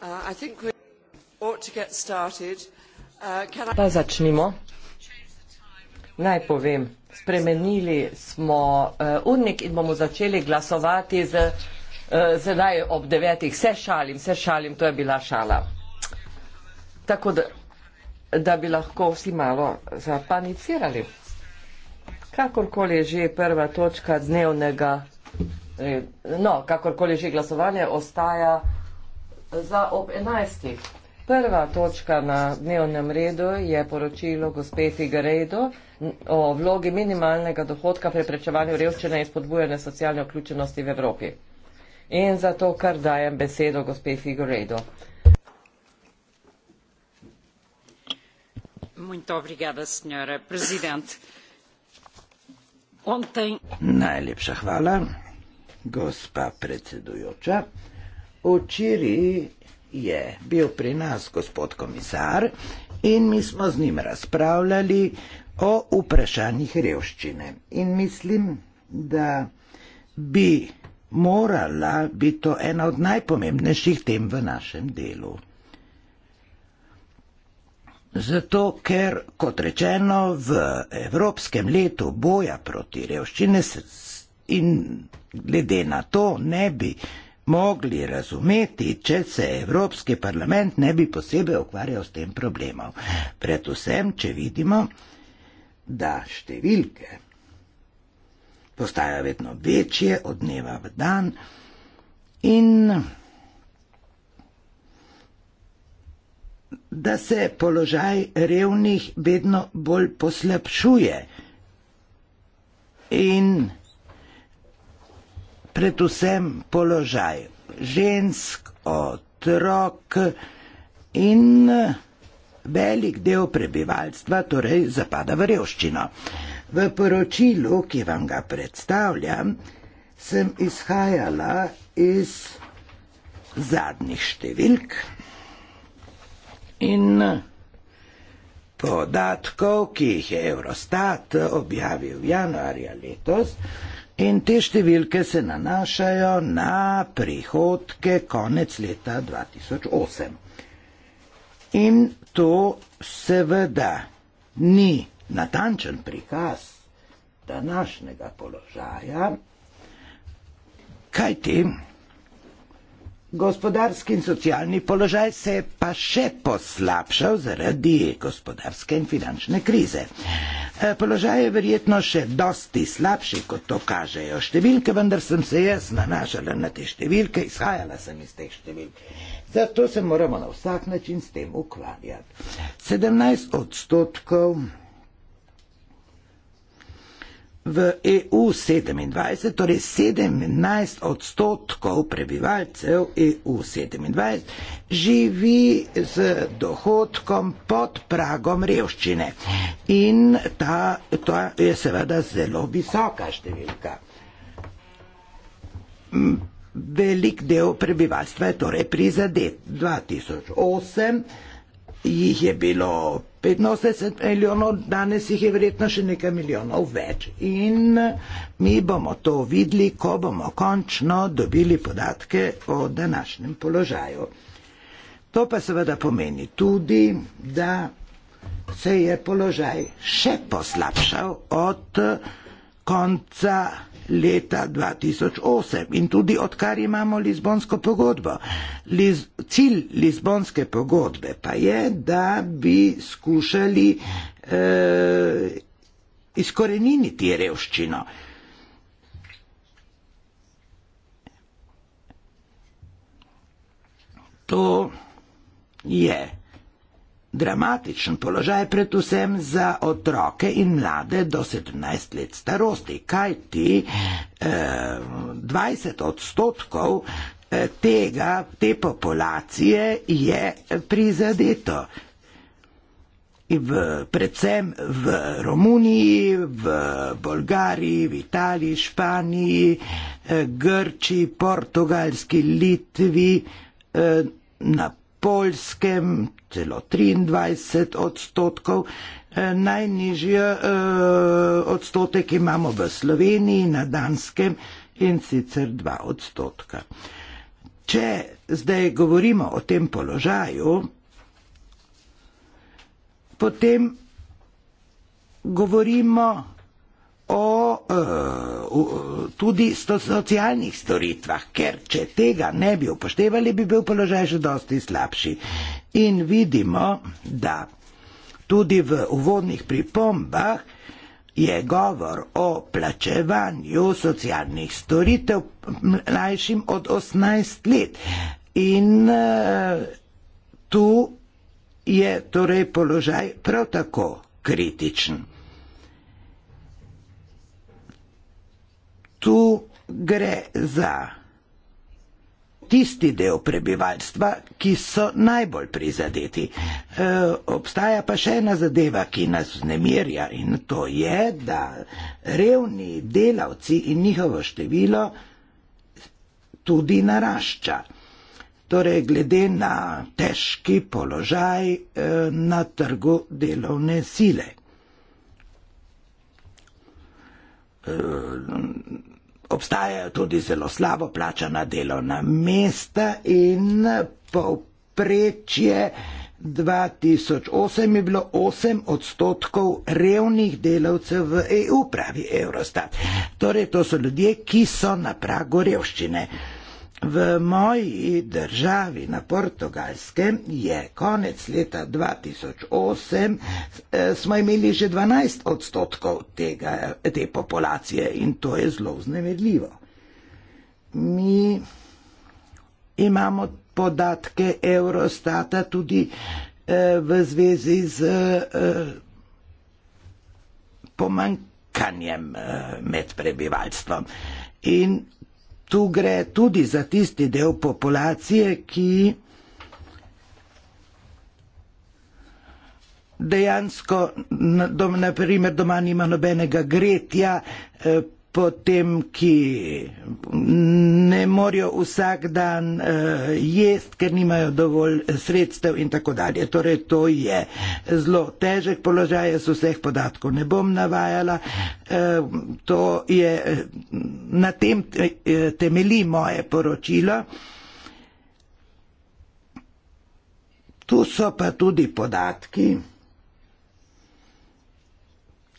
Uh, uh, pa začnimo. Naj povem, spremenili smo uh, urnik in bomo začeli glasovati z, uh, zdaj ob devetih. Se šalim, se šalim, to je bila šala. Tako da, da bi lahko vsi malo zapanicirali. Kakorkoli je že prva točka dnevnega, no, kakorkoli že glasovanje ostaja za ob 11. Prva točka na dnevnem redu je poročilo gospe Figaredo o vlogi minimalnega dohodka preprečevanju revščine in spodbujanja socialne vključenosti v Evropi. In zato kar dajem besedo gospe Figaredo. Najlepša hvala, gospa predsedujoča. Včeraj je bil pri nas gospod komisar in mi smo z njim razpravljali o vprašanjih revščine. In mislim, da bi morala biti to ena od najpomembnejših tem v našem delu. Zato, ker, kot rečeno, v Evropskem letu boja proti revščine in glede na to ne bi mogli razumeti, če se Evropski parlament ne bi posebej ukvarjal s tem problemom. Predvsem, če vidimo, da številke postajajo vedno večje od dneva v dan in da se položaj revnih vedno bolj poslabšuje. In predvsem položaj žensk, otrok in velik del prebivalstva, torej zapada v revščino. V poročilu, ki vam ga predstavljam, sem izhajala iz zadnjih številk in podatkov, ki jih je Eurostat objavil v januarju letos, In te številke se nanašajo na prihodke konec leta 2008. In to seveda ni natančen prikaz današnjega položaja, kaj tem? Gospodarski in socialni položaj se je pa še poslabšal zaradi gospodarske in finančne krize. E, položaj je verjetno še dosti slabši, kot to kažejo številke, vendar sem se jaz nanašala na te številke, izhajala sem iz teh številk. Zato se moramo na vsak način s tem ukvarjati. 17 odstotkov v EU 27, torej 17 odstotkov prebivalcev EU 27 živi z dohodkom pod pragom revščine. In ta, to je seveda zelo visoka številka. Velik del prebivalstva je torej prizadet. 2008 jih je bilo 15 milijonov, danes jih je verjetno še nekaj milijonov več. In mi bomo to videli, ko bomo končno dobili podatke o današnjem položaju. To pa seveda pomeni tudi, da se je položaj še poslabšal od konca leta 2008 in tudi odkar imamo Lizbonsko pogodbo. Liz, cilj Lizbonske pogodbe pa je, da bi skušali eh, izkoreniniti revščino. To je. Yeah. Dramatičen položaj predvsem za otroke in mlade do 17 let starosti, kaj ti eh, 20 odstotkov eh, tega, te populacije je prizadeto. V, predvsem v Romuniji, v Bolgariji, v Italiji, Španiji, eh, Grči, Portugalski, Litvi, eh, na Poljskem celo 23 odstotkov, e, najnižji e, odstotek imamo v Sloveniji, na Danskem in sicer 2 odstotka. Če zdaj govorimo o tem položaju, potem govorimo o eh, tudi socialnih storitvah, ker če tega ne bi upoštevali, bi bil položaj že dosti slabši. In vidimo, da tudi v uvodnih pripombah je govor o plačevanju socialnih storitev mlajšim od 18 let. In eh, tu je torej položaj prav tako kritičen. tu gre za tisti del prebivalstva, ki so najbolj prizadeti. E, obstaja pa še ena zadeva, ki nas nemirja in to je, da revni delavci in njihovo število tudi narašča. Torej, glede na težki položaj e, na trgu delovne sile. E, Obstajajo tudi zelo slabo plačana delovna mesta in povprečje 2008 je bilo 8 odstotkov revnih delavcev v EU, pravi Eurostat. Torej, to so ljudje, ki so na pragu revščine. V moji državi na portugalskem je konec leta 2008 eh, smo imeli že 12 odstotkov tega, te populacije in to je zelo vznemirljivo. Mi imamo podatke Eurostata tudi eh, v zvezi z eh, pomankanjem med prebivalstvom. In Tu gre tudi za tisti del populacije, ki dejansko, na, do, naprimer, doma nima nobenega gretja. Eh, potem, ki ne morejo vsak dan uh, jesti, ker nimajo dovolj eh, sredstev in tako dalje. Torej, to je zelo težek položaj, jaz vseh podatkov ne bom navajala. Uh, je, na tem temelji moje poročilo. Tu so pa tudi podatki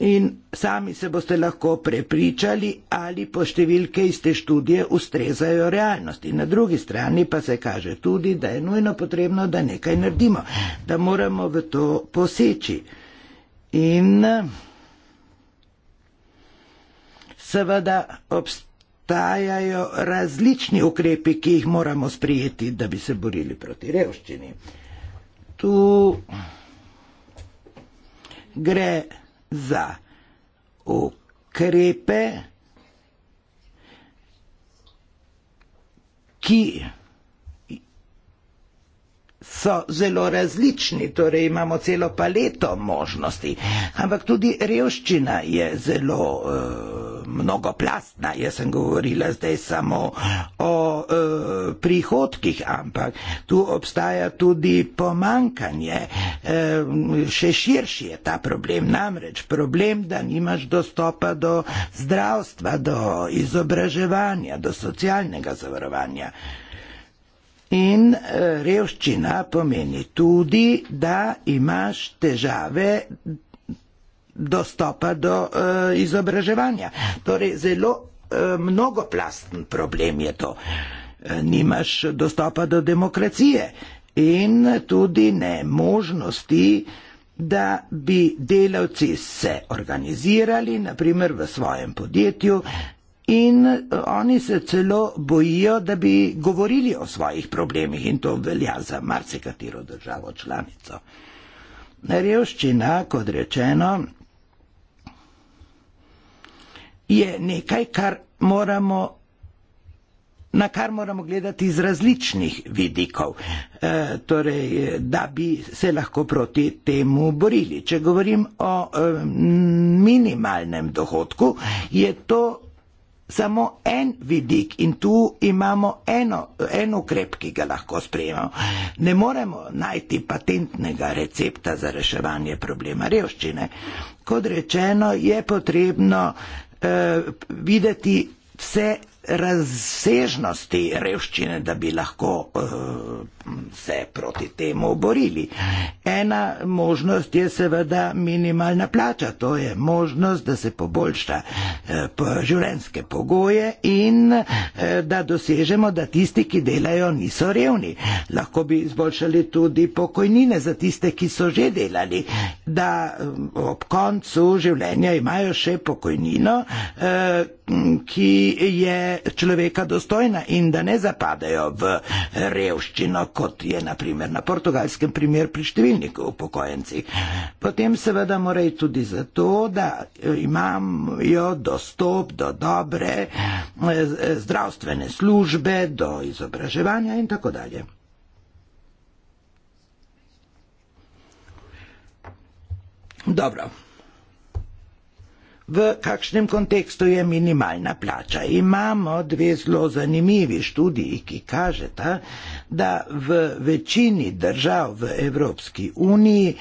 in sami se boste lahko prepričali, ali po številke iz te študije ustrezajo realnosti. Na drugi strani pa se kaže tudi, da je nujno potrebno, da nekaj naredimo, da moramo v to poseči. In seveda obstajajo različni ukrepi, ki jih moramo sprijeti, da bi se borili proti revščini. Tu gre za ukrepe, ki so zelo različni, torej imamo celo paleto možnosti. Ampak tudi revščina je zelo e, mnogoplastna. Jaz sem govorila zdaj samo o e, prihodkih, ampak tu obstaja tudi pomankanje. E, eh, še širši je ta problem, namreč problem, da nimaš dostopa do zdravstva, do izobraževanja, do socialnega zavarovanja. In eh, revščina pomeni tudi, da imaš težave dostopa do uh, izobraževanja. Torej, zelo uh, mnogoplasten problem je to. Nimaš dostopa do demokracije in tudi ne možnosti, da bi delavci se organizirali, naprimer v svojem podjetju, in eh, oni se celo bojijo, da bi govorili o svojih problemih in to velja za marsikatero državo članico. Revščina, kot rečeno, je nekaj, kar moramo. Na kar moramo gledati iz različnih vidikov, e, torej, da bi se lahko proti temu borili. Če govorim o e, minimalnem dohodku, je to samo en vidik in tu imamo eno, en ukrep, ki ga lahko sprejemamo. Ne moremo najti patentnega recepta za reševanje problema revščine. Kot rečeno, je potrebno uh, videti vse razsežnosti revščine, da bi lahko uh, se proti temu borili. Ena možnost je seveda minimalna plača, to je možnost, da se poboljša uh, življenjske pogoje in uh, da dosežemo, da tisti, ki delajo, niso revni. Lahko bi izboljšali tudi pokojnine za tiste, ki so že delali, da uh, ob koncu življenja imajo še pokojnino, uh, ki je človeka dostojna in da ne zapadajo v revščino, kot je naprimer na portugalskem primer pri številnih upokojencih. Potem seveda morajo tudi zato, da eh, imajo dostop do dobre eh, zdravstvene službe, do izobraževanja in tako dalje. Dobro v kakšnem kontekstu je minimalna plača. Imamo dve zelo zanimivi študiji, ki kažeta, da v večini držav v Evropski uniji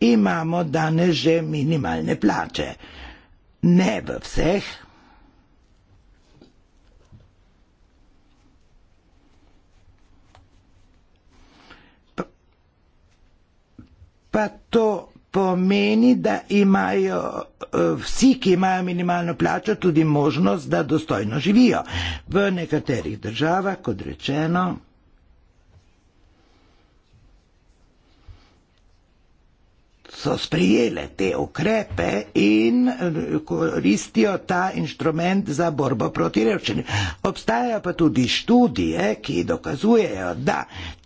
imamo danes že minimalne plače. Ne v vseh. Pa to pomeni, da imajo eh, vsi, ki imajo minimalno plačo, tudi možnost, da dostojno živijo. V nekaterih državah, kot rečeno, so sprijele te ukrepe in eh, koristijo ta inštrument za borbo proti revščini. Obstajajo pa tudi študije, ki dokazujejo, da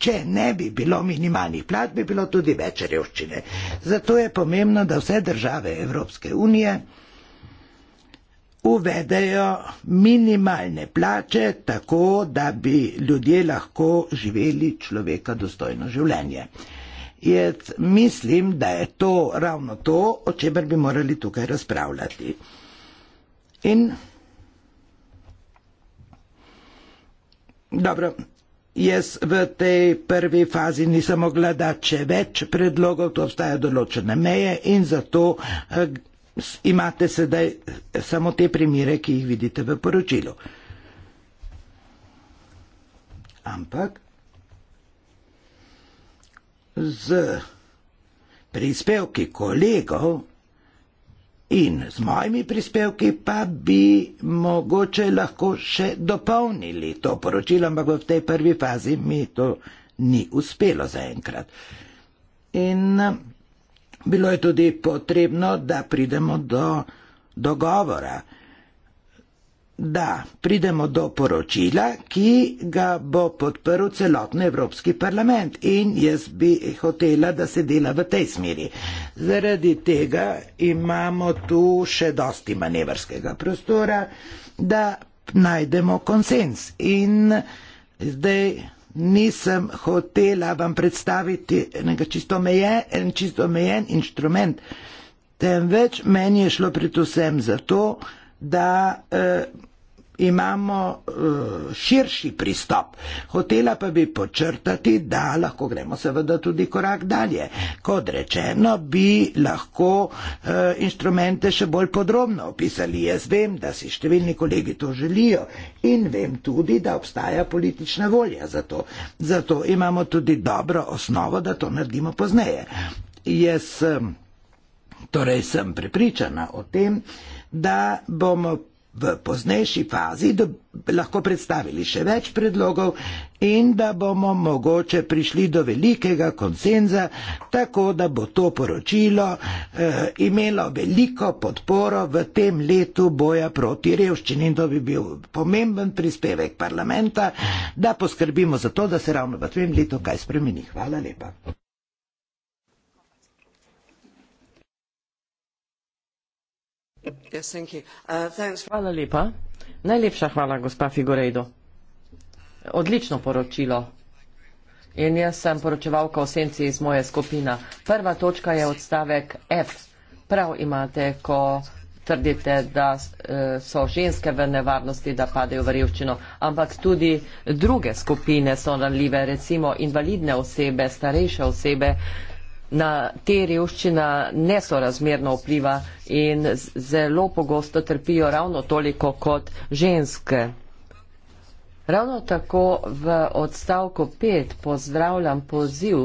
če ne bi bilo minimalnih plat, bi bilo tudi več revščine. Zato je pomembno, da vse države Evropske unije uvedejo minimalne plače, tako da bi ljudje lahko živeli človeka dostojno življenje. Jaz mislim, da je to ravno to, o čemer bi morali tukaj razpravljati. In. Dobro, jaz v tej prvi fazi nisem mogla dati še več predlogov, to obstaja določene meje in zato eh, imate sedaj samo te primere, ki jih vidite v poročilu. Ampak z prispevki kolegov in z mojimi prispevki pa bi mogoče lahko še dopolnili to poročilo, ampak v tej prvi fazi mi to ni uspelo zaenkrat. In bilo je tudi potrebno, da pridemo do dogovora. Da, pridemo do poročila, ki ga bo podprl celotno Evropski parlament in jaz bi hotela, da se dela v tej smeri. Zaradi tega imamo tu še dosti manevrskega prostora, da najdemo konsens in zdaj nisem hotela vam predstaviti enega čisto mejen, en čisto mejen inštrument, temveč meni je šlo predvsem za to, da eh, imamo eh, širši pristop. Hotela pa bi počrtati, da lahko gremo seveda tudi korak dalje. Kot rečeno, bi lahko eh, inštrumente še bolj podrobno opisali. Jaz vem, da si številni kolegi to želijo in vem tudi, da obstaja politična volja za to. Zato imamo tudi dobro osnovo, da to naredimo pozneje. Jaz, eh, Torej sem prepričana o tem, da bomo v poznejši fazi lahko predstavili še več predlogov in da bomo mogoče prišli do velikega konsenza, tako da bo to poročilo eh, imelo veliko podporo v tem letu boja proti revščini in to bi bil pomemben prispevek parlamenta, da poskrbimo za to, da se ravno v tem letu kaj spremeni. Hvala lepa. Yes, thank you. Uh, thanks for... Hvala lepa. Najlepša hvala, gospa Figurejdo. Odlično poročilo. In jaz sem poročevalka o senci iz moje skupina. Prva točka je odstavek F. Prav imate, ko trdite, da eh, so ženske v nevarnosti, da padejo v revščino. Ampak tudi druge skupine so ranljive, recimo invalidne osebe, starejše osebe na te revščina nesorazmerno vpliva in zelo pogosto trpijo ravno toliko kot ženske. Ravno tako v odstavku 5 pozdravljam poziv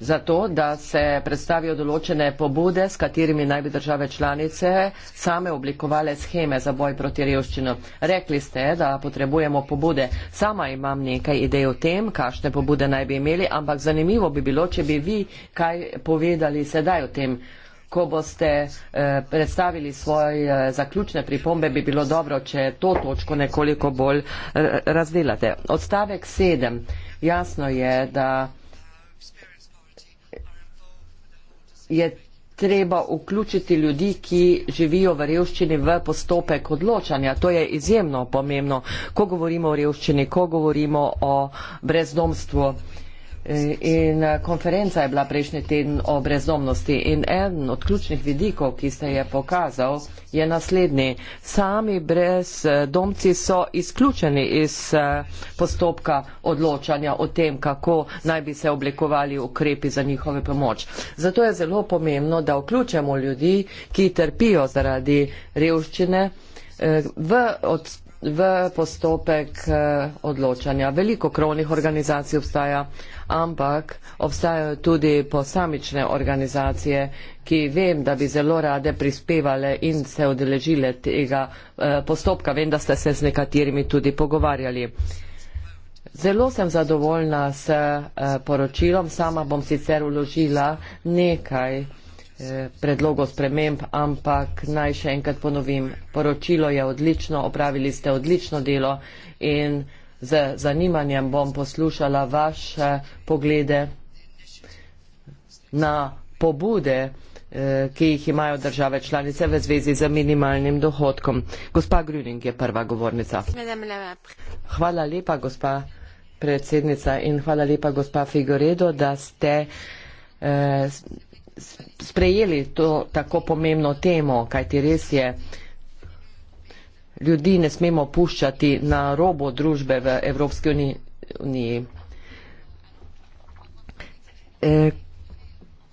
zato, da se predstavijo določene pobude, s katerimi naj bi države članice same oblikovale scheme za boj proti revščino. Rekli ste, da potrebujemo pobude. Sama imam nekaj idej o tem, kakšne pobude naj bi imeli, ampak zanimivo bi bilo, če bi vi kaj povedali sedaj o tem. Ko boste eh, predstavili svoje eh, zaključne pripombe, bi bilo dobro, če to točko nekoliko bolj eh, razdelate. Odstavek sedem. Jasno je, da eh, je treba vključiti ljudi, ki živijo v revščini v postopek odločanja. To je izjemno pomembno, ko govorimo o revščini, ko govorimo o brezdomstvu. Uh, In eh, konferenca je bila prejšnji teden o brezdomnosti in eden od ključnih vidikov, ki ste je pokazal, je naslednji. Sami brezdomci so izključeni iz eh, postopka odločanja o tem, kako naj bi se oblikovali ukrepi za njihove pomoč. Zato je zelo pomembno, da vključemo ljudi, ki trpijo zaradi revščine eh, v v postopek eh, odločanja. Veliko krovnih organizacij obstaja, ampak obstajajo tudi posamične organizacije, ki vem, da bi zelo rade prispevale in se odeležile tega eh, postopka. Vem, da ste se z nekaterimi tudi pogovarjali. Zelo sem zadovoljna s eh, poročilom. Sama bom sicer uložila nekaj Eh, predlogov sprememb, ampak naj še enkrat ponovim, poročilo je odlično, opravili ste odlično delo in z zanimanjem bom poslušala vaše poglede na pobude, eh, ki jih imajo države članice v zvezi z minimalnim dohodkom. Gospa Gruning je prva govornica. Hvala lepa, gospa predsednica, in hvala lepa, gospa Figoredo, da ste eh, sprejeli to tako pomembno temo, kaj ti res je. Ljudi ne smemo puščati na robo družbe v Evropski uniji. E,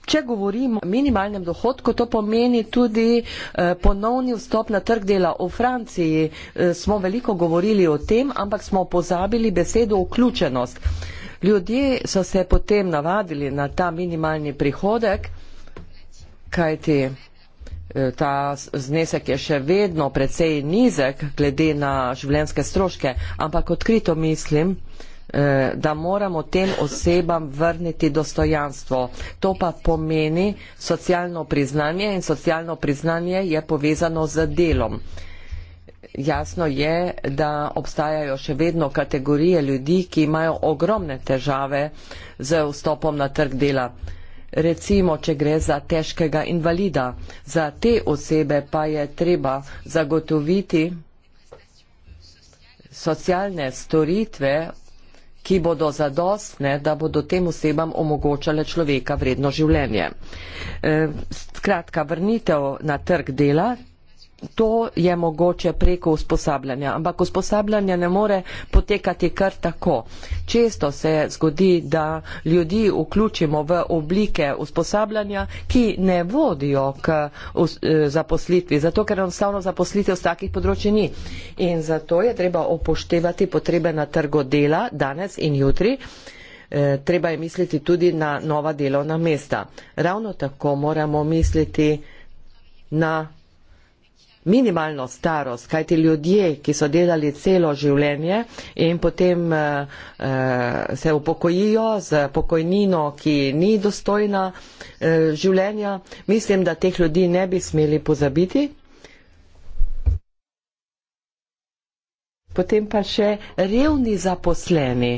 če govorimo o minimalnem dohodku, to pomeni tudi e, ponovni vstop na trg dela. V Franciji e, smo veliko govorili o tem, ampak smo pozabili besedo vključenost. Ljudje so se potem navadili na ta minimalni prihodek kajti eh, ta znesek je še vedno precej nizek glede na življenjske stroške, ampak odkrito mislim, eh, da moramo tem osebam vrniti dostojanstvo. To pa pomeni socialno priznanje in socialno priznanje je povezano z delom. Jasno je, da obstajajo še vedno kategorije ljudi, ki imajo ogromne težave z vstopom na trg dela recimo, če gre za težkega invalida. Za te osebe pa je treba zagotoviti socialne storitve, ki bodo zadostne, da bodo tem osebam omogočale človeka vredno življenje. Eh, skratka, vrnitev na trg dela, To je mogoče preko usposabljanja, ampak usposabljanje ne more potekati kar tako. Često se zgodi, da ljudi vključimo v oblike usposabljanja, ki ne vodijo k eh, zaposlitvi, zato ker enostavno zaposlitev z takih področji ni. In zato je treba upoštevati potrebe na trgo dela danes in jutri. Eh, treba je misliti tudi na nova delovna mesta. Ravno tako moramo misliti na minimalno starost, kajti ljudje, ki so delali celo življenje in potem eh, eh, se upokojijo z pokojnino, ki ni dostojna eh, življenja, mislim, da teh ljudi ne bi smeli pozabiti. Potem pa še revni zaposleni,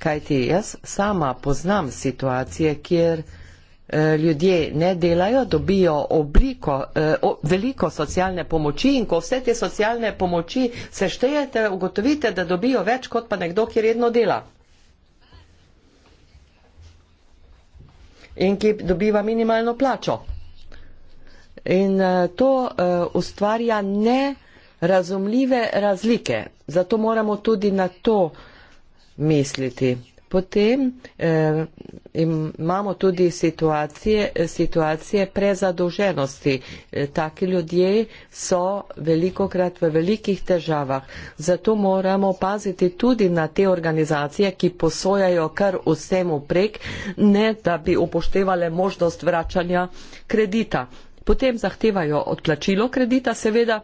kajti jaz sama poznam situacije, kjer Eh, ljudje ne delajo, dobijo obliko, eh, veliko socialne pomoči in ko vse te socialne pomoči seštejete, ugotovite, da dobijo več kot pa nekdo, ki redno dela. In ki dobiva minimalno plačo. In eh, to ustvarja nerazumljive razlike. Zato moramo tudi na to misliti. Potem eh, imamo tudi situacije, situacije prezadolženosti. Eh, taki ljudje so velikokrat v velikih težavah. Zato moramo paziti tudi na te organizacije, ki posojajo kar vsem uprek, ne da bi upoštevale možnost vračanja kredita. Potem zahtevajo odplačilo kredita, seveda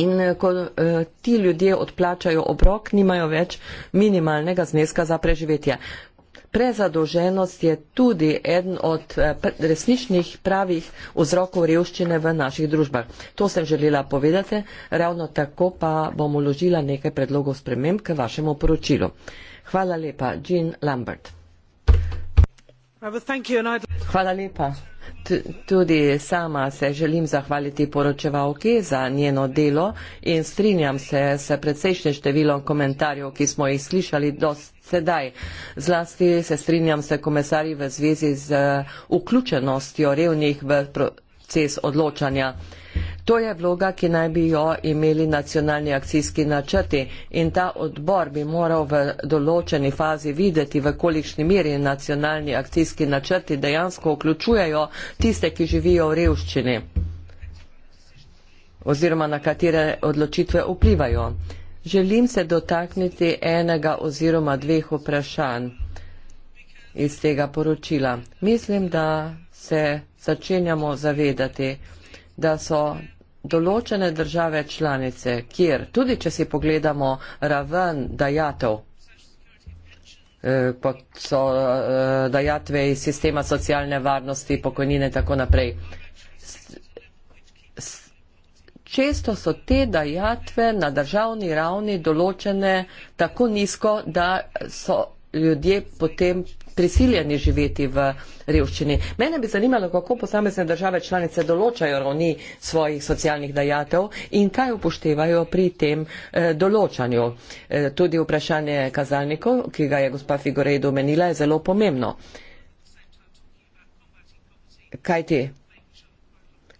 In eh, ko eh, ti ljudje odplačajo obrok, nimajo več minimalnega zneska za preživetje. Prezadolženost je tudi eden od eh, resničnih pravih vzrokov revščine v naših družbah. To sem želela povedati, ravno tako pa bom uložila nekaj predlogov sprememb k vašemu poročilu. Hvala lepa, Jean Lambert. Hvala lepa. Tudi sama se želim zahvaliti poročevalki za njeno delo in strinjam se s predsejšnjim številom komentarjev, ki smo jih slišali do sedaj. Zlasti se strinjam se komisarji v zvezi z vključenostjo revnih v proces odločanja. To je vloga, ki naj bi jo imeli nacionalni akcijski načrti in ta odbor bi moral v določeni fazi videti, v kolikšni meri nacionalni akcijski načrti dejansko vključujejo tiste, ki živijo v revščini oziroma na katere odločitve vplivajo. Želim se dotakniti enega oziroma dveh vprašanj iz tega poročila. Mislim, da se začenjamo zavedati, da so določene države članice, kjer tudi, če si pogledamo raven dajatev, eh, kot so eh, dajatve iz sistema socialne varnosti, pokojnine in tako naprej. Često so te dajatve na državni ravni določene tako nizko, da so ljudje potem prisiljeni živeti v revščini. Mene bi zanimalo, kako posamezne države članice določajo ravni svojih socialnih dajatev in kaj upoštevajo pri tem eh, določanju. Eh, tudi vprašanje kazalnikov, ki ga je gospa Figorej domenila, je zelo pomembno. Kaj ti?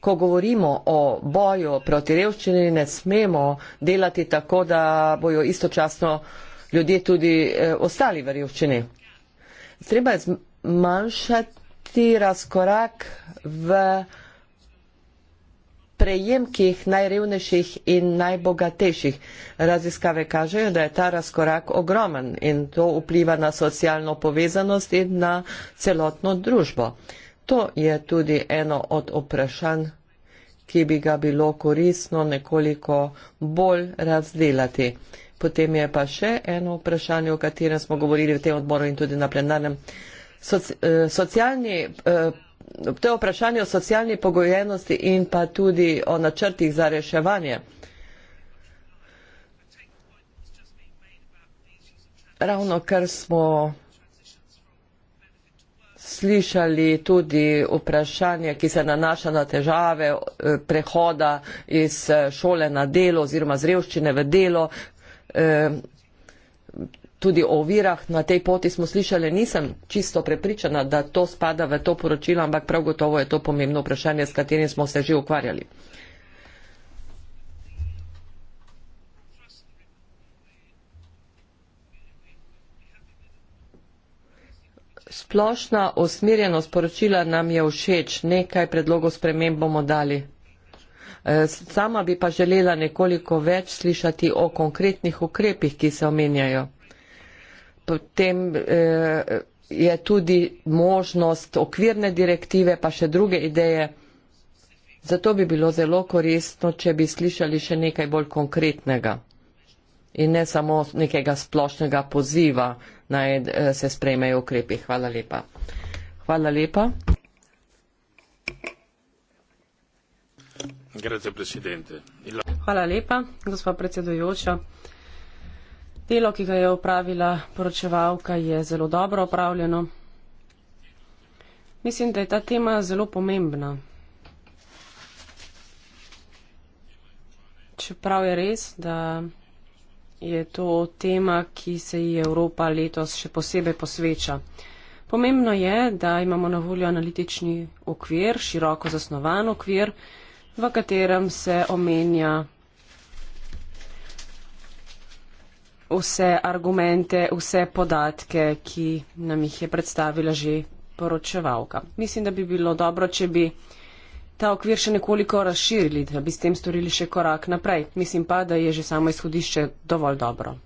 Ko govorimo o boju proti revščini, ne smemo delati tako, da bojo istočasno eh, ljudje tudi eh, ostali v revščini. Treba je zmanjšati razkorak v prejemkih najrevnejših in najbogatejših. Raziskave kažejo, da je ta razkorak ogromen in to vpliva na socialno povezanost in na celotno družbo. To je tudi eno od vprašanj, ki bi ga bilo koristno nekoliko bolj razdelati. Potem je pa še eno vprašanje, o katerem smo govorili v tem odboru in tudi na plenarnem. Eh, socialni, eh, to je vprašanje o socialni pogojenosti in pa tudi o načrtih za reševanje. Ravno kar smo slišali tudi vprašanje, ki se nanaša na težave eh, prehoda iz šole na delo oziroma z revščine v delo, Eh, tudi o virah na tej poti smo slišali, nisem čisto prepričana, da to spada v to poročilo, ampak prav gotovo je to pomembno vprašanje, s katerim smo se že ukvarjali. Splošna usmerjenost poročila nam je všeč, nekaj predlogov sprememb bomo dali. Eh, sama bi pa želela nekoliko več slišati o konkretnih ukrepih, ki se omenjajo. Potem eh, je tudi možnost okvirne direktive, pa še druge ideje. Zato bi bilo zelo koristno, če bi slišali še nekaj bolj konkretnega in ne samo nekega splošnega poziva naj eh, se sprejmejo ukrepi. Hvala lepa. Hvala lepa. Hvala lepa, gospa predsedujoča. Delo, ki ga je upravila poročevalka, je zelo dobro upravljeno. Mislim, da je ta tema zelo pomembna. Čeprav je res, da je to tema, ki se ji Evropa letos še posebej posveča. Pomembno je, da imamo na voljo analitični okvir, široko zasnovan okvir, v katerem se omenja vse argumente, vse podatke, ki nam jih je predstavila že poročevalka. Mislim, da bi bilo dobro, če bi ta okvir še nekoliko razširili, da bi s tem storili še korak naprej. Mislim pa, da je že samo izhodišče dovolj dobro.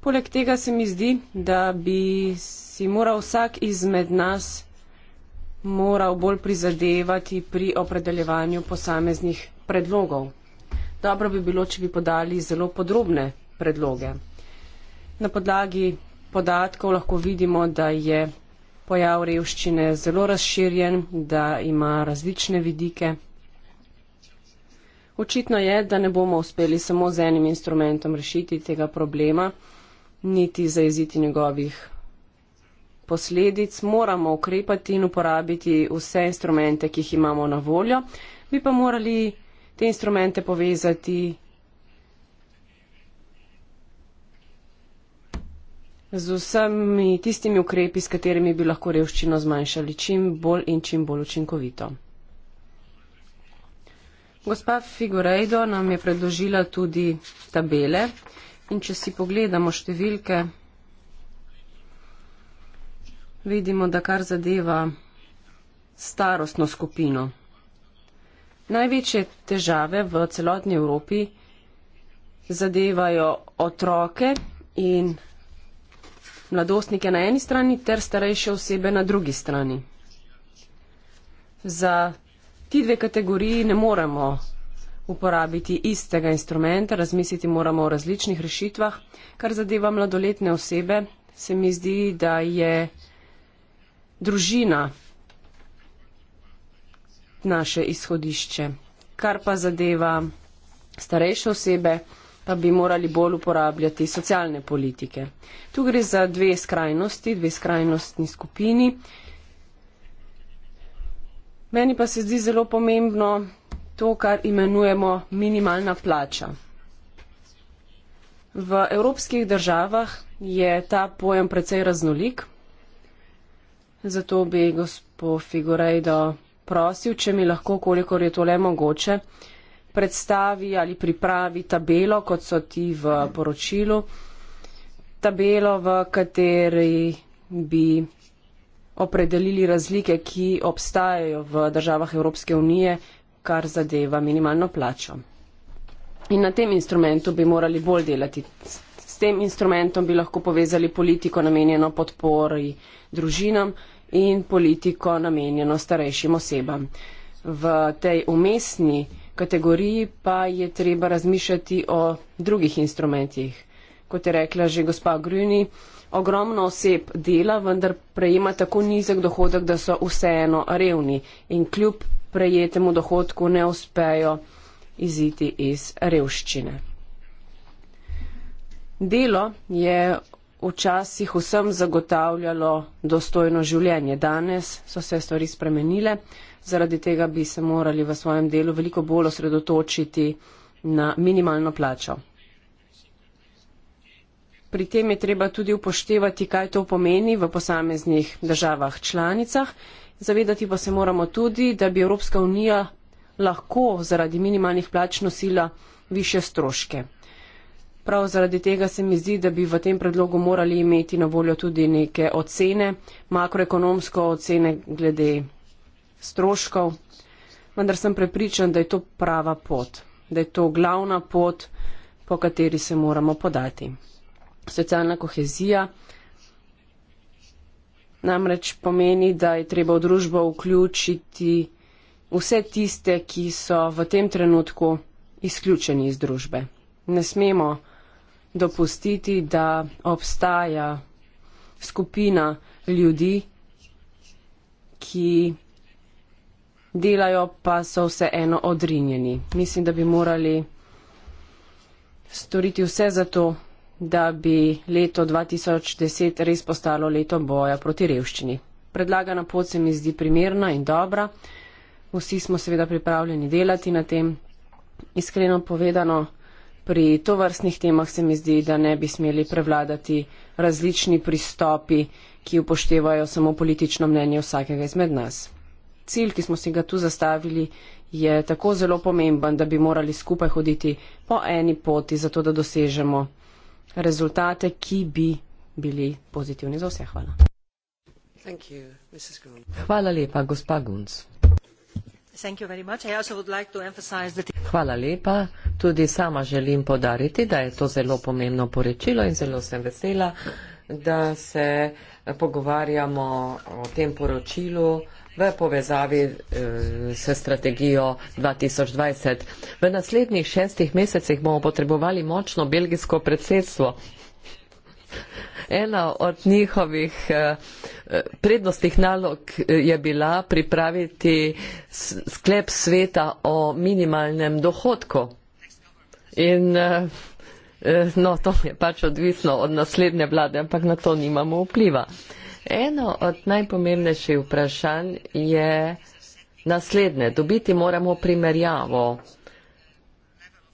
Poleg tega se mi zdi, da bi si moral vsak izmed nas moral bolj prizadevati pri opredeljevanju posameznih predlogov. Dobro bi bilo, če bi podali zelo podrobne predloge. Na podlagi podatkov lahko vidimo, da je pojav revščine zelo razširjen, da ima različne vidike. Očitno je, da ne bomo uspeli samo z enim instrumentom rešiti tega problema, niti zajeziti njegovih posledic, moramo ukrepati in uporabiti vse instrumente, ki jih imamo na voljo. Bi pa morali te instrumente povezati z vsemi tistimi ukrepi, s katerimi bi lahko revščino zmanjšali čim bolj in čim bolj učinkovito. Gospa Figurejdo nam je predložila tudi tabele in če si pogledamo številke, vidimo, da kar zadeva starostno skupino. Največje težave v celotni Evropi zadevajo otroke in mladostnike na eni strani ter starejše osebe na drugi strani. Za ti dve kategoriji ne moremo uporabiti istega instrumenta, razmisliti moramo o različnih rešitvah. Kar zadeva mladoletne osebe, se mi zdi, da je družina naše izhodišče. Kar pa zadeva starejše osebe, pa bi morali bolj uporabljati socialne politike. Tu gre za dve skrajnosti, dve skrajnostni skupini. Meni pa se zdi zelo pomembno to, kar imenujemo minimalna plača. V evropskih državah je ta pojem precej raznolik. Zato bi gospod Figurejdo prosil, če mi lahko, kolikor je to le mogoče, predstavi ali pripravi tabelo, kot so ti v poročilu, tabelo, v kateri bi opredelili razlike, ki obstajajo v državah Evropske unije, kar zadeva minimalno plačo. In na tem instrumentu bi morali bolj delati. S tem instrumentom bi lahko povezali politiko namenjeno podpori družinam, in politiko namenjeno starejšim osebam. V tej umestni kategoriji pa je treba razmišljati o drugih instrumentih. Kot je rekla že gospa Grjuni, ogromno oseb dela, vendar prejema tako nizek dohodek, da so vseeno revni in kljub prejetemu dohodku ne uspejo iziti iz revščine. Delo je včasih vsem zagotavljalo dostojno življenje. Danes so se stvari spremenile, zaradi tega bi se morali v svojem delu veliko bolj osredotočiti na minimalno plačo. Pri tem je treba tudi upoštevati, kaj to pomeni v posameznih državah članicah. Zavedati pa se moramo tudi, da bi Evropska unija lahko zaradi minimalnih plač nosila više stroške. Prav zaradi tega se mi zdi, da bi v tem predlogu morali imeti na voljo tudi neke ocene, makroekonomsko ocene glede stroškov, vendar sem prepričan, da je to prava pot, da je to glavna pot, po kateri se moramo podati. Socialna kohezija namreč pomeni, da je treba v družbo vključiti vse tiste, ki so v tem trenutku izključeni iz družbe. Ne smemo dopustiti, da obstaja skupina ljudi, ki delajo, pa so vseeno odrinjeni. Mislim, da bi morali storiti vse za to, da bi leto 2010 res postalo leto boja proti revščini. Predlagana pot se mi zdi primerna in dobra. Vsi smo seveda pripravljeni delati na tem. Iskreno povedano, pri tovrstnih temah se mi zdi, da ne bi smeli prevladati različni pristopi, ki upoštevajo samo politično mnenje vsakega izmed nas. Cilj, ki smo si ga tu zastavili, je tako zelo pomemben, da bi morali skupaj hoditi po eni poti, zato da dosežemo rezultate, ki bi bili pozitivni za vse. Hvala. Hvala lepa, gospa Gunc. Hvala lepa. Tudi sama želim podariti, da je to zelo pomembno poročilo in zelo sem vesela, da se pogovarjamo o tem poročilu v povezavi eh, s strategijo 2020. V naslednjih šestih mesecih bomo potrebovali močno belgijsko predsedstvo ena od njihovih eh, eh, prednostnih nalog eh, je bila pripraviti sklep sveta o minimalnem dohodku. In no, to je pač odvisno od naslednje vlade, ampak na to nimamo vpliva. Eno od najpomembnejših vprašanj je naslednje. Dobiti moramo primerjavo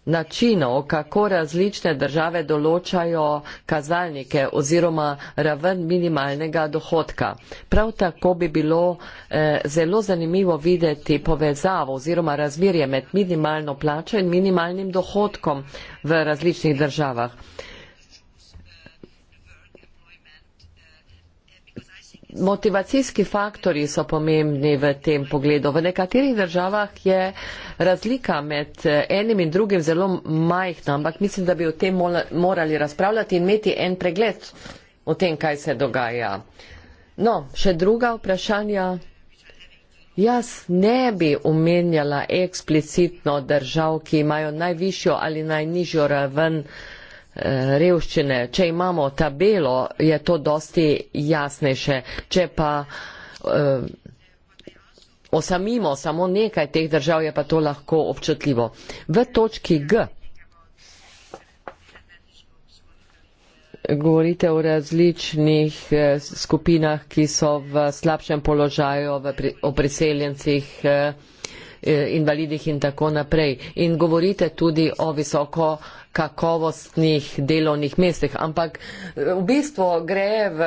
načinov, kako različne države določajo kazalnike oziroma raven minimalnega dohodka. Prav tako bi bilo eh, zelo zanimivo videti povezavo oziroma razmerje med minimalno plačo in minimalnim dohodkom v različnih državah. Eh, motivacijski faktori so pomembni v tem pogledu. V nekaterih državah je razlika med eh, enim in drugim zelo majhna, ampak mislim, da bi o tem morali razpravljati in imeti en pregled o tem, kaj se dogaja. No, še druga vprašanja. Jaz ne bi omenjala eksplicitno držav, ki imajo najvišjo ali najnižjo raven. Eh, revščine. Če imamo tabelo, je to dosti jasnejše. Če pa eh, osamimo samo nekaj teh držav, je pa to lahko občutljivo. V točki G. Govorite o različnih eh, skupinah, ki so v slabšem položaju, o priseljencih. Eh, Eh, invalidih in tako naprej. In govorite tudi o visoko kakovostnih delovnih mestih, ampak eh, v bistvu gre v,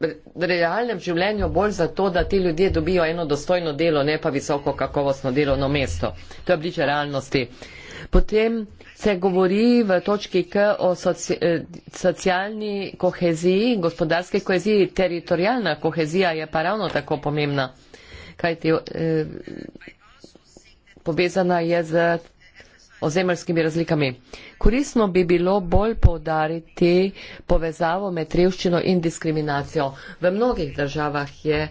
v eh, realnem življenju bolj za to, da ti ljudje dobijo eno dostojno delo, ne pa visoko kakovostno delovno mesto. To je bliže realnosti. Potem se govori v točki K o soci, socialni koheziji, gospodarski koheziji, teritorijalna kohezija je pa ravno tako pomembna kajti eh, povezana je z ozemeljskimi razlikami. Koristno bi bilo bolj povdariti povezavo med revščino in diskriminacijo. V mnogih državah je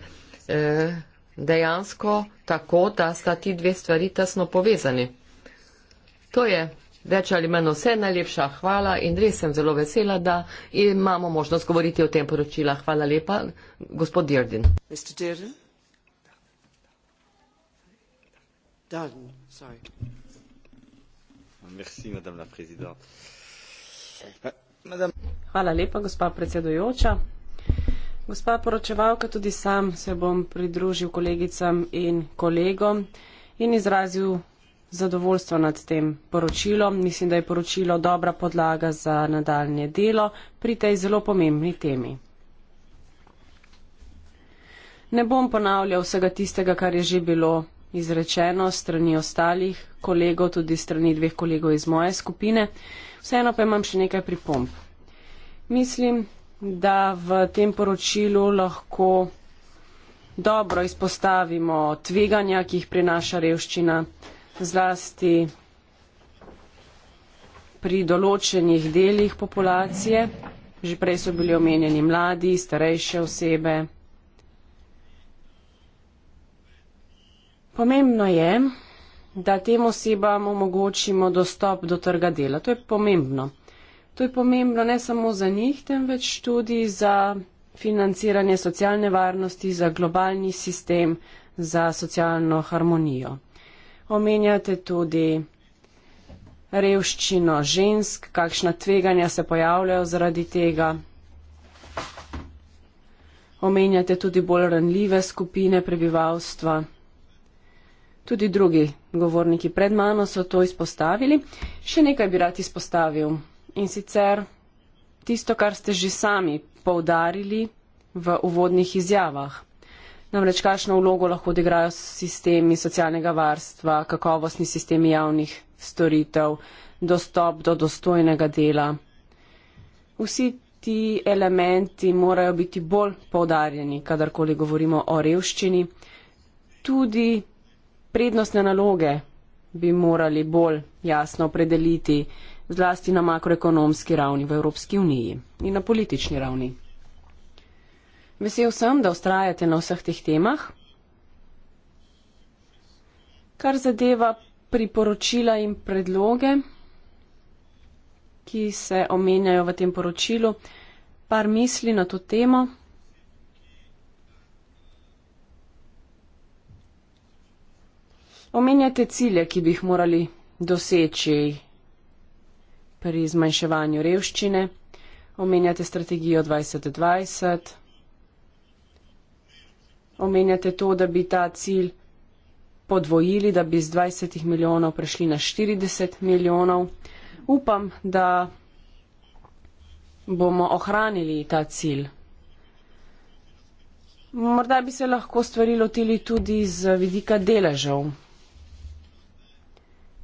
eh, dejansko tako, da sta ti dve stvari tesno povezani. To je več ali manj vse najlepša hvala in res sem zelo vesela, da imamo možnost govoriti o tem poročila. Hvala lepa, gospod Dirdin. Mr. Dirdin. done. Sorry. Merci, Madame la Présidente. Madame... Hvala lepa, gospa predsedujoča. Gospa poročevalka, tudi sam se bom pridružil kolegicam in kolegom in izrazil zadovoljstvo nad tem poročilom. Mislim, da je poročilo dobra podlaga za nadaljnje delo pri tej zelo pomembni temi. Ne bom ponavljal vsega tistega, kar je že bilo izrečeno strani ostalih kolegov, tudi strani dveh kolegov iz moje skupine. Vseeno pa imam še nekaj pripomb. Mislim, da v tem poročilu lahko dobro izpostavimo tveganja, ki jih prinaša revščina, zlasti pri določenih delih populacije. Že prej so bili omenjeni mladi, starejše osebe. Pomembno je, da tem osebam omogočimo dostop do trga dela. To je pomembno. To je pomembno ne samo za njih, temveč tudi za financiranje socialne varnosti, za globalni sistem, za socialno harmonijo. Omenjate tudi revščino žensk, kakšna tveganja se pojavljajo zaradi tega. Omenjate tudi bolj ranljive skupine prebivalstva. Tudi drugi govorniki pred mano so to izpostavili. Še nekaj bi rad izpostavil. In sicer tisto, kar ste že sami poudarili v uvodnih izjavah. Namreč, kakšno vlogo lahko odigrajo sistemi socialnega varstva, kakovostni sistemi javnih storitev, dostop do dostojnega dela. Vsi ti elementi morajo biti bolj poudarjeni, kadarkoli govorimo o revščini. Tudi prednostne naloge bi morali bolj jasno opredeliti zlasti na makroekonomski ravni v Evropski uniji in na politični ravni. Vesel sem, da ustrajate na vseh teh temah. Kar zadeva priporočila in predloge, ki se omenjajo v tem poročilu, par misli na to temo. Omenjate cilje, ki bi jih morali doseči pri zmanjševanju revščine, omenjate strategijo 2020, omenjate to, da bi ta cilj podvojili, da bi z 20 milijonov prešli na 40 milijonov. Upam, da bomo ohranili ta cilj. Morda bi se lahko stvari lotili tudi z vidika deležev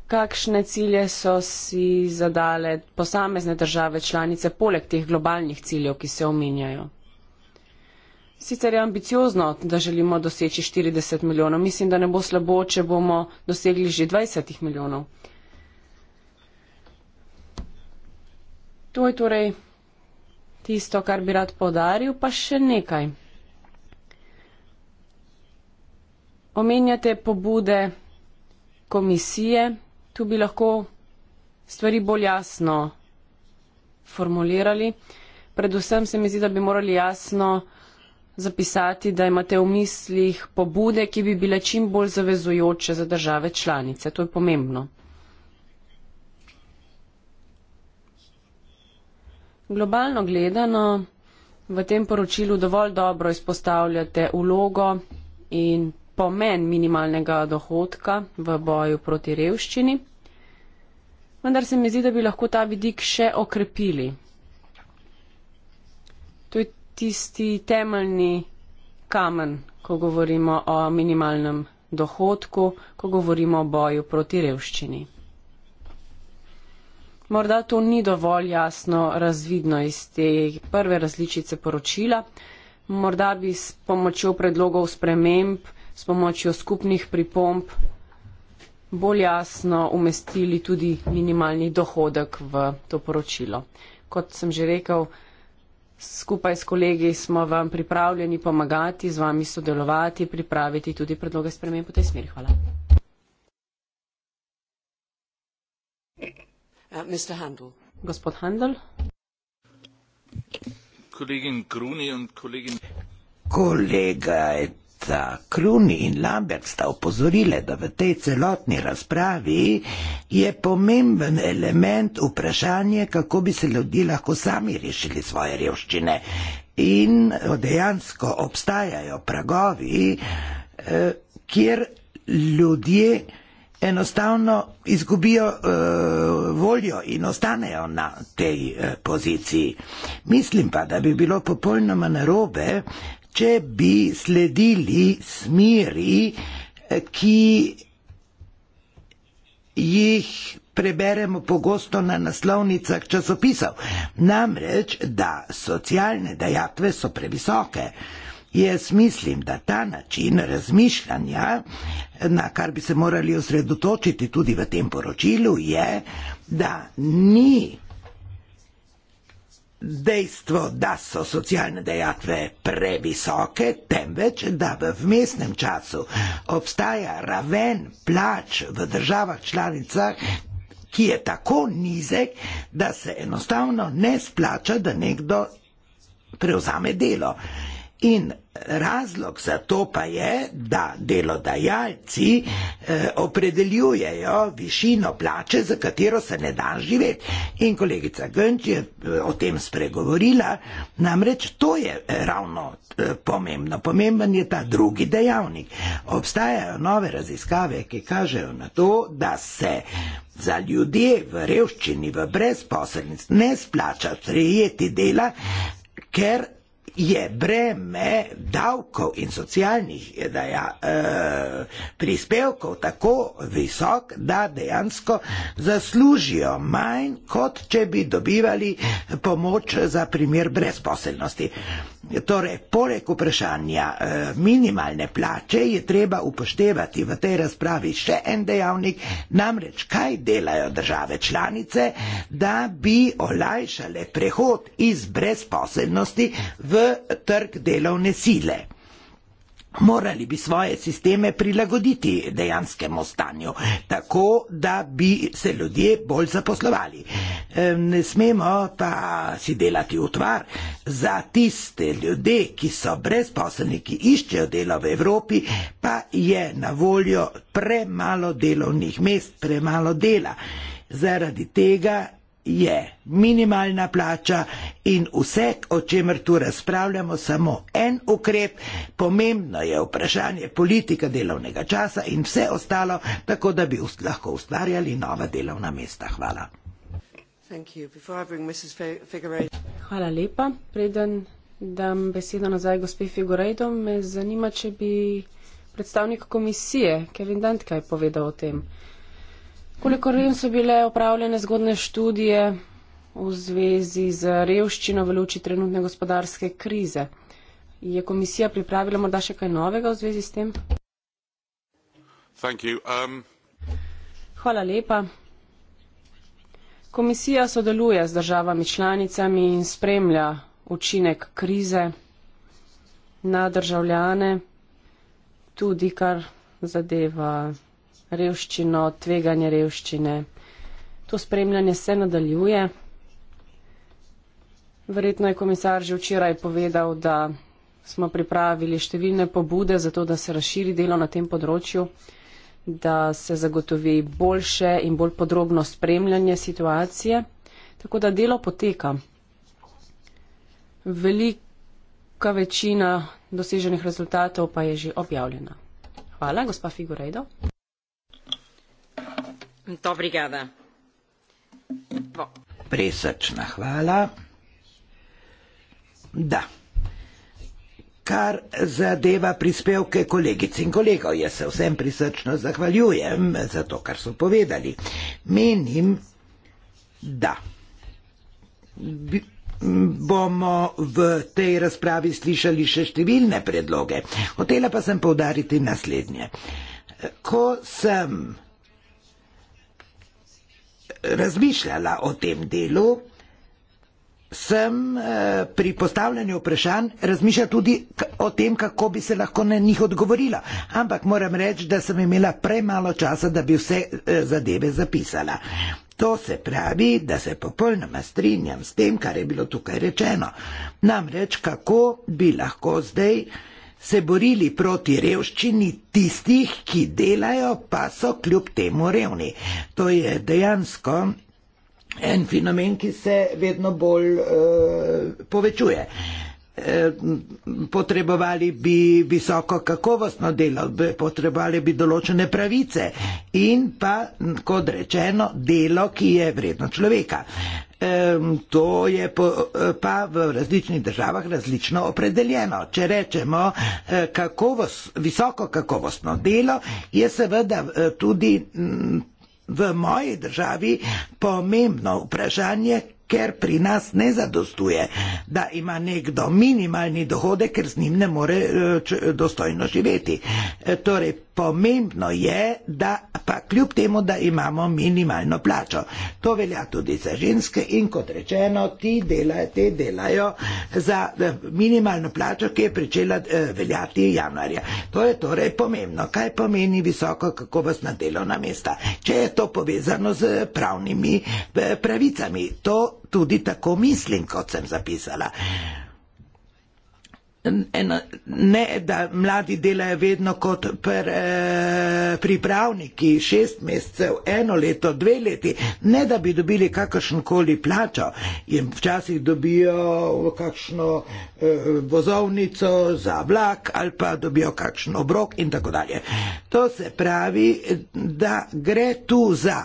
kakšne cilje so si zadale posamezne države članice poleg teh globalnih ciljev, ki se omenjajo? Sicer je ambiciozno, da želimo doseči 40 milijonov. Mislim, da ne bo slabo, če bomo dosegli že 20 milijonov. To je torej tisto, kar bi rad podaril, pa še nekaj. Omenjate pobude komisije tu bi lahko stvari bolj jasno formulirali. Predvsem se mi zdi, da bi morali jasno zapisati, da imate v mislih pobude, ki bi bile čim bolj zavezujoče za države članice. To je pomembno. Globalno gledano v tem poročilu dovolj dobro izpostavljate ulogo in pomen minimalnega dohodka v boju proti revščini, vendar se mi zdi, da bi lahko ta vidik še okrepili. To je tisti temeljni kamen, ko govorimo o minimalnem dohodku, ko govorimo o boju proti revščini. Morda to ni dovolj jasno razvidno iz te prve različice poročila. Morda bi s pomočjo predlogov sprememb s pomočjo skupnih pripomb bolj jasno umestili tudi minimalni dohodek v to poročilo. Kot sem že rekel, skupaj s kolegi smo vam pripravljeni pomagati, z vami sodelovati, pripraviti tudi predloge sprememb v tej smeri. Hvala. Uh, Gospod Handel. Kolegin Gruni in kolegin. Kolega je Kolbica, eh, Kruni in Lambert sta upozorile, da v tej celotni razpravi je pomemben element vprašanje, kako bi se ljudje lahko sami rešili svoje revščine. In eh, dejansko obstajajo pragovi, eh, kjer ljudje enostavno izgubijo voljo in ostanejo na tej poziciji. Mislim pa, da bi bilo popolnoma narobe, če bi sledili smeri, eh, ki jih preberemo pogosto na naslovnicah časopisov. Namreč, da socialne dajatve so previsoke. Jaz mislim, da ta način razmišljanja, na kar bi se morali osredotočiti tudi v tem poročilu, je, da ni dejstvo, da so socialne dejatve previsoke, temveč, da v vmesnem času obstaja raven plač v državah članicah, ki je tako nizek, da se enostavno ne splača, da nekdo prevzame delo. In razlog za to pa je, da delodajalci eh, opredeljujejo višino plače, za katero se ne da živeti. In kolegica Gönč je eh, o tem spregovorila, namreč to je eh, ravno eh, pomembno. Pomemben je ta drugi dejavnik. Obstajajo nove raziskave, ki kažejo na to, da se Za ljudje v revščini, v brezposelnici ne splača prejeti dela, ker je breme davkov in socialnih daja, eh, prispevkov tako visok, da dejansko zaslužijo manj, kot če bi dobivali pomoč za primer brezposelnosti. Torej, poleg vprašanja eh, minimalne plače je treba upoštevati v tej razpravi še en dejavnik, namreč kaj delajo države članice, da bi olajšale prehod iz brezposelnosti v trg delovne sile. Morali bi svoje sisteme prilagoditi dejanskemu stanju, tako da bi se ljudje bolj zaposlovali. Ne smemo pa si delati utvar za tiste ljudi, ki so brezposelni, ki iščejo delo v Evropi, pa je na voljo premalo delovnih mest, premalo dela. Zaradi tega je minimalna plača in vse, o čemer tu razpravljamo, samo en ukrep, pomembno je vprašanje politika delovnega časa in vse ostalo, tako da bi ust lahko ustvarjali nova delovna mesta. Hvala. Hvala lepa. Preden dam besedo nazaj gospe Figurejdom, me zanima, če bi predstavnik komisije Kevin Dant kaj povedal o tem. Kolikor vem, so bile opravljene zgodne študije v zvezi z revščino v luči trenutne gospodarske krize. Je komisija pripravila morda še kaj novega v zvezi s tem? Um... Hvala lepa. Komisija sodeluje z državami članicami in spremlja učinek krize na državljane, tudi kar zadeva revščino, tveganje revščine. To spremljanje se nadaljuje. Verjetno je komisar že včeraj povedal, da smo pripravili številne pobude za to, da se razširi delo na tem področju, da se zagotovi boljše in bolj podrobno spremljanje situacije. Tako da delo poteka. Velika večina doseženih rezultatov pa je že objavljena. Hvala, gospa Figurejdo. Presrčna hvala. Da. Kar zadeva prispevke kolegic in kolegov, jaz se vsem prisrčno zahvaljujem za to, kar so povedali. Menim, da bomo v tej razpravi slišali še številne predloge. Hotela pa sem povdariti naslednje. Ko sem razmišljala o tem delu, sem eh, pri postavljanju vprašanj razmišljala tudi o tem, kako bi se lahko na njih odgovorila. Ampak moram reči, da sem imela premalo časa, da bi vse eh, zadeve zapisala. To se pravi, da se popolnoma strinjam s tem, kar je bilo tukaj rečeno. Namreč, kako bi lahko zdaj se borili proti revščini tistih, ki delajo, pa so kljub temu revni. To je dejansko en fenomen, ki se vedno bolj uh, povečuje. Uh, Eh, potrebovali bi visoko kakovostno delo, potrebovali bi določene pravice in pa, kot rečeno, delo, ki je vredno človeka. To je eh, pa v različnih državah različno opredeljeno. Če rečemo eh, kakovost, visoko kakovostno delo, je seveda tudi v moji državi pomembno vprašanje, ker pri nas ne zadostuje, da ima nekdo minimalni dohodek, ker z njim ne more eh, dostojno živeti. Eh, torej, Pomembno je, da pa kljub temu, da imamo minimalno plačo. To velja tudi za ženske in kot rečeno, ti delajo, te delajo za eh, minimalno plačo, ki je pričela eh, veljati januarja. To je torej pomembno. Kaj pomeni visoko kakovostna delovna mesta? Če je to povezano z pravnimi eh, pravicami, to tudi tako mislim, kot sem zapisala ena, ne, da mladi delajo vedno kot pr, e, eh, pripravniki, šest mesecev, eno leto, dve leti, ne da bi dobili kakršnkoli plačo. In včasih dobijo kakšno e, vozovnico za vlak ali pa dobijo kakšno obrok in tako dalje. To se pravi, da gre tu za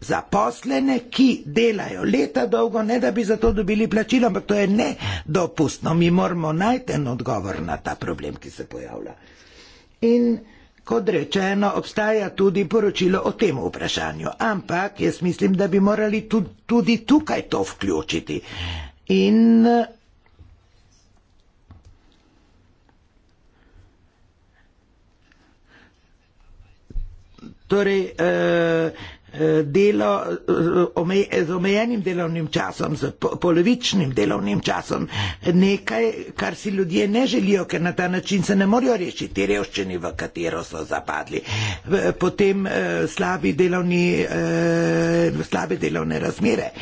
zaposlene, ki delajo leta dolgo, ne da bi za to dobili plačilo, ampak to je nedopustno. Mi moramo najti en odgovor na ta problem, ki se pojavlja. In kot rečeno, obstaja tudi poročilo o tem vprašanju, ampak jaz mislim, da bi morali tudi, tudi tukaj to vključiti. In Torej, eh, Eh, delo, eh, z omejenim delovnim časom, z polovičnim delovnim časom, nekaj, kar si ljudje ne želijo, ker na ta način se ne morejo rešiti revščini, v katero so zapadli. Eh, potem slabi delovni, slabe delovne razmere.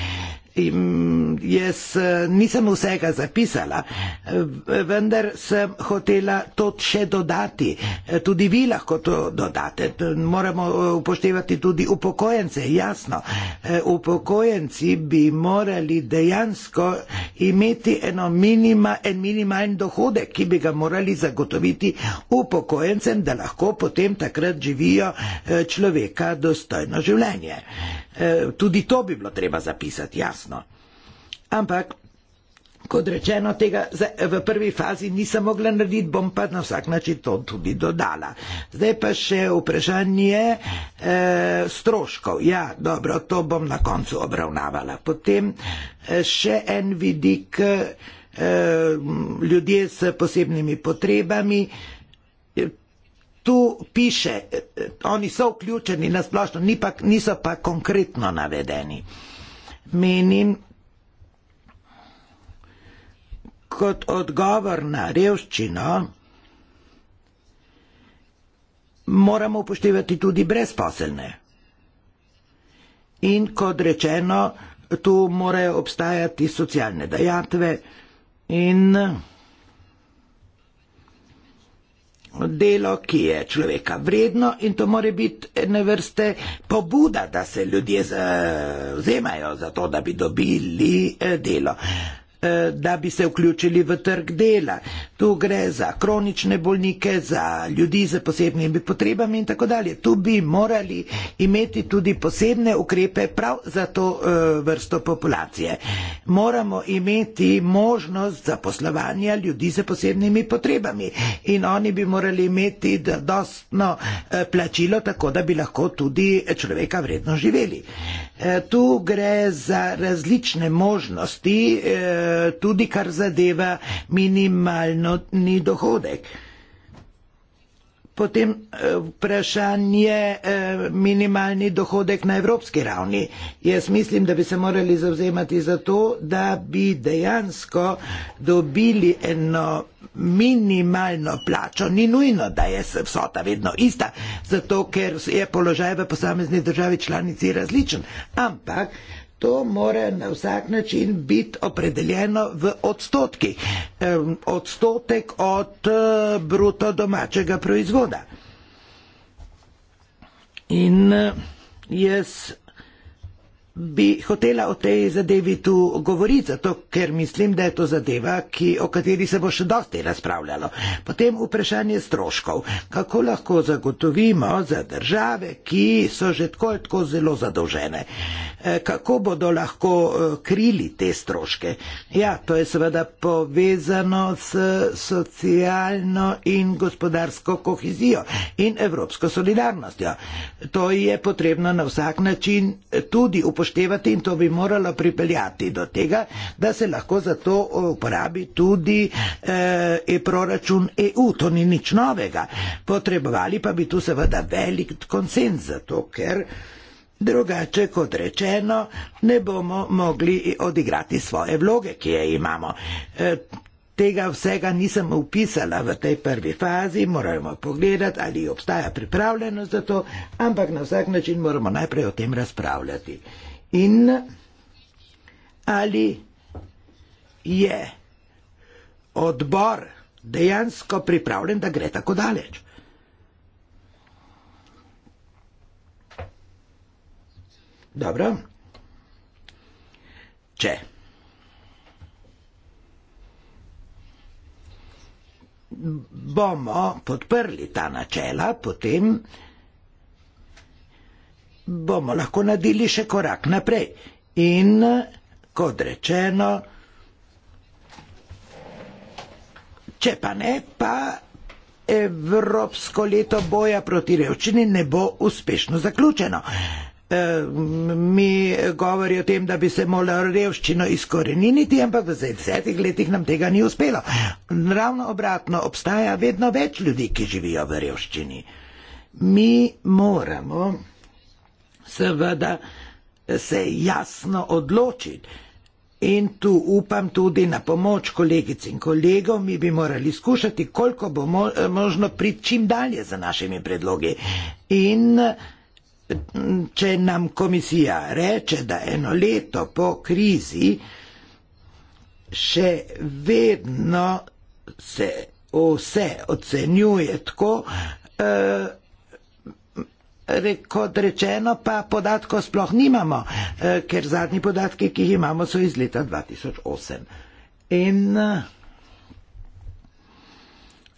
In jaz eh, nisem vsega zapisala, eh, vendar sem hotela to še dodati. Eh, tudi vi lahko to dodate. Moramo upoštevati tudi upokojence, jasno. Upokojenci bi morali dejansko imeti minima, en minimalen dohodek, ki bi ga morali zagotoviti upokojencem, da lahko potem takrat živijo človeka dostojno življenje. Tudi to bi bilo treba zapisati, jasno jasno. Ampak, kot rečeno, tega v prvi fazi nisem mogla narediti, bom pa na vsak način to tudi dodala. Zdaj pa še vprašanje e, stroškov. Ja, dobro, to bom na koncu obravnavala. Potem eh, še en vidik e, ljudje s posebnimi potrebami. Tu piše, oni so vključeni na splošno, niso pa konkretno navedeni menim, kot odgovor na revščino, moramo upoštevati tudi brezposelne. In kot rečeno, tu morajo obstajati socialne dajatve in delo, ki je človeka vredno in to more biti ene vrste pobuda, da se ljudje zauzemajo eh, za to, da bi dobili eh, delo. Eh, da bi se vključili v trg dela. Tu gre za kronične bolnike, za ljudi z posebnimi potrebami in tako dalje. Tu bi morali imeti tudi posebne ukrepe prav za to eh, vrsto populacije. Moramo imeti možnost zaposlovanja ljudi z posebnimi potrebami in oni bi morali imeti dostno eh, plačilo, tako da bi lahko tudi človeka vredno živeli. Tu gre za različne možnosti, tudi kar zadeva minimalni dohodek. Potem eh, vprašanje eh, minimalni dohodek na evropski ravni. Jaz mislim, da bi se morali zauzemati za to, da bi dejansko dobili eno minimalno plačo. Ni nujno, da je vsota vedno ista, zato ker je položaj v posamezni državi članici različen. Ampak to more na vsak način biti opredeljeno v odstotkih. Odstotek od eh, bruto domačega proizvoda. In eh, jaz bi hotela o tej zadevi tu govoriti, zato ker mislim, da je to zadeva, ki, o kateri se bo še dosti razpravljalo. Potem vprašanje stroškov. Kako lahko zagotovimo za države, ki so že tako in tako zelo zadolžene? E, kako bodo lahko e, krili te stroške? Ja, to je seveda povezano s socialno in gospodarsko kohezijo in evropsko solidarnostjo. To je potrebno na vsak način tudi upoštevati upoštevati in to bi moralo pripeljati do tega, da se lahko za to eh, uporabi tudi eh, e proračun EU. To ni nič novega. Potrebovali pa bi tu seveda velik konsens za to, ker drugače, kot rečeno, ne bomo mogli odigrati svoje vloge, ki je imamo. Eh, Tega vsega nisem upisala v tej prvi fazi, moramo pogledati, ali obstaja pripravljenost za to, ampak na vsak način moramo najprej o tem razpravljati. In ali je odbor dejansko pripravljen, da gre tako daleč? Dobro. Če. Bomo podprli ta načela, potem bomo lahko nadili še korak naprej. In, kot rečeno, če pa ne, pa Evropsko leto boja proti revščini ne bo uspešno zaključeno. E, mi govori o tem, da bi se moralo revščino izkoreniniti, ampak v desetih letih nam tega ni uspelo. Ravno obratno, obstaja vedno več ljudi, ki živijo v revščini. Mi moramo seveda se jasno odločiti. In tu upam tudi na pomoč kolegic in kolegov, mi bi morali skušati, koliko bo možno priti čim dalje za našimi predlogi. In če nam komisija reče, da eno leto po krizi še vedno se vse ocenjuje tako, eh, kot rečeno, pa podatkov sploh nimamo, e, ker zadnji podatki, ki jih imamo, so iz leta 2008. In e,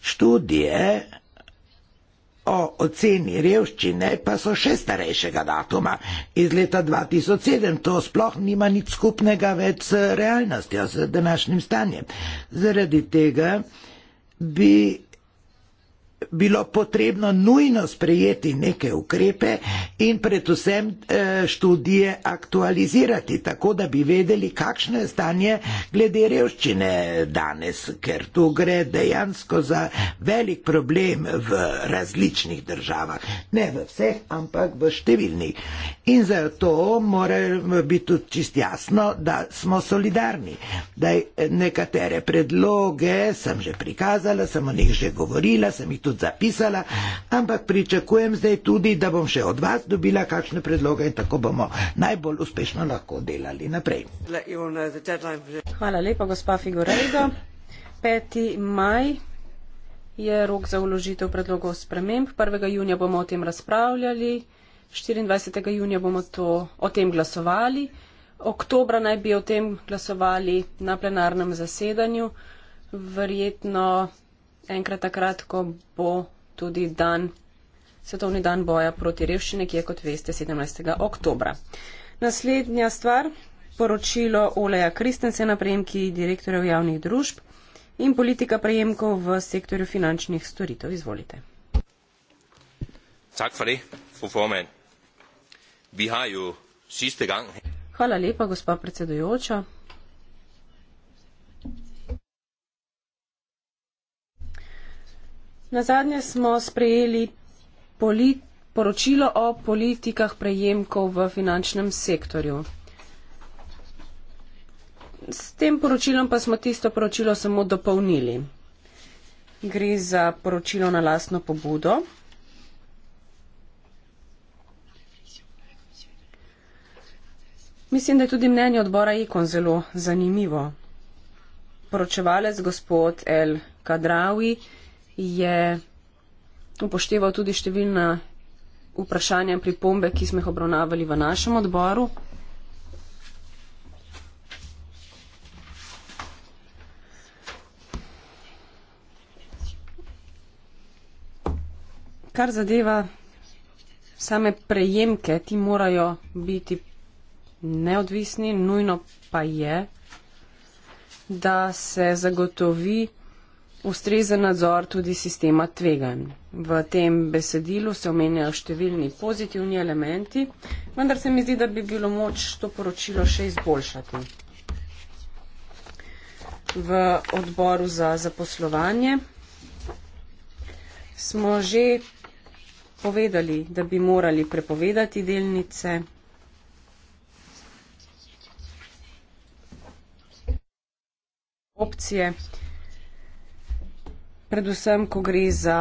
študije o oceni revščine pa so še starejšega datuma, iz leta 2007. To sploh nima nič skupnega več z realnostjo, z današnjim stanjem. Zaradi tega bi bilo potrebno nujno sprejeti neke ukrepe in predvsem eh, študije aktualizirati, tako da bi vedeli, kakšno je stanje glede revščine danes, ker tu gre dejansko za velik problem v različnih državah. Ne v vseh, ampak v številnih. In zato mora biti tudi čist jasno, da smo solidarni. Da eh, nekatere predloge sem že prikazala, sem o njih že govorila, sem jih tudi tudi zapisala, ampak pričakujem zdaj tudi, da bom še od vas dobila kakšne predloge in tako bomo najbolj uspešno lahko delali naprej. Hvala lepa, gospa Figurejdo. 5. maj je rok za uložitev predlogov sprememb. 1. junija bomo o tem razpravljali, 24. junija bomo to, o tem glasovali. Oktobra naj bi o tem glasovali na plenarnem zasedanju. Verjetno enkrat takrat, ko bo tudi dan, svetovni dan boja proti revščini, ki je, kot veste, 17. oktobra. Naslednja stvar, poročilo Oleja Kristensena, prejemki direktorjev javnih družb in politika prejemkov v sektorju finančnih storitev. Izvolite. Hvala lepa, gospa predsedujoča. Na zadnje smo sprejeli polit, poročilo o politikah prejemkov v finančnem sektorju. S tem poročilom pa smo tisto poročilo samo dopolnili. Gre za poročilo na lastno pobudo. Mislim, da je tudi mnenje odbora Ikon zelo zanimivo. Poročevalec gospod El Kadravi je upošteval tudi številna vprašanja in pripombe, ki smo jih obravnavali v našem odboru. Kar zadeva same prejemke, ti morajo biti neodvisni, nujno pa je, da se zagotovi, ustrezen nadzor tudi sistema tveganj. V tem besedilu se omenjajo številni pozitivni elementi, vendar se mi zdi, da bi bilo moč to poročilo še izboljšati. V odboru za zaposlovanje smo že povedali, da bi morali prepovedati delnice. opcije predvsem, ko gre za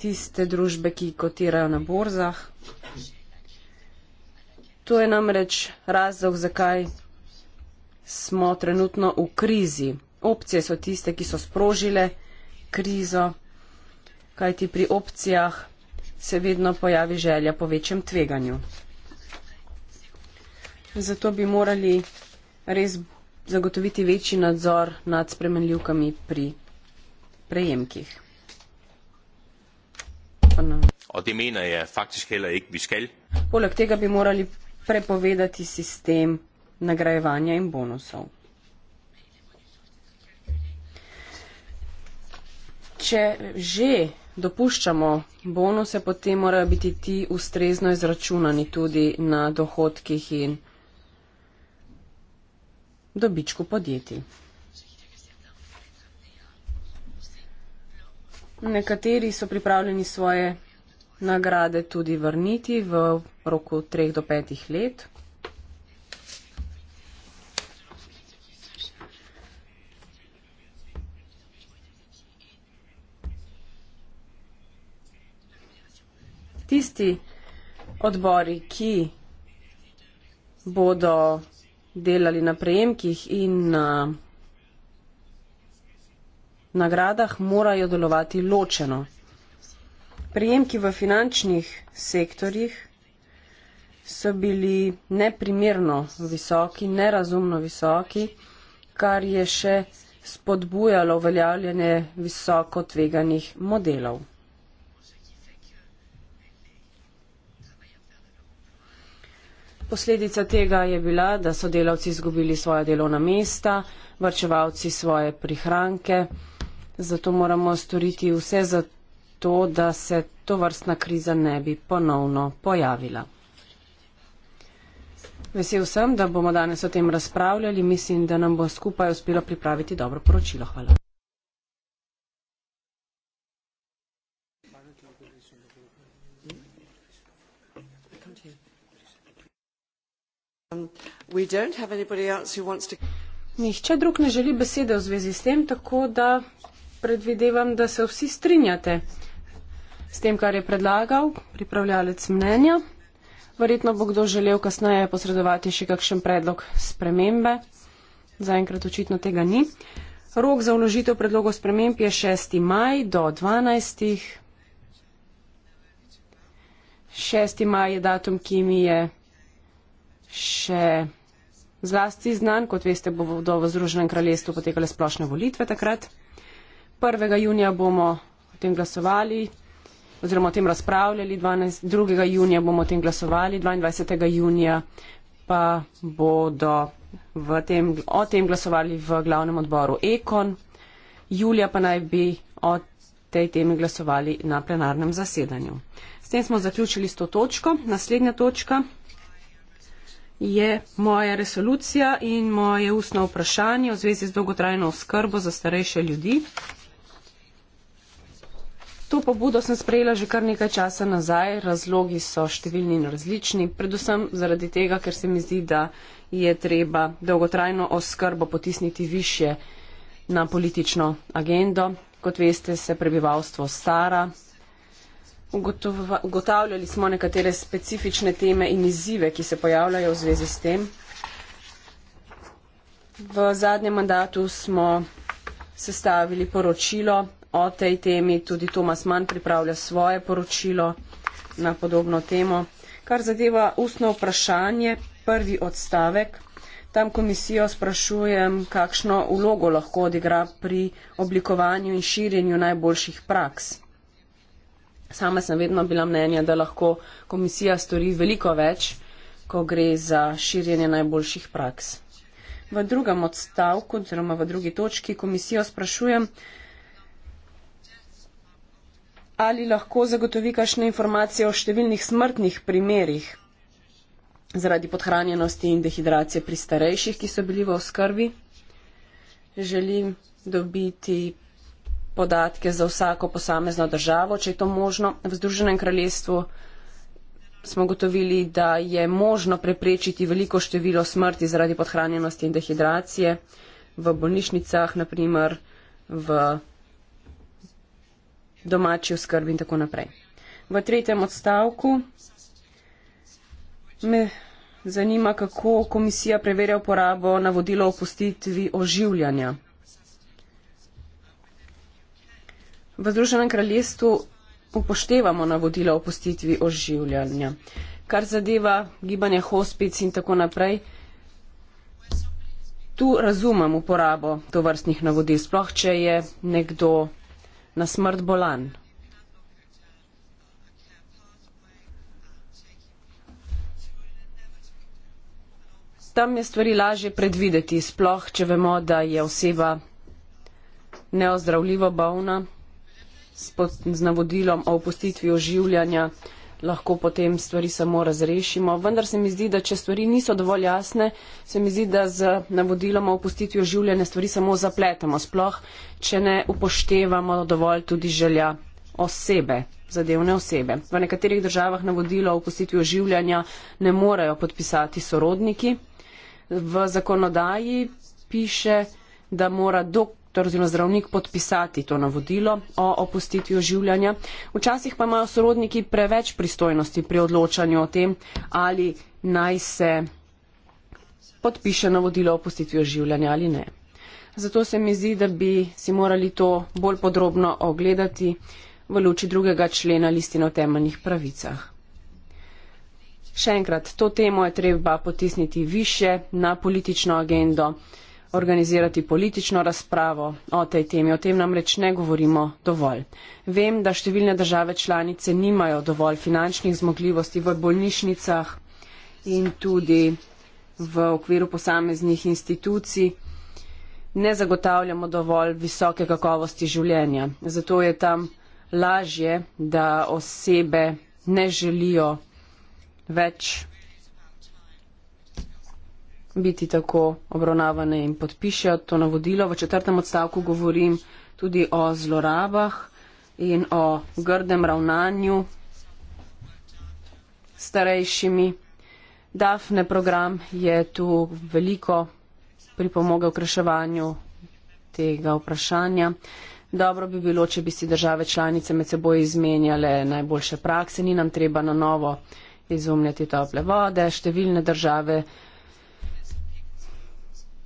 tiste družbe, ki kotirajo na borzah. To je namreč razlog, zakaj smo trenutno v krizi. Opcije so tiste, ki so sprožile krizo, kajti pri opcijah se vedno pojavi želja po večjem tveganju. Zato bi morali res zagotoviti večji nadzor nad spremenljivkami pri prejemkih. Og det mener jeg faktisk heller ikke, vi skal. Poleg tega bi morali prepovedati sistem nagrajevanja in bonusov. Če že dopuščamo bonuse, potem morajo biti ti ustrezno izračunani tudi na dohodkih in dobičku podjetij. Nekateri so pripravljeni svoje nagrade tudi vrniti v roku 3 do 5 let. Tisti odbori, ki bodo delali na prejemkih in na nagradah morajo delovati ločeno. Prijemki v finančnih sektorjih so bili neprimerno visoki, nerazumno visoki, kar je še spodbujalo uveljavljanje visoko tveganih modelov. Posledica tega je bila, da so delavci izgubili svoje delovna mesta, vrčevalci svoje prihranke. Zato moramo storiti vse za to, da se to vrstna kriza ne bi ponovno pojavila. Vesel sem, da bomo danes o tem razpravljali. Mislim, da nam bo skupaj uspelo pripraviti dobro poročilo. Hvala. Nihče drug ne želi besede v zvezi s tem, tako da predvidevam, da se vsi strinjate s tem, kar je predlagal pripravljalec mnenja. Verjetno bo kdo želel kasneje posredovati še kakšen predlog spremembe. Zaenkrat očitno tega ni. Rok za vložitev predlogov sprememb je 6. maj do 12. 6. maj je datum, ki mi je še zlasti znan. Kot veste, bo v Združenem kraljestvu potekale splošne volitve takrat. 1. junija bomo o tem glasovali oziroma o tem razpravljali, 12, 2. junija bomo o tem glasovali, 22. junija pa bodo tem, o tem glasovali v glavnem odboru Ekon, julija pa naj bi o tej temi glasovali na plenarnem zasedanju. S tem smo zaključili s to točko. Naslednja točka je moja resolucija in moje ustno vprašanje v zvezi z dolgotrajno oskrbo za starejše ljudi. To pobudo sem sprejela že kar nekaj časa nazaj. Razlogi so številni in različni, predvsem zaradi tega, ker se mi zdi, da je treba dolgotrajno oskrbo potisniti više na politično agendo. Kot veste, se prebivalstvo stara. Ugotavljali smo nekatere specifične teme in izzive, ki se pojavljajo v zvezi s tem. V zadnjem mandatu smo sestavili poročilo o tej temi, tudi Tomas Mann pripravlja svoje poročilo na podobno temo. Kar zadeva ustno vprašanje, prvi odstavek. Tam komisijo sprašujem, kakšno vlogo lahko odigra pri oblikovanju in širjenju najboljših praks. Sama sem vedno bila mnenja, da lahko komisija stori veliko več, ko gre za širjenje najboljših praks. V drugem odstavku oziroma v drugi točki komisijo sprašujem, ali lahko zagotovi kakšne informacije o številnih smrtnih primerjih zaradi podhranjenosti in dehidracije pri starejših, ki so bili v oskrbi. Želim dobiti podatke za vsako posamezno državo, če je to možno. V Združenem kraljestvu smo gotovili, da je možno preprečiti veliko število smrti zaradi podhranjenosti in dehidracije v bolnišnicah, naprimer v domači oskrbi in tako naprej. V tretjem odstavku me zanima, kako komisija preverja uporabo navodila o postitvi oživljanja. V Združenem kraljestvu upoštevamo navodila o postitvi oživljanja. Kar zadeva gibanje hospic in tako naprej, tu razumem uporabo tovrstnih navodil, sploh če je nekdo na smrt bolan. Tam je stvari lažje predvideti, sploh če vemo, da je oseba neozdravljivo bolna s navodilom o opustitvi oživljanja lahko potem stvari samo razrešimo. Vendar se mi zdi, da če stvari niso dovolj jasne, se mi zdi, da z navodiloma opustitvijo življenja stvari samo zapletemo, sploh če ne upoštevamo dovolj tudi želja osebe, zadevne osebe. V nekaterih državah navodilo opustitvijo življenja ne morejo podpisati sorodniki. V zakonodaji piše, da mora dok doktor oziroma zdravnik podpisati to navodilo o opustitvi oživljanja. Včasih pa imajo sorodniki preveč pristojnosti pri odločanju o tem, ali naj se podpiše navodilo o opustitvi oživljanja ali ne. Zato se mi zdi, da bi si morali to bolj podrobno ogledati v luči drugega člena listina o temeljnih pravicah. Še enkrat, to temo je treba potisniti više na politično agendo organizirati politično razpravo o tej temi. O tem namreč ne govorimo dovolj. Vem, da številne države članice nimajo dovolj finančnih zmogljivosti v bolnišnicah in tudi v okviru posameznih institucij ne zagotavljamo dovolj visoke kakovosti življenja. Zato je tam lažje, da osebe ne želijo več biti tako obravnavane in podpišejo to navodilo. V četrtem odstavku govorim tudi o zlorabah in o grdem ravnanju starejšimi. Dafne program je tu veliko pripomoga v kreševanju tega vprašanja. Dobro bi bilo, če bi si države članice med seboj izmenjale najboljše prakse, ni nam treba na novo izumljati tople vode. Številne države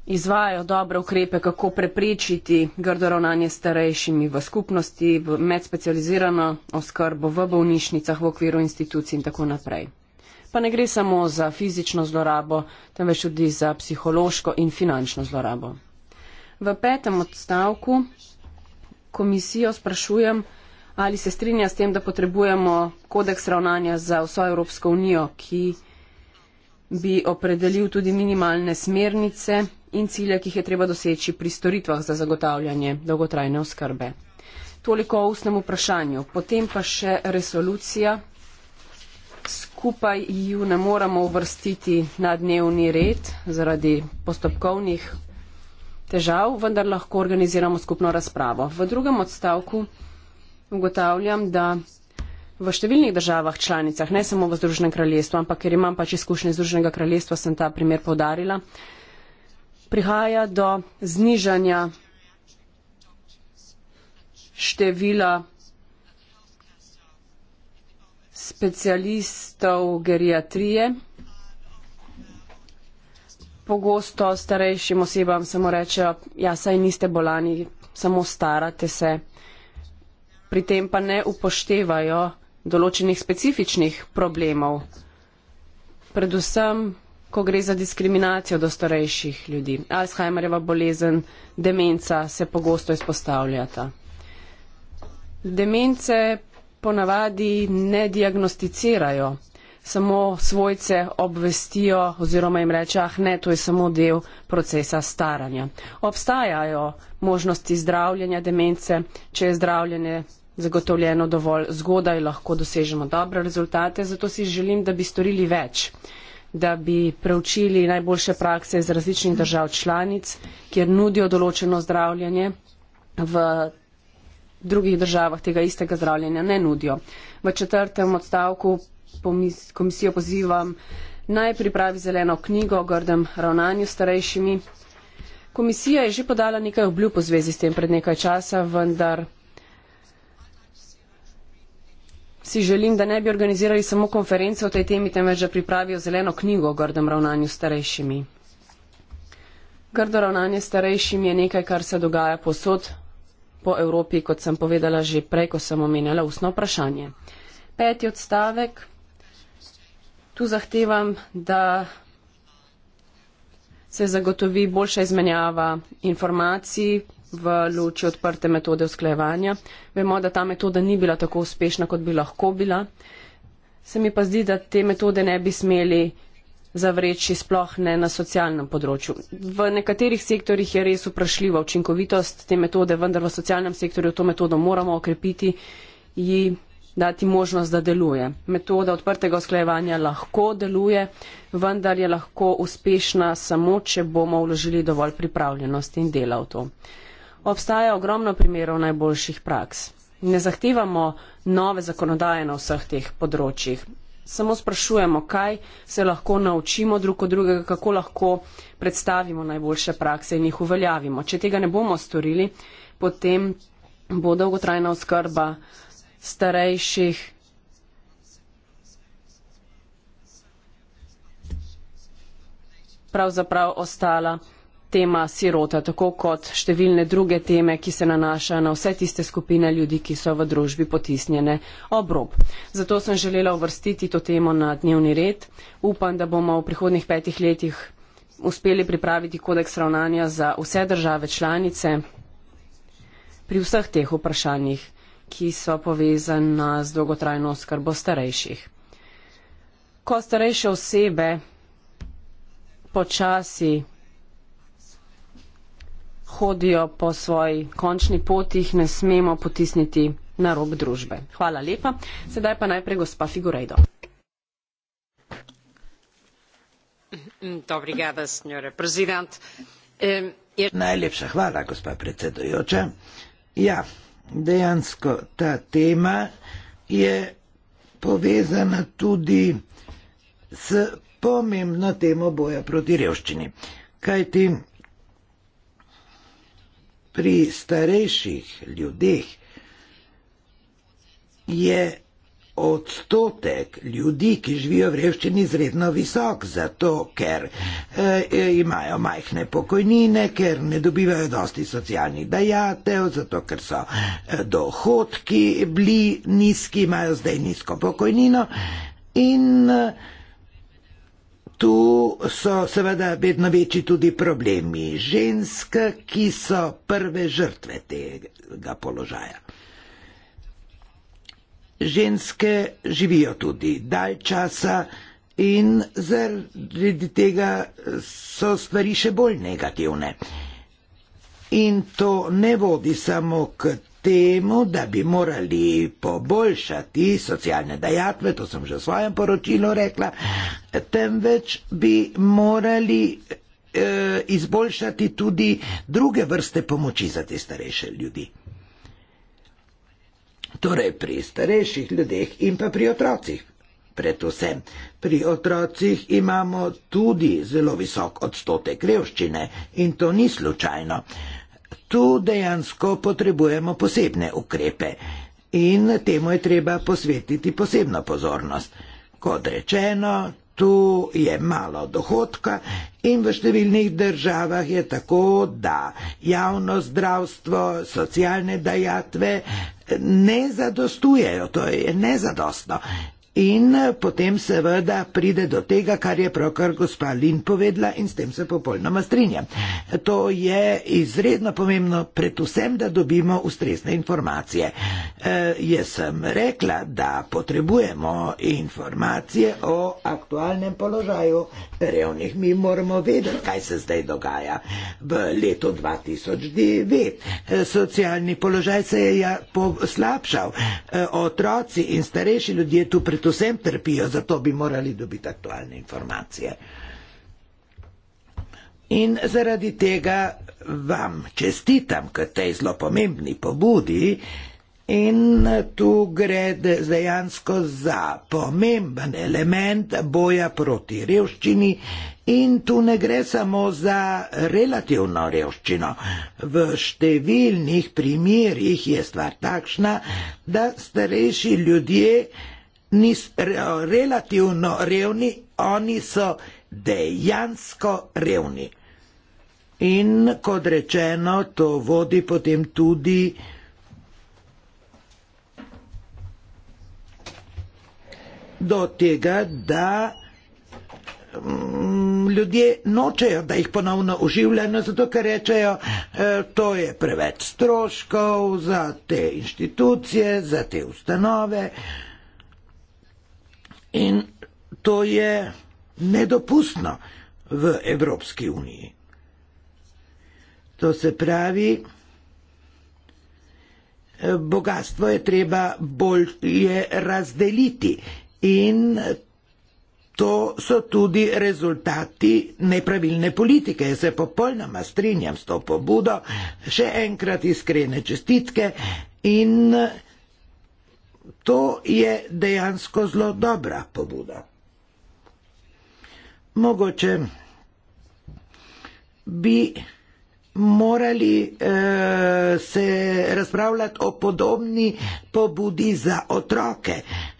izvajajo dobre ukrepe, kako preprečiti grdo ravnanje starejšimi v skupnosti, v medspecializirano oskrbo, v bolnišnicah, v okviru institucij in tako naprej. Pa ne gre samo za fizično zlorabo, temveč tudi za psihološko in finančno zlorabo. V petem odstavku komisijo sprašujem, ali se strinja s tem, da potrebujemo kodeks ravnanja za vso Evropsko unijo, ki bi opredelil tudi minimalne smernice in cilje, ki jih je treba doseči pri storitvah za zagotavljanje dolgotrajne oskrbe. Toliko o ustnem vprašanju. Potem pa še resolucija. Skupaj ju ne moramo uvrstiti na dnevni red zaradi postopkovnih težav, vendar lahko organiziramo skupno razpravo. V drugem odstavku ugotavljam, da v številnih državah članicah, ne samo v Združenem kraljestvu, ampak ker imam pač izkušnje iz Združenega kraljestva, sem ta primer podarila, prihaja do znižanja števila specialistov geriatrije. Pogosto starejšim osebam samo rečejo, ja, saj niste bolani, samo starate se. Pri tem pa ne upoštevajo določenih specifičnih problemov. Predvsem ko gre za diskriminacijo do starejših ljudi. Alzheimerjeva bolezen, demenca se pogosto izpostavljata. Demence ponavadi ne diagnosticirajo, samo svojce obvestijo oziroma jim reče, ah ne, to je samo del procesa staranja. Obstajajo možnosti zdravljenja demence, če je zdravljenje zagotovljeno dovolj zgodaj, lahko dosežemo dobre rezultate, zato si želim, da bi storili več da bi preučili najboljše prakse iz različnih držav članic, kjer nudijo določeno zdravljanje, v drugih državah tega istega zdravljanja ne nudijo. V četrtem odstavku komisijo pozivam naj pripravi zeleno knjigo o grdem ravnanju starejšimi. Komisija je že podala nekaj obljub v zvezi s tem pred nekaj časa, vendar si želim, da ne bi organizirali samo konference o tej temi, temveč da pripravijo zeleno knjigo o grdem ravnanju starejšimi. Grdo ravnanje starejšimi je nekaj, kar se dogaja posod po Evropi, kot sem povedala že prej, ko sem omenjala usno vprašanje. Peti odstavek. Tu zahtevam, da se zagotovi boljša izmenjava informacij, v luči odprte metode usklajevanja. Vemo, da ta metoda ni bila tako uspešna, kot bi lahko bila. Se mi pa zdi, da te metode ne bi smeli zavreči sploh ne na socialnem področju. V nekaterih sektorjih je res vprašljiva učinkovitost te metode, vendar v socialnem sektorju to metodo moramo okrepiti in dati možnost, da deluje. Metoda odprtega usklajevanja lahko deluje, vendar je lahko uspešna samo, če bomo vložili dovolj pripravljenosti in dela v to obstaja ogromno primerov najboljših praks. Ne zahtevamo nove zakonodaje na vseh teh področjih. Samo sprašujemo, kaj se lahko naučimo drug od drugega, kako lahko predstavimo najboljše prakse in jih uveljavimo. Če tega ne bomo storili, potem bo dolgotrajna oskrba starejših. Pravzaprav ostala tema sirota, tako kot številne druge teme, ki se nanašajo na vse tiste skupine ljudi, ki so v družbi potisnjene obrob. Zato sem želela uvrstiti to temo na dnevni red. Upam, da bomo v prihodnih petih letih uspeli pripraviti kodeks ravnanja za vse države članice pri vseh teh vprašanjih, ki so povezana z dolgotrajno oskrbo starejših. Ko starejše osebe počasi hodijo po svoji končni poti, jih ne smemo potisniti na rok družbe. Hvala lepa. Sedaj pa najprej gospa Figurejdo. Najlepša hvala, gospa predsedujoča. Ja, dejansko ta tema je povezana tudi s pomembno temo boja proti revščini. Kajti pri starejših ljudeh je odstotek ljudi, ki živijo v revščini, izredno visok, zato ker e, imajo majhne pokojnine, ker ne dobivajo dosti socialnih dajatev, zato ker so eh, dohodki bili nizki, imajo zdaj nizko pokojnino in e, Tu so seveda vedno večji tudi problemi ženske, ki so prve žrtve tega položaja. Ženske živijo tudi dalj časa in zaradi tega so stvari še bolj negativne. In to ne vodi samo k temu, da bi morali poboljšati socialne dajatve, to sem že v svojem poročilu rekla, temveč bi morali e, izboljšati tudi druge vrste pomoči za te starejše ljudi. Torej pri starejših ljudeh in pa pri otrocih. Predvsem pri otrocih imamo tudi zelo visok odstotek revščine in to ni slučajno. Tu dejansko potrebujemo posebne ukrepe in temu je treba posvetiti posebno pozornost. Kot rečeno, tu je malo dohodka in v številnih državah je tako, da javno zdravstvo, socialne dajatve ne zadostujejo, to je nezadostno. In potem seveda pride do tega, kar je pravkar gospa Lin povedala in s tem se popolnoma strinja. To je izredno pomembno, predvsem, da dobimo ustrezne informacije. E, jaz sem rekla, da potrebujemo informacije o aktualnem položaju revnih. Mi moramo vedeti, kaj se zdaj dogaja. V letu 2009 e, socialni položaj se je ja poslabšal. E, otroci in starejši ljudje tu predvsem predvsem trpijo, zato bi morali dobiti aktualne informacije. In zaradi tega vam čestitam k tej zelo pomembni pobudi in tu gre dejansko za pomemben element boja proti revščini in tu ne gre samo za relativno revščino. V številnih primerjih je stvar takšna, da starejši ljudje niso relativno revni, oni so dejansko revni. In kot rečeno, to vodi potem tudi do tega, da mm, ljudje nočejo, da jih ponovno uživljajo, no, zato ker rečejo, e, to je preveč stroškov za te inštitucije, za te ustanove. In to je nedopustno v Evropski uniji. To se pravi, bogatstvo je treba bolje razdeliti in to so tudi rezultati nepravilne politike. Jaz se popolnoma strinjam s to pobudo, še enkrat iskrene čestitke in To je dejansko zelo dobra pobuda. Mogoče bi morali eh, se razpravljati o podobni pobudi za otroke.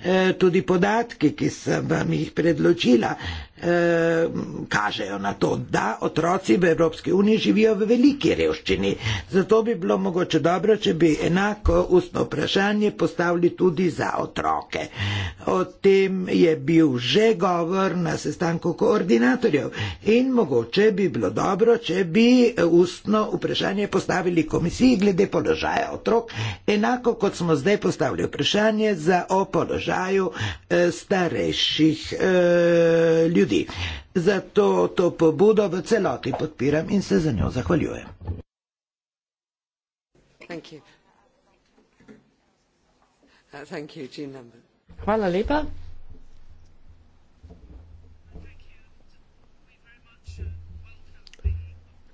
Eh, tudi podatki, ki sem vam jih predločila, eh, Ehm, kažejo na to, da otroci v Evropski uniji živijo v veliki revščini. Zato bi bilo mogoče dobro, če bi enako ustno vprašanje postavili tudi za otroke. O tem je bil že govor na sestanku koordinatorjev in mogoče bi bilo dobro, če bi ustno vprašanje postavili komisiji glede položaja otrok, enako kot smo zdaj postavili vprašanje za o položaju eh, starejših eh, ljudi ljudi. Zato to pobudo v celoti podpiram in se za njo zahvaljujem. Uh, hvala lepa.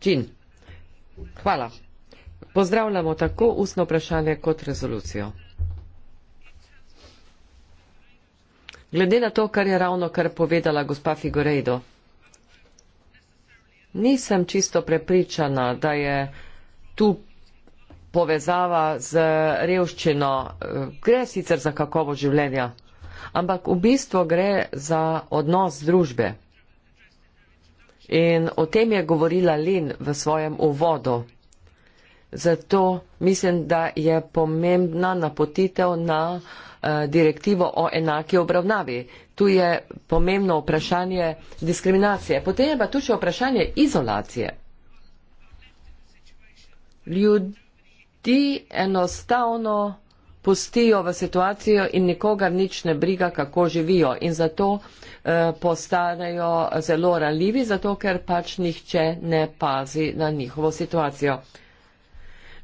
Jean, hvala. Pozdravljamo tako ustno vprašanje kot rezolucijo. Glede na to, kar je ravno kar povedala gospa Figurejdo, nisem čisto prepričana, da je tu povezava z revščino. Gre sicer za kakovo življenja, ampak v bistvu gre za odnos družbe. In o tem je govorila Lin v svojem uvodu. Zato mislim, da je pomembna napotitev na. Eh, direktivo o enaki obravnavi. Tu je pomembno vprašanje diskriminacije. Potem je pa tu še vprašanje izolacije. Ljudi enostavno pustijo v situacijo in nikoga nič ne briga, kako živijo. In zato eh, postanejo zelo ranljivi, zato ker pač nihče ne pazi na njihovo situacijo.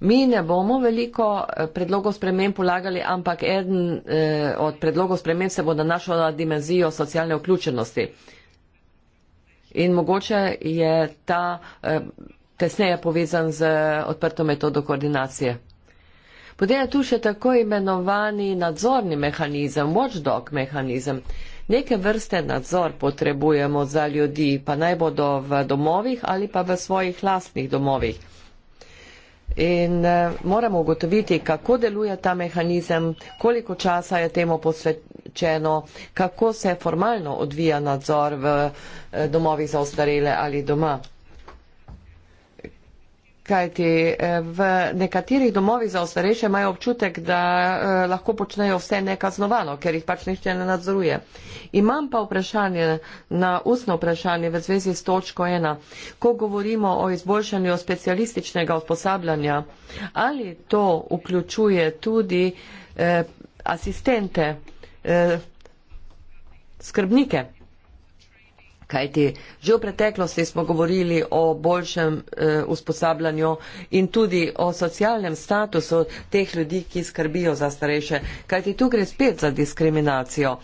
Mi ne bomo veliko eh, predlogov sprememb polagali, ampak eden eh, od predlogov sprememb se bo nanašal na dimenzijo socialne vključenosti. In mogoče je ta eh, tesneje povezan z odprto metodo koordinacije. Potem je tu še tako imenovani nadzorni mehanizem, watchdog mehanizem. Neke vrste nadzor potrebujemo za ljudi, pa naj bodo v domovih ali pa v svojih lastnih domovih in eh, moramo ugotoviti, kako deluje ta mehanizem, koliko časa je temu posvečeno, kako se formalno odvija nadzor v eh, domovih za ostarele ali doma kajti eh, v nekaterih domovih za ostarejše imajo občutek, da eh, lahko počnejo vse nekaznovano, ker jih pač nihče ne nadzoruje. Imam pa vprašanje na ustno vprašanje v zvezi s točko 1. Ko govorimo o izboljšanju specialističnega usposabljanja, ali to vključuje tudi eh, asistente, eh, skrbnike? Kajti že v preteklosti smo govorili o boljšem e, usposabljanju in tudi o socialnem statusu teh ljudi, ki skrbijo za starejše. Kajti tu gre spet za diskriminacijo.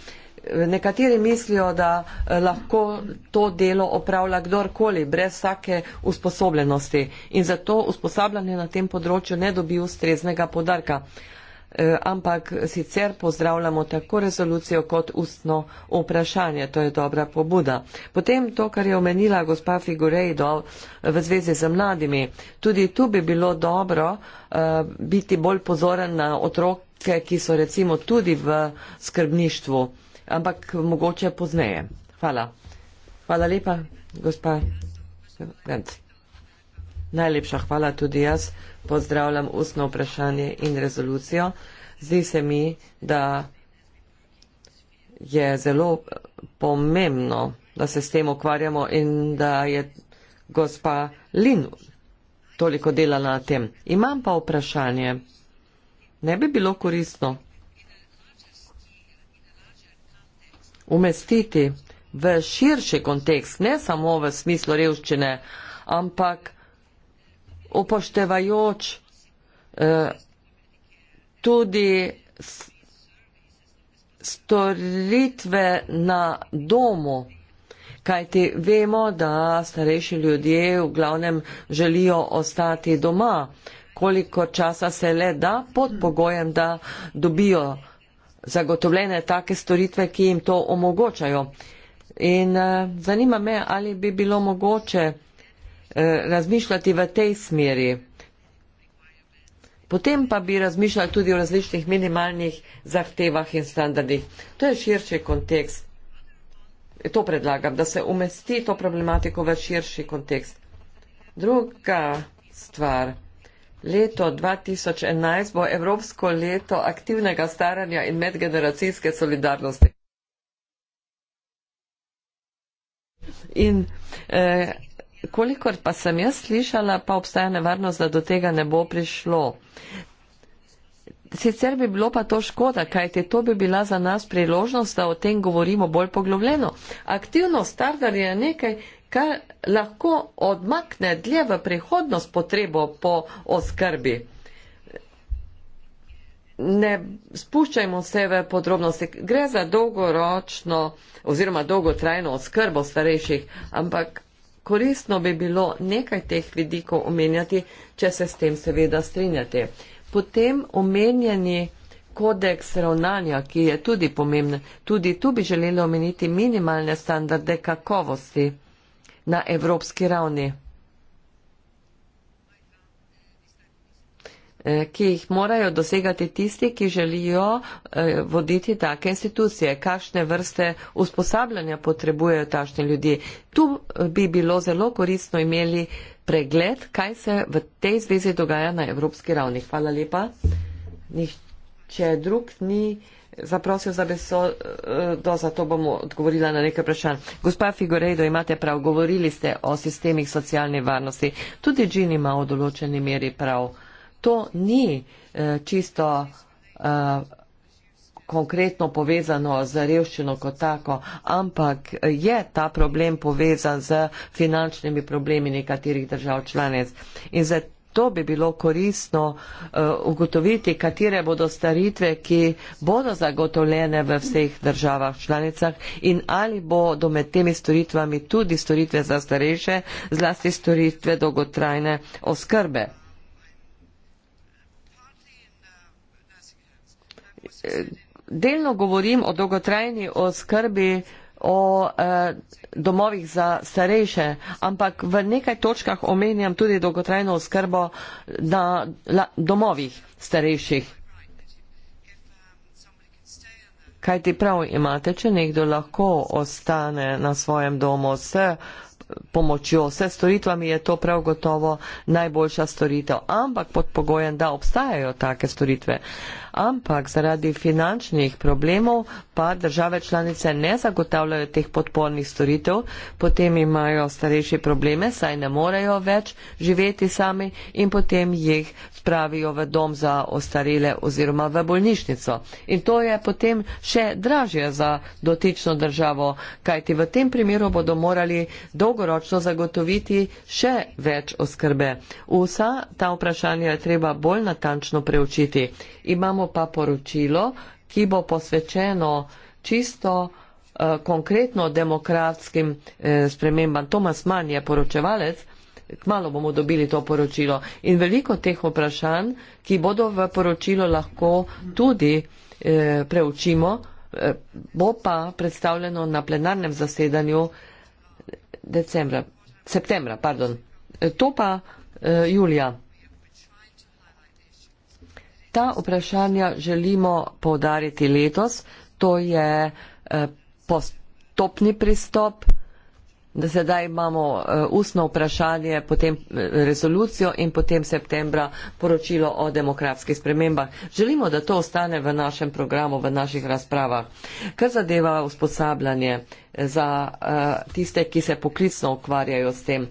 Eh, nekateri mislijo, da eh, lahko to delo opravlja kdorkoli, brez vsake usposobljenosti in zato usposabljanje na tem področju ne dobi ustreznega podarka. Eh, ampak sicer pozdravljamo tako rezolucijo kot ustno vprašanje. To je dobra pobuda. Potem to, kar je omenila gospa Figurejdo eh, v zvezi z mladimi. Tudi tu bi bilo dobro eh, biti bolj pozoren na otroke, ki so recimo tudi v skrbništvu, ampak mogoče pozneje. Hvala. Hvala lepa, gospa Gant. Najlepša hvala tudi jaz pozdravljam ustno vprašanje in rezolucijo. Zdi se mi, da je zelo pomembno, da se s tem ukvarjamo in da je gospa Lin toliko delala na tem. Imam pa vprašanje. Ne bi bilo koristno umestiti v širši kontekst, ne samo v smislu revščine, ampak upoštevajoč eh, tudi storitve na domu, kajti vemo, da starejši ljudje v glavnem želijo ostati doma, koliko časa se le da, pod pogojem, da dobijo zagotovljene take storitve, ki jim to omogočajo. In eh, zanima me, ali bi bilo mogoče Eh, razmišljati v tej smeri. Potem pa bi razmišljali tudi o različnih minimalnih zahtevah in standardih. To je širši kontekst. To predlagam, da se umesti to problematiko v širši kontekst. Druga stvar. Leto 2011 bo Evropsko leto aktivnega staranja in medgeneracijske solidarnosti. In eh, kolikor pa sem jaz slišala, pa obstaja nevarnost, da do tega ne bo prišlo. Sicer bi bilo pa to škoda, kajte to bi bila za nas priložnost, da o tem govorimo bolj poglobljeno. Aktivnost Tardar je nekaj, kar lahko odmakne dlje v prihodnost potrebo po oskrbi. Ne spuščajmo se v podrobnosti, gre za dolgoročno oziroma dolgotrajno oskrbo starejših, ampak koristno bi bilo nekaj teh vidikov omenjati, če se s tem seveda strinjate. Potem omenjeni kodeks ravnanja, ki je tudi pomemben, tudi tu bi želeli omeniti minimalne standarde kakovosti na evropski ravni. Eh, ki jih morajo dosegati tisti, ki želijo eh, voditi take institucije, kakšne vrste usposabljanja potrebujejo tašni ljudje. Tu eh, bi bilo zelo koristno imeli pregled, kaj se v tej zvezi dogaja na evropski ravni. Hvala lepa. Nihče drug ni zaprosil za besedo, zato bom odgovorila na nekaj vprašanj. Gospa Figorejdo, imate prav, govorili ste o sistemih socialne varnosti. Tudi Džin ima v določeni meri prav to ni eh, čisto eh, konkretno povezano z revščino kot tako, ampak je ta problem povezan z finančnimi problemi nekaterih držav članic. In zato bi bilo koristno eh, ugotoviti, katere bodo staritve, ki bodo zagotovljene v vseh državah članicah in ali bodo med temi storitvami tudi storitve za starejše, zlasti storitve dolgotrajne oskrbe. delno govorim o dolgotrajni oskrbi, o eh, domovih za starejše, ampak v nekaj točkah omenjam tudi dolgotrajno oskrbo na la, domovih starejših. Kaj ti prav imate, če nekdo lahko ostane na svojem domu s pomočjo, s storitvami, je to prav gotovo najboljša storitev, ampak pod pogojem, da obstajajo take storitve. Eh, ampak zaradi finančnih problemov pa države članice ne zagotavljajo teh podpornih storitev, potem imajo starejši probleme, saj ne morejo več živeti sami in potem jih spravijo v dom za ostarele oziroma v bolnišnico. In to je potem še dražje za dotično državo, kajti v tem primeru bodo morali dolgoročno zagotoviti še več oskrbe. Vsa ta vprašanja je treba bolj natančno preučiti. Imamo bomo pa poročilo, ki bo posvečeno čisto eh, konkretno demokratskim eh, spremembam. Tomas Mann je poročevalec, kmalo bomo dobili to poročilo. In veliko teh vprašanj, ki bodo v poročilo lahko tudi eh, preučimo, bo pa predstavljeno na plenarnem zasedanju decembra, septembra, pardon. To pa julija. Ta vprašanja želimo podariti letos, to je eh, postopni pristop, da sedaj imamo eh, ustno vprašanje, potem eh, rezolucijo in potem septembra poročilo o demokratskih spremembah. Želimo, da to ostane v našem programu, v naših razpravah. Kar zadeva usposabljanje za tiste, ki se poklicno ukvarjajo s tem.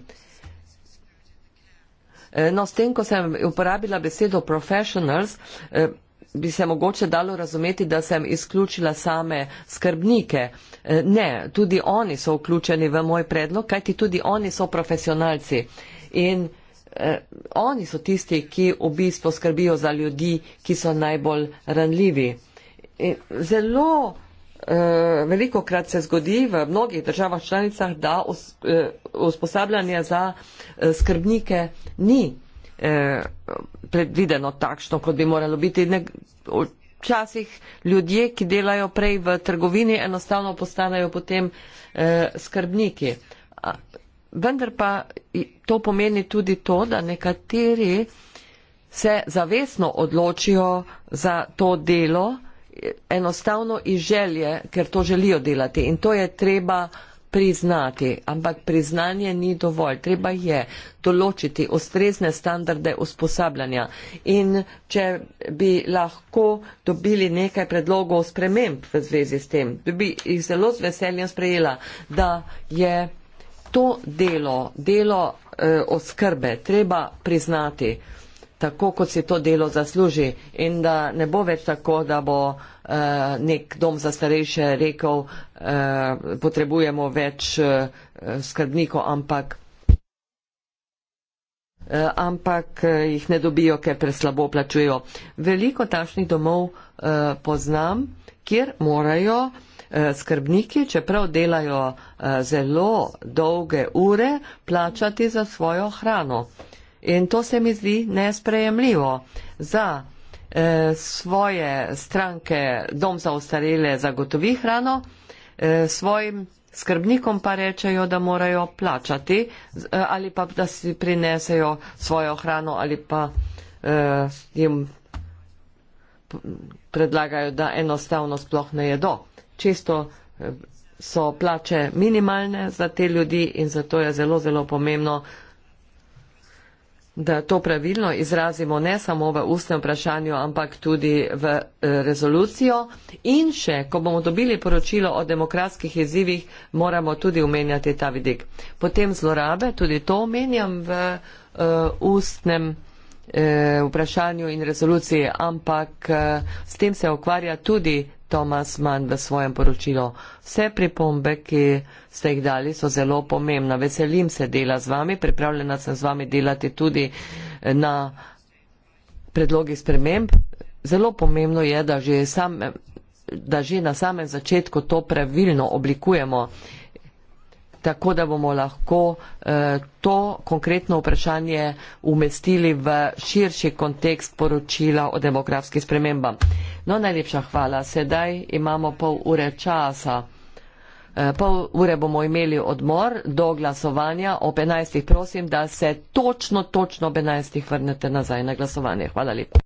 Eh, no, s tem, ko sem uporabila besedo professionals, eh, bi se mogoče dalo razumeti, da sem izključila same skrbnike. Eh, ne, tudi oni so vključeni v moj predlog, kajti tudi oni so profesionalci. In oni so tisti, ki v bistvu skrbijo za ljudi, ki so najbolj ranljivi. Zelo Eh, veliko krat se zgodi v mnogih državah članicah, da eh, usposabljanje za eh, skrbnike ni predvideno takšno, kot bi moralo biti. Včasih ljudje, ki delajo prej v trgovini, enostavno postanejo potem skrbniki. Vendar pa to pomeni tudi to, da nekateri se zavesno odločijo za to delo, enostavno iz želje, ker to želijo delati in to je treba priznati, ampak priznanje ni dovolj. Treba je določiti ustrezne standarde usposabljanja in če bi lahko dobili nekaj predlogov sprememb v zvezi s tem, bi jih zelo z veseljem sprejela, da je to delo, delo eh, oskrbe treba priznati tako, kot si to delo zasluži in da ne bo več tako, da bo eh, nek dom za starejše rekel, eh, potrebujemo več eh, skrbnikov, ampak, eh, ampak eh, jih ne dobijo, ker preslabo plačujejo. Veliko tašnih domov eh, poznam, kjer morajo eh, skrbniki, čeprav delajo eh, zelo dolge ure, plačati za svojo hrano. Eh, In to se mi zdi nesprejemljivo za e, svoje stranke, dom za ostarele zagotovi hrano, e, svojim skrbnikom pa rečejo, da morajo plačati e, ali pa da si prinesejo svojo hrano ali pa e, jim predlagajo, da enostavno sploh ne jedo. Čisto so plače minimalne za te ljudi in zato je zelo, zelo pomembno, da to pravilno izrazimo ne samo v ustnem vprašanju, ampak tudi v eh, rezolucijo. In še, ko bomo dobili poročilo o demokratskih izzivih, moramo tudi omenjati ta vidik. Potem zlorabe, tudi to omenjam v uh, ustnem uh, vprašanju in rezoluciji, ampak uh, s tem se ukvarja tudi Thomas Mann v svojem poročilu. Vse pripombe, ki ste jih dali, so zelo pomembne. Veselim se dela z vami, pripravljena sem z vami delati tudi eh, na predlogi sprememb. Zelo pomembno je, da že, sam, da že na samem začetku to pravilno oblikujemo tako da bomo lahko eh, to konkretno vprašanje umestili v širši kontekst poročila o demografskih spremembah. No, najlepša hvala. Sedaj imamo pol ure časa. Eh, pol ure bomo imeli odmor do glasovanja. Ob 11. prosim, da se točno, točno ob 11. vrnete nazaj na glasovanje. Hvala lepa.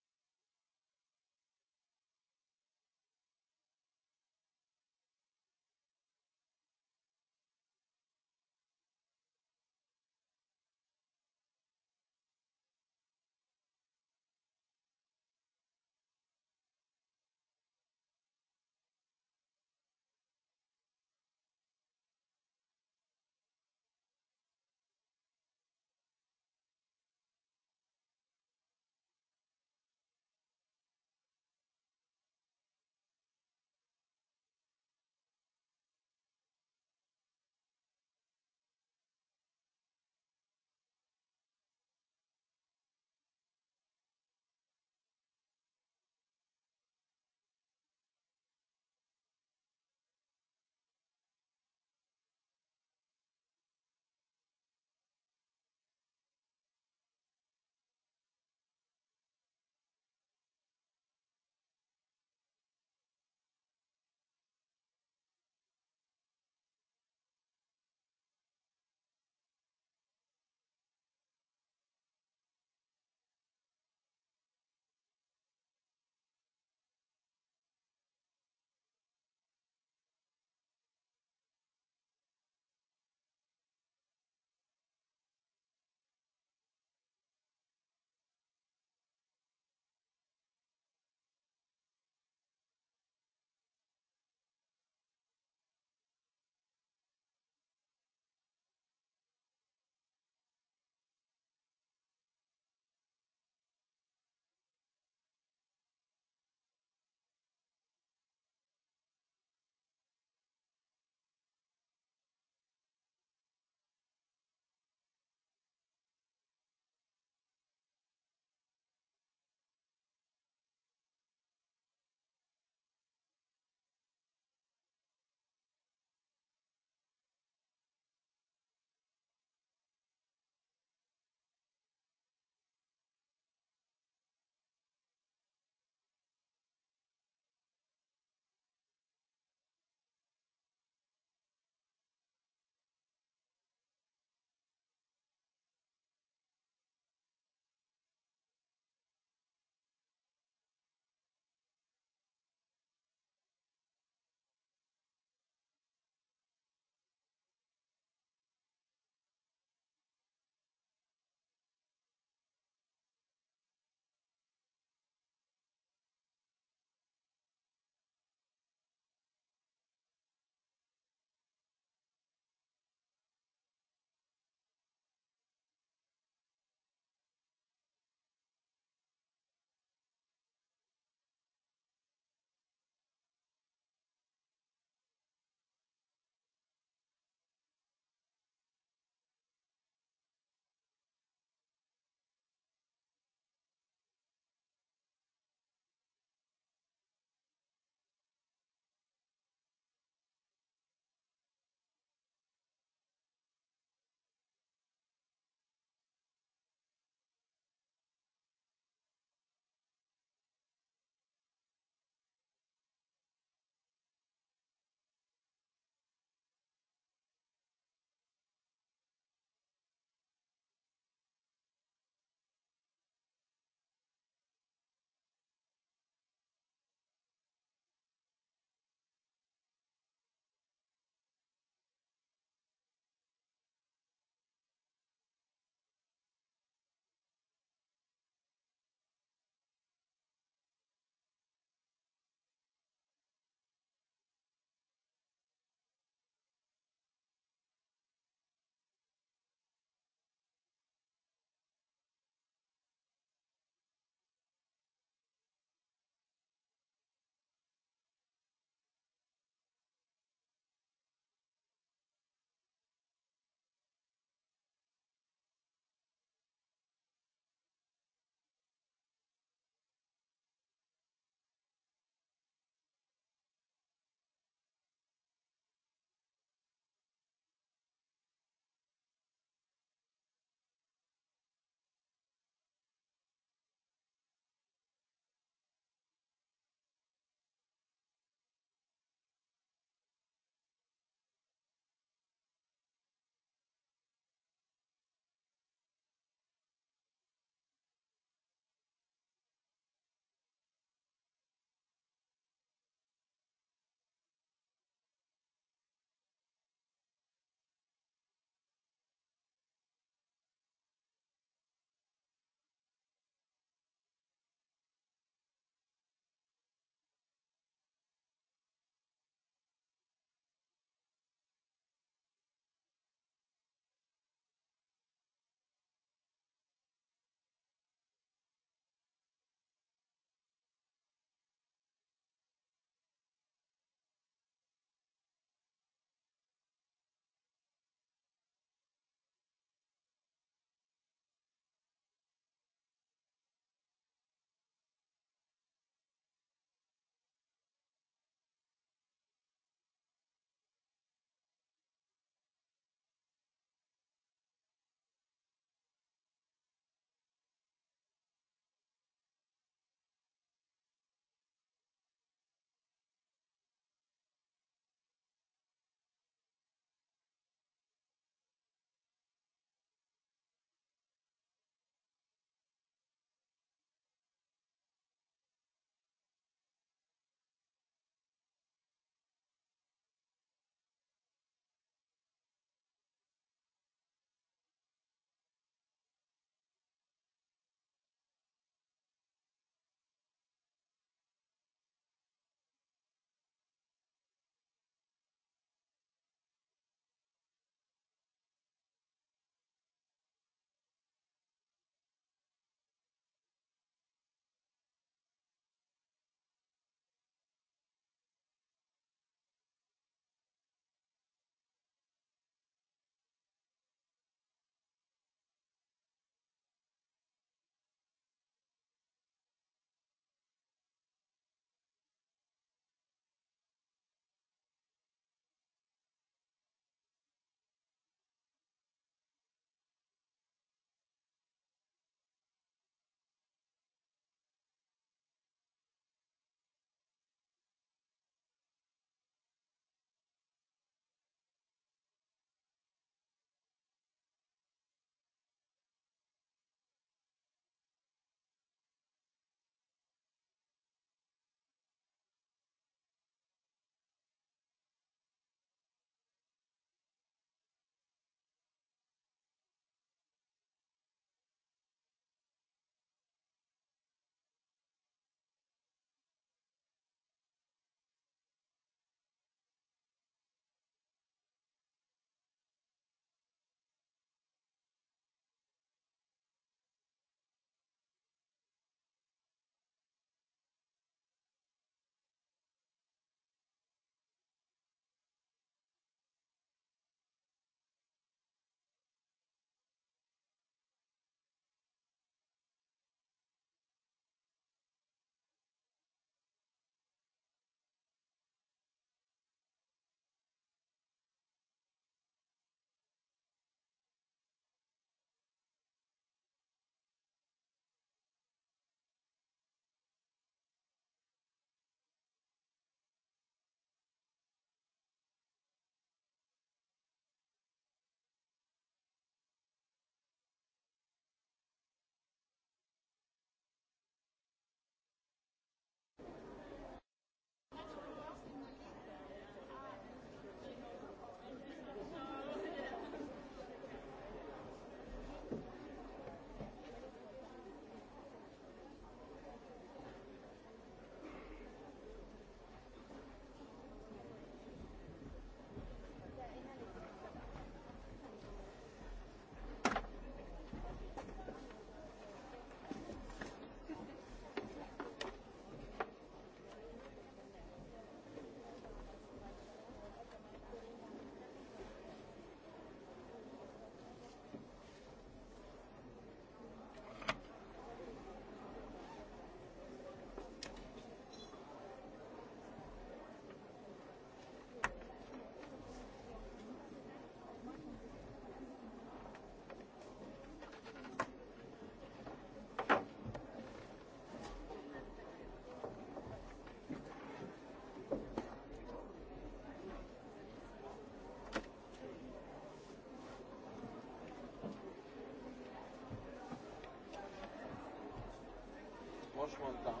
azt mondtam,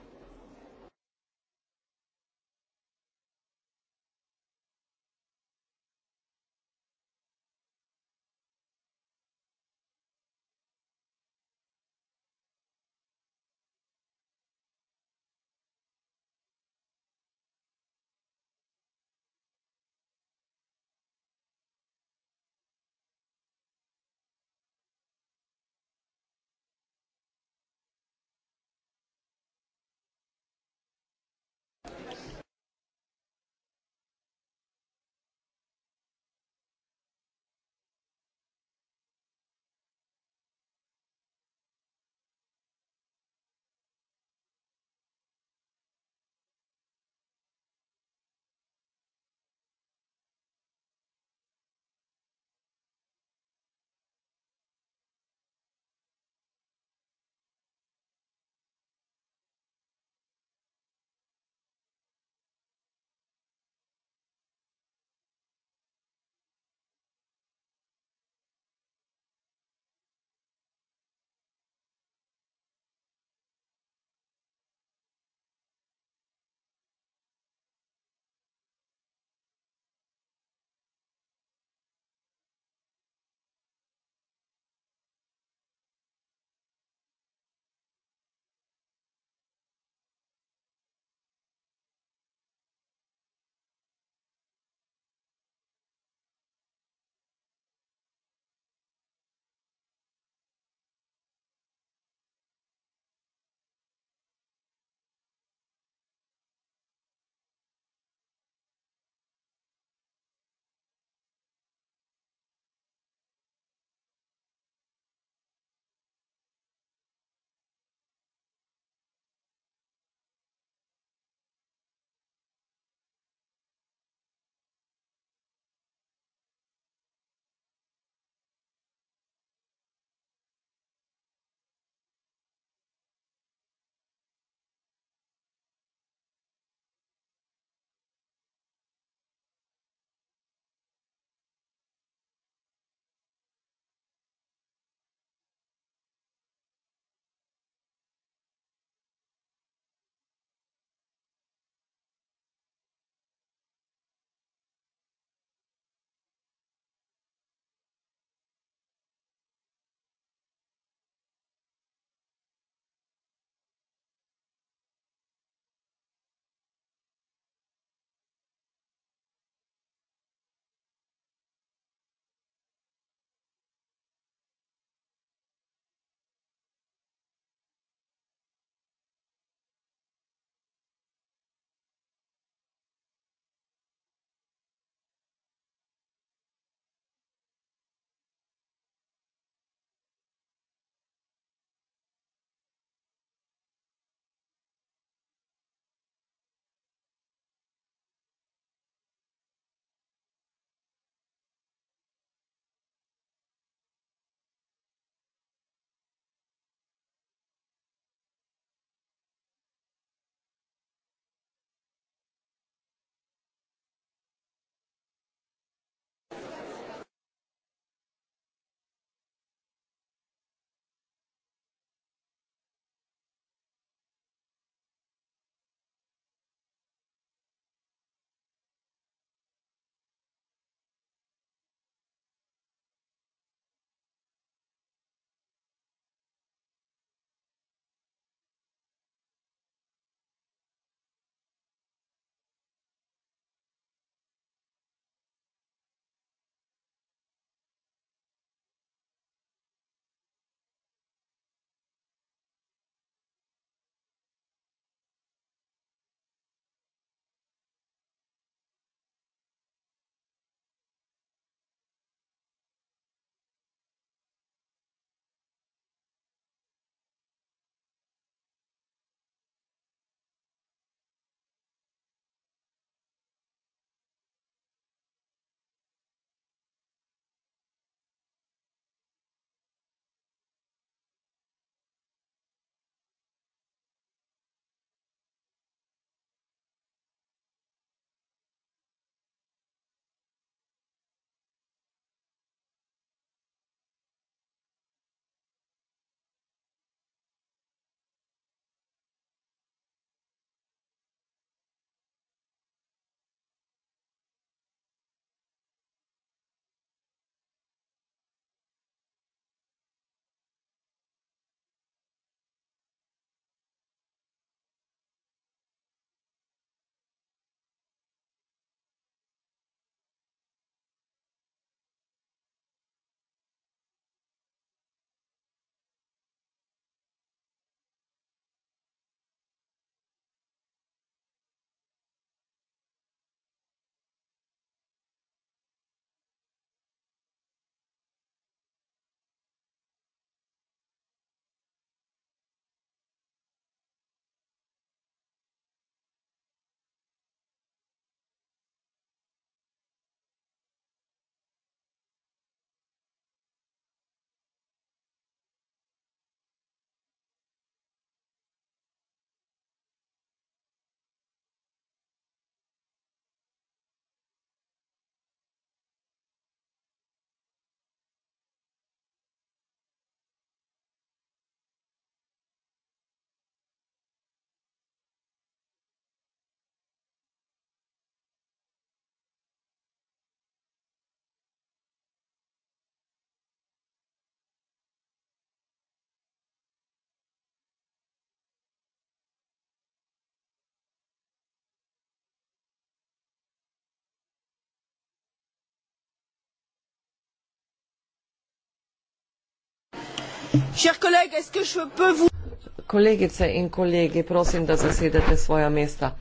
Kolegice in kolegi, prosim, da zasedete svoja mesta.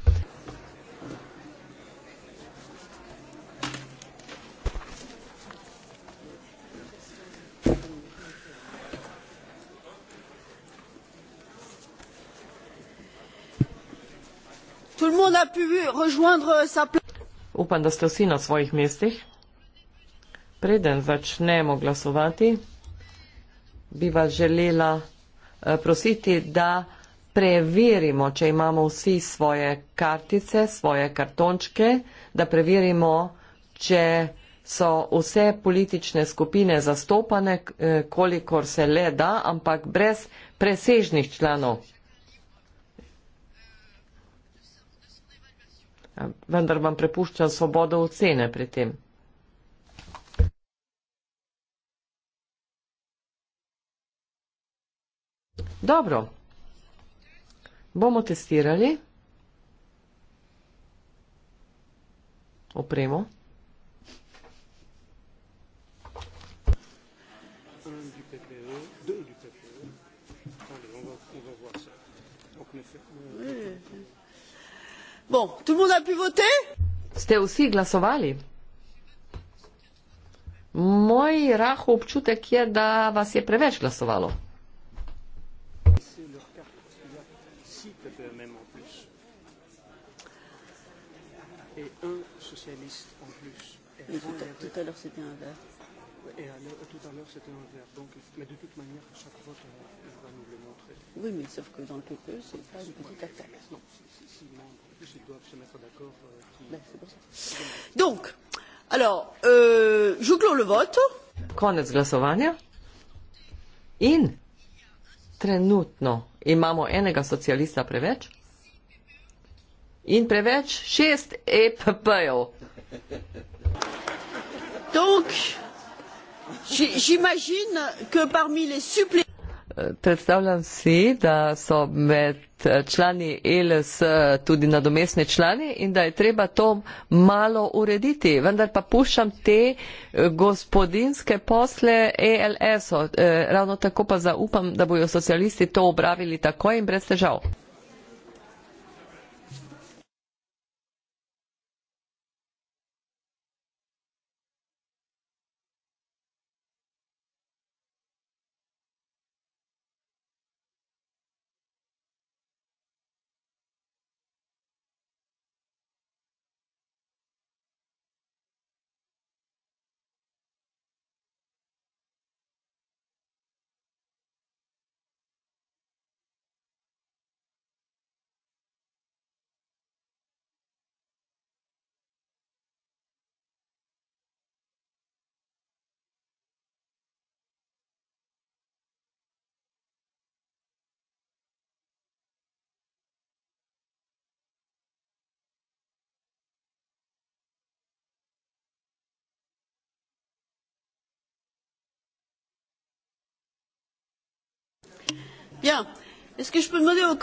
Upam, da ste vsi na svojih mestih. Preden začnemo glasovati, bi vas želela eh, prositi, da preverimo, če imamo vsi svoje kartice, svoje kartončke, da preverimo, če so vse politične skupine zastopane, eh, kolikor se le da, ampak brez presežnih članov. Vendar vam prepuščam svobodo ocene pri tem. Dobro, bomo testirali opremo. Bon, Ste vsi glasovali? Moj rahu občutek je, da vas je preveč glasovalo. et un socialiste en plus. Mais tout, à, tout à l'heure, c'était un vert. Et à tout à l'heure, c'était un vert. Donc, mais de toute manière, chaque vote euh, va nous le montrer. Oui, mais sauf que dans le PPE, ce n'est pas une petite attaque. Non, six membres, en plus, ils doivent se mettre d'accord. Euh, ben, c'est pour ça. Donc, alors, euh, je clôt le vote. Konec glasovanja. In trenutno imamo enega socialista preveč in preveč šest EPP-jev. Predstavljam si, da so med eh, člani ELS tudi nadomestne člani in da je treba to malo urediti. Vendar pa puščam te eh, gospodinske posle ELS-o. Eh, ravno tako pa zaupam, da bojo socialisti to obravili takoj in brez težav. Est-ce que je peux demander au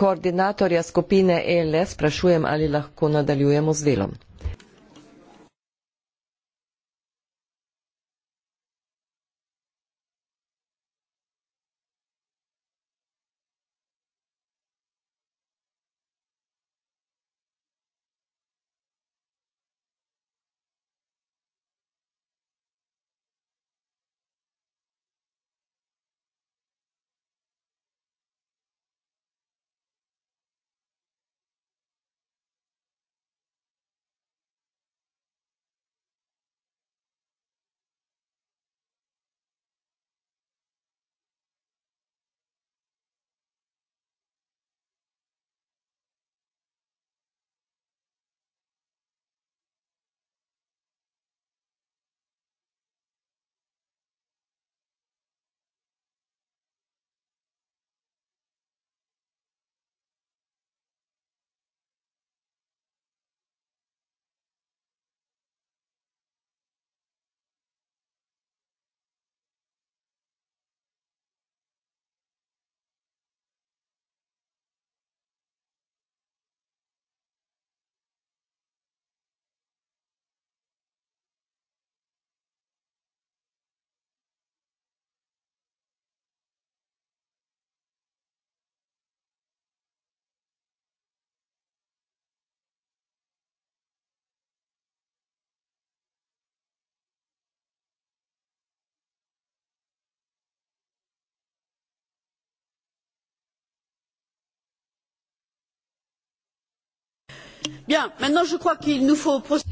Koordinatorja skupine ELS e sprašujem, ali lahko nadaljujemo z delom.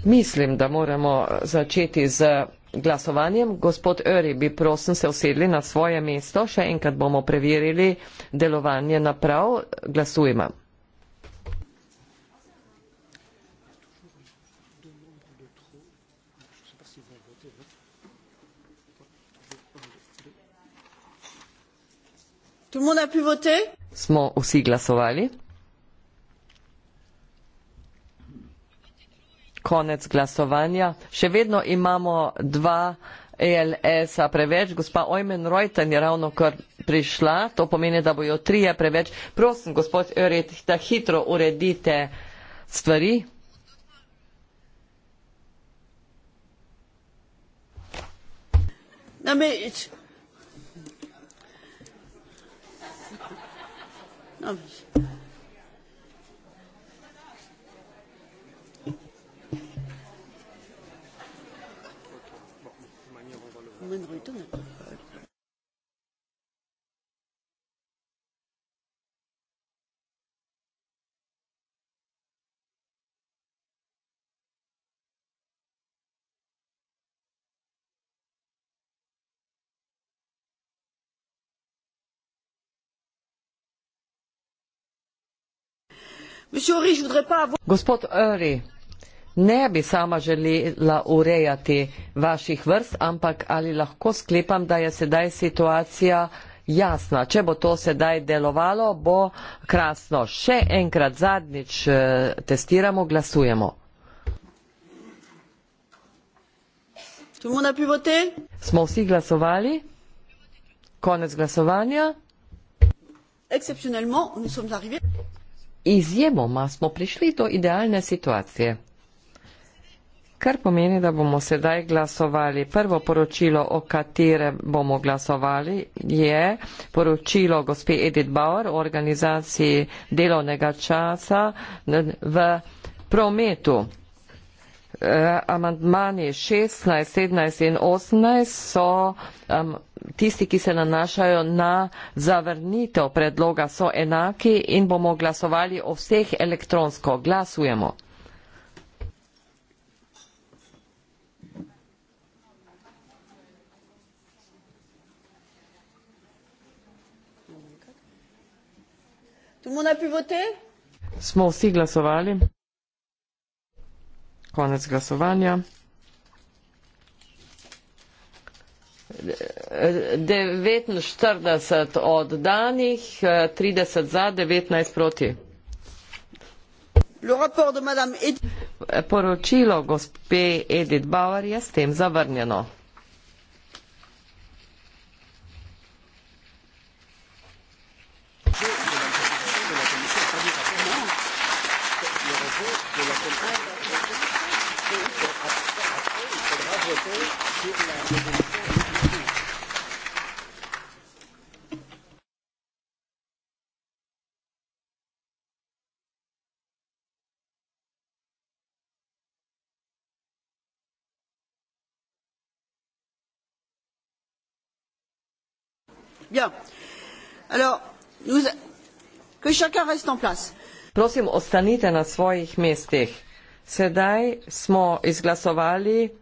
Mislim, da moramo eh, začeti z glasovanjem. Gospod Öri, bi prosim se usedli na svoje mesto. Še enkrat bomo preverili delovanje naprav. Glasujmo. Smo vsi glasovali? konec glasovanja. Še vedno imamo dva ELS-a preveč. Gospa Ojmen Rojten je ravno kar prišla, to pomeni, da bojo trije preveč. Prosim, gospod Öret, da hitro uredite stvari. Namreč. Namreč. мы на уйду на Monsieur Henri, je voudrais pas avoir... Gospod Henri, ne bi sama želela urejati vaših vrst, ampak ali lahko sklepam, da je sedaj situacija jasna. Če bo to sedaj delovalo, bo krasno. Še enkrat zadnjič eh, testiramo, glasujemo. Smo vsi glasovali? Konec glasovanja. Izjemoma smo prišli do idealne situacije. Kar pomeni, da bomo sedaj glasovali. Prvo poročilo, o katerem bomo glasovali, je poročilo gospe Edith Bauer o organizaciji delovnega časa v prometu. Eh, amandmani 16, 17 in 18 so um, tisti, ki se nanašajo na zavrnitev predloga, so enaki in bomo glasovali o vseh elektronsko. Glasujemo. Tout le monde a pu voter Smo vsi glasovali. Konec glasovanja. Devetinštirideset oddanih, trideset za, devetnajst proti. Poročilo gospe Edith Bauer je s tem zavrnjeno. prosim ostanite na svojih mestih sedaj smo izglasovali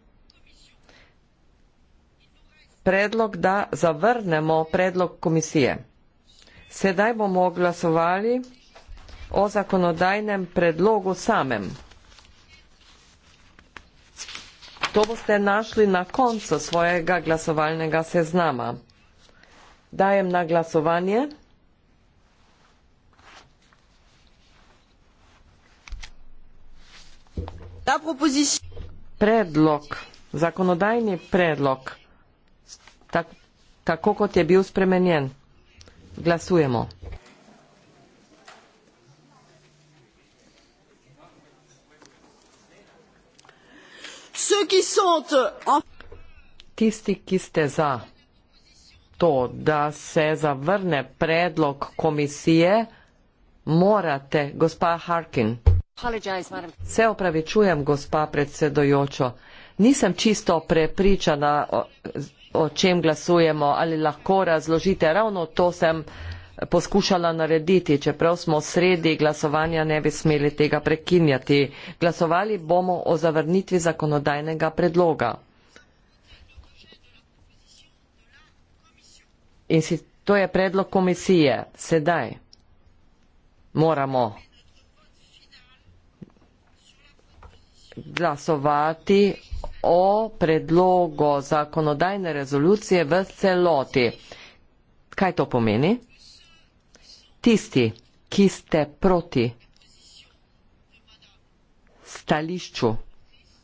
predlog da zavrnemo predlog komisije sedaj bomo glasovali o zakonodajnem predlogu samem to boste našli na koncu svojega glasovalnega seznama Dajem na glasovanje. Predlog, zakonodajni predlog, tak, tako kot je bil spremenjen. Glasujemo. Tisti, ki ste za to, da se zavrne predlog komisije, morate, gospa Harkin. Se opravičujem, gospa predsedojočo. Nisem čisto prepričana, o, o čem glasujemo, ali lahko razložite. Ravno to sem poskušala narediti, čeprav smo sredi glasovanja ne bi smeli tega prekinjati. Glasovali bomo o zavrnitvi zakonodajnega predloga. In si to je predlog komisije. Sedaj moramo glasovati o predlogu zakonodajne rezolucije v celoti. Kaj to pomeni? Tisti, ki ste proti stališču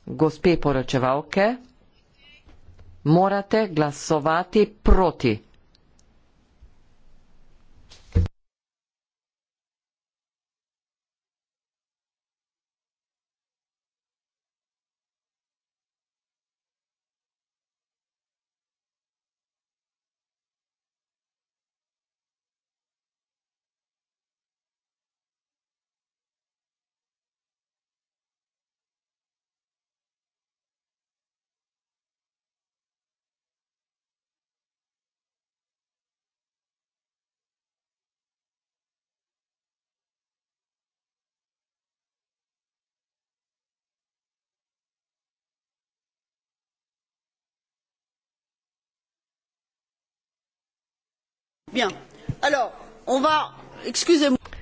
gospe poročevalke, morate glasovati proti.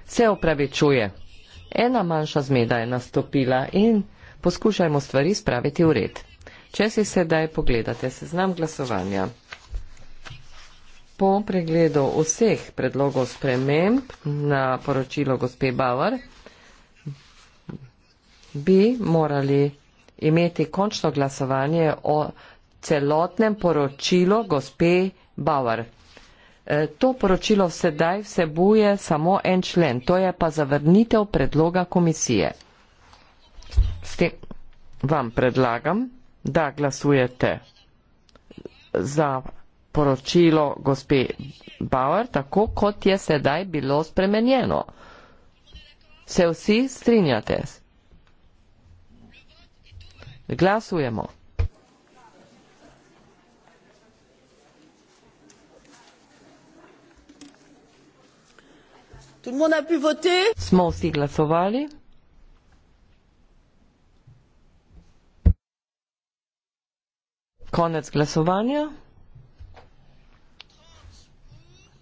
Se opravičuje. Ena manjša zmeda je nastopila in poskušajmo stvari spraviti v red. Če si sedaj pogledate seznam glasovanja. Po pregledu vseh predlogov sprememb na poročilo gospe Bauer bi morali imeti končno glasovanje o celotnem poročilu gospe Bauer. E, to poročilo sedaj vsebuje samo en člen, to je pa zavrnitev predloga komisije. S tem vam predlagam, da glasujete za poročilo gospe Bauer, tako kot je sedaj bilo spremenjeno. Se vsi strinjate? Glasujemo. Tout le monde a pu voter Smo vsi glasovali. Konec glasovanja.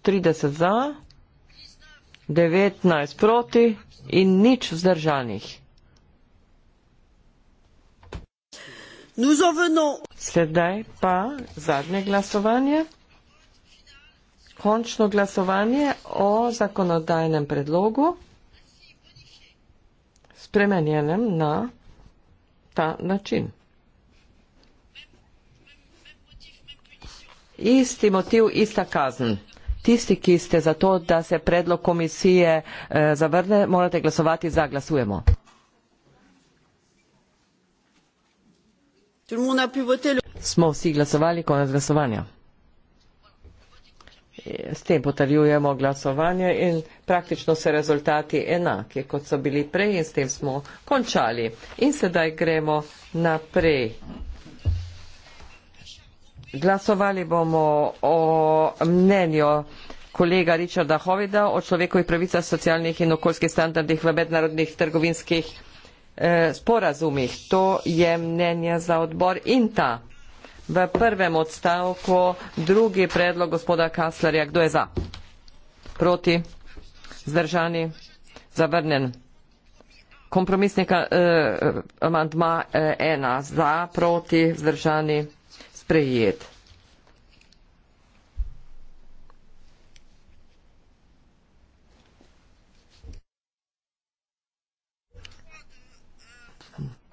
30 za, 19 proti in nič vzdržanih. Sedaj pa zadnje glasovanje končno glasovanje o zakonodajnem predlogu, spremenjenem na ta način. Isti motiv, ista kazen. Tisti, ki ste za to, da se predlog komisije eh, zavrne, morate glasovati za. Glasujemo. Smo vsi glasovali, konec glasovanja. S tem potrjujemo glasovanje in praktično so rezultati enake, kot so bili prej in s tem smo končali. In sedaj gremo naprej. Glasovali bomo o mnenju kolega Richarda Hoveda o človekovih pravicah, socialnih in okoljskih standardih v mednarodnih trgovinskih eh, sporazumih. To je mnenje za odbor in ta v prvem odstavku drugi predlog gospoda Kaslerja. Kdo je za? Proti? Zdržani? Zavrnen? Kompromisnika eh, eh amantma eh, ena. Za? Proti? Zdržani? Sprejet?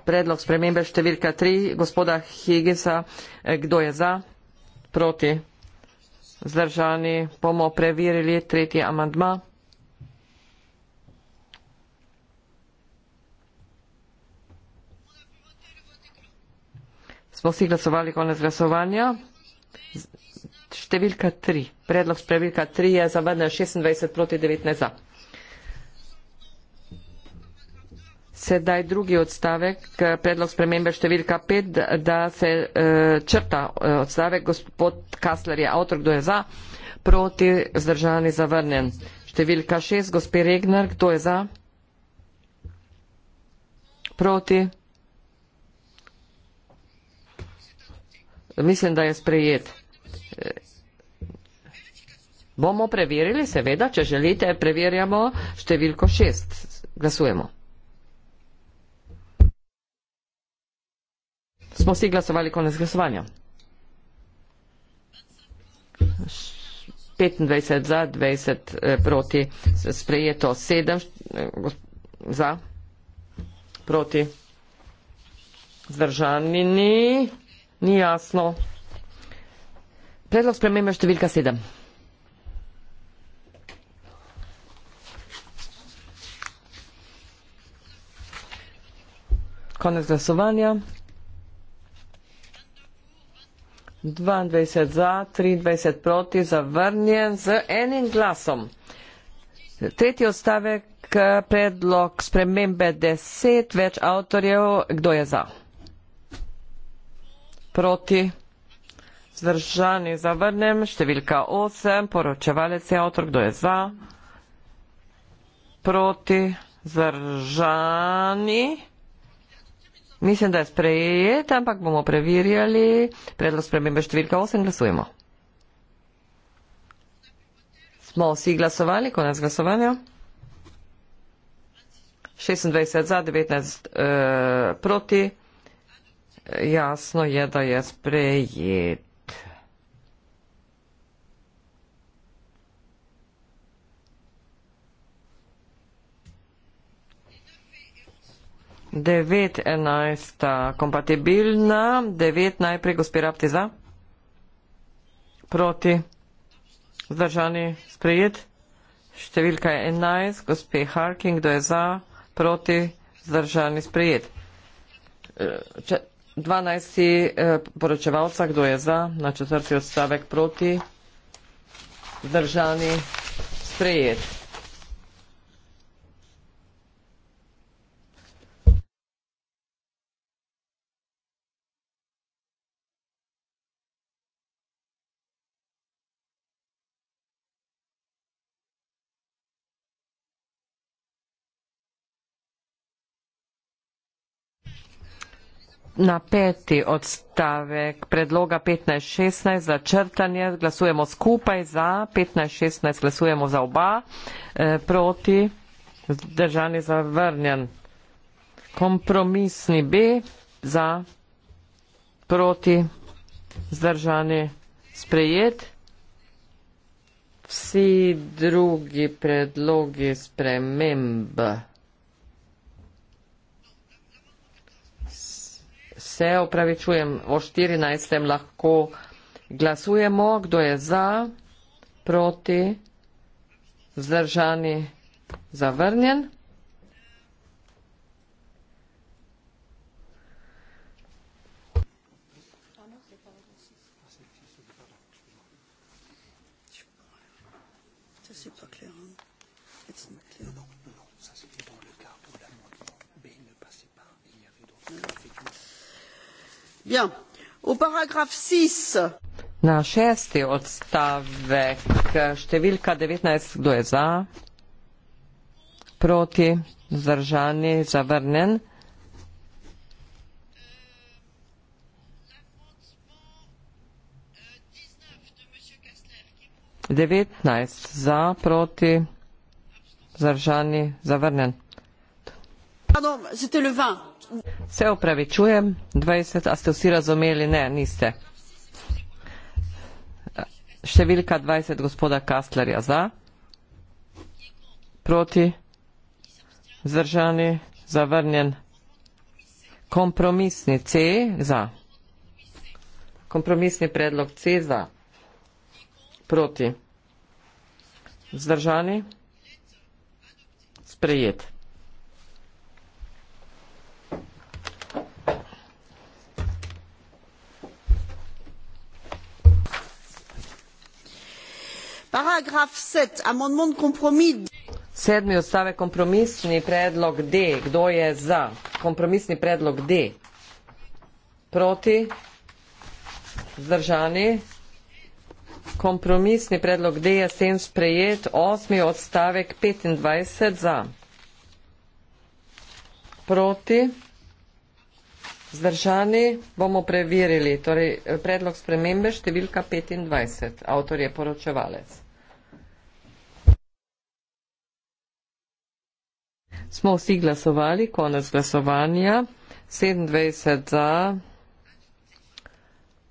predlog spremembe številka tri gospoda Higginsa. E, kdo je za? Proti? Zdržani bomo preverili tretji amandma. Smo vsi glasovali konec glasovanja. Številka tri, predlog številka tri je zavrnjen 26 proti 19 za. sedaj drugi odstavek, eh, predlog spremembe številka 5, da se uh, črta eh, odstavek. Gospod Kasler je avtor, kdo je za, proti, zdržani, zavrnjen. Številka 6, gospod Regner, kdo je za, proti. Mislim, da je sprejet. Bomo preverili, seveda, če želite, preverjamo številko 6. Glasujemo. Smo vsi glasovali konec glasovanja. 25 za, 20 eh, proti, sprejeto 7 eh, za, proti, zdržani ni, ni jasno. Predlog spremembe številka 7. Konec glasovanja. 22 za, 23 proti, zavrnjen z enim glasom. Tretji odstavek, predlog spremembe 10, več avtorjev, kdo je za? Proti, zdržani, zavrnem, številka 8, poročevalec je avtor, kdo je za? Proti, zdržani, zavrnem. Mislim, da je sprejet, ampak bomo preverjali. Predlog spremembe številka 8 glasujemo. Smo vsi glasovali, konec glasovanja. 26 za, 19 uh, eh, proti. Jasno je, da je sprejet. 9, 11 kompatibilna, 9 najprej gospira ptiza, proti zdržani sprejet, številka 11, gospe Harkin, kdo je za, proti zdržani sprejet. 12 e, e, poročevalca, kdo je za, na četrti odstavek proti, zdržani sprejet. na peti odstavek predloga 15.16 za črtanje, glasujemo skupaj za, 15.16 glasujemo za oba, eh, proti, zdržani zavrnjen. Kompromisni B za, proti, zdržani sprejet. Vsi drugi predlogi spremembe. se opravičujem, o 14. lahko glasujemo, kdo je za, proti, vzdržani, zavrnjen. Na šesti odstavek številka 19, kdo je za, proti, zdržani, zavrnen. Devetnajst za, proti, zdržani, zavrnen se opravičujem dvajset a ste vsi razumeli ne niste številka dvajset gospoda kastlerja za proti zdržani zavrnjen kompromisni c za kompromisni predlog c za proti zdržani sprejet sedmi odstavek kompromisni predlog d kdo je za kompromisni predlog d proti zdržani kompromisni predlog d je sen sprejet osmi odstavek petindvajset za proti zdržani bomo preverili torej predlog spremembe številka petindvajset avtor je poročevalec smo vsi glasovali, konec glasovanja, 27 za,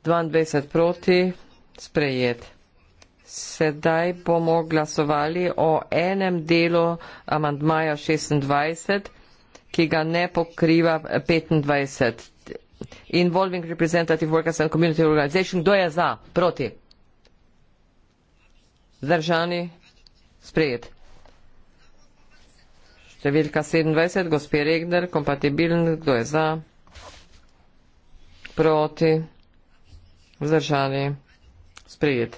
22 proti, sprejet. Sedaj bomo glasovali o enem delu amantmaja 26, ki ga ne pokriva 25. Involving representative workers and community organization. Kdo je za? Proti. Zdržani. Sprejet. Številka 27, gospe Regner, kompatibiln, kdo je za, proti, vzdržani, sprijet.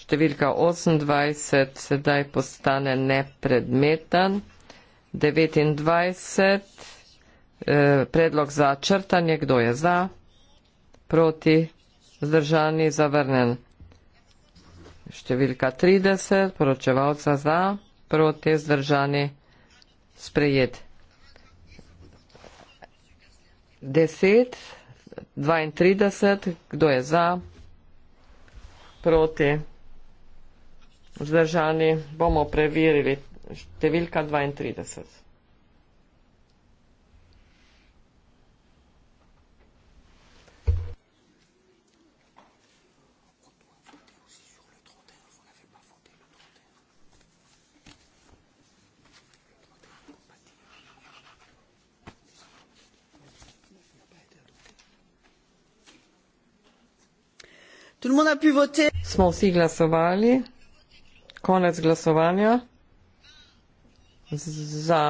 Številka 28 sedaj postane nepredmeten. 29, eh, predlog za črtanje, kdo je za, proti, vzdržani, zavrnen. Številka 30, poročevalca za, proti, vzdržani, vzdržani sprejet. 10, 32, kdo je za, proti, vzdržani, bomo preverili številka 32. Smo vsi glasovali, konec glasovanja. Za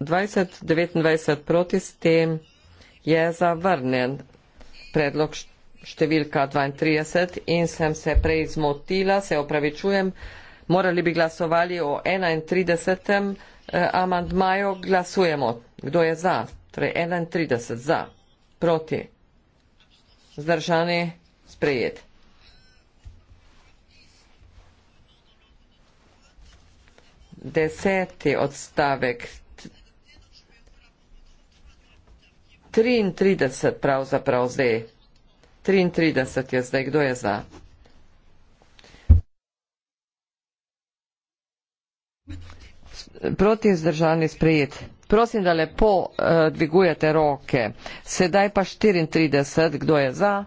2029 proti s tem je zavrnen predlog številka 32 in sem se prej zmotila, se opravičujem. Morali bi glasovali o 31. Eh, amandmaju. Glasujemo. Kdo je za? Torej 31 za. Proti. Zdržani sprejet. Deseti odstavek 33 pravzaprav zdaj. 33 je zdaj, kdo je za? Proti zdržani sprejet. Prosim, da lepo uh, dvigujete roke. Sedaj pa 34, kdo je za?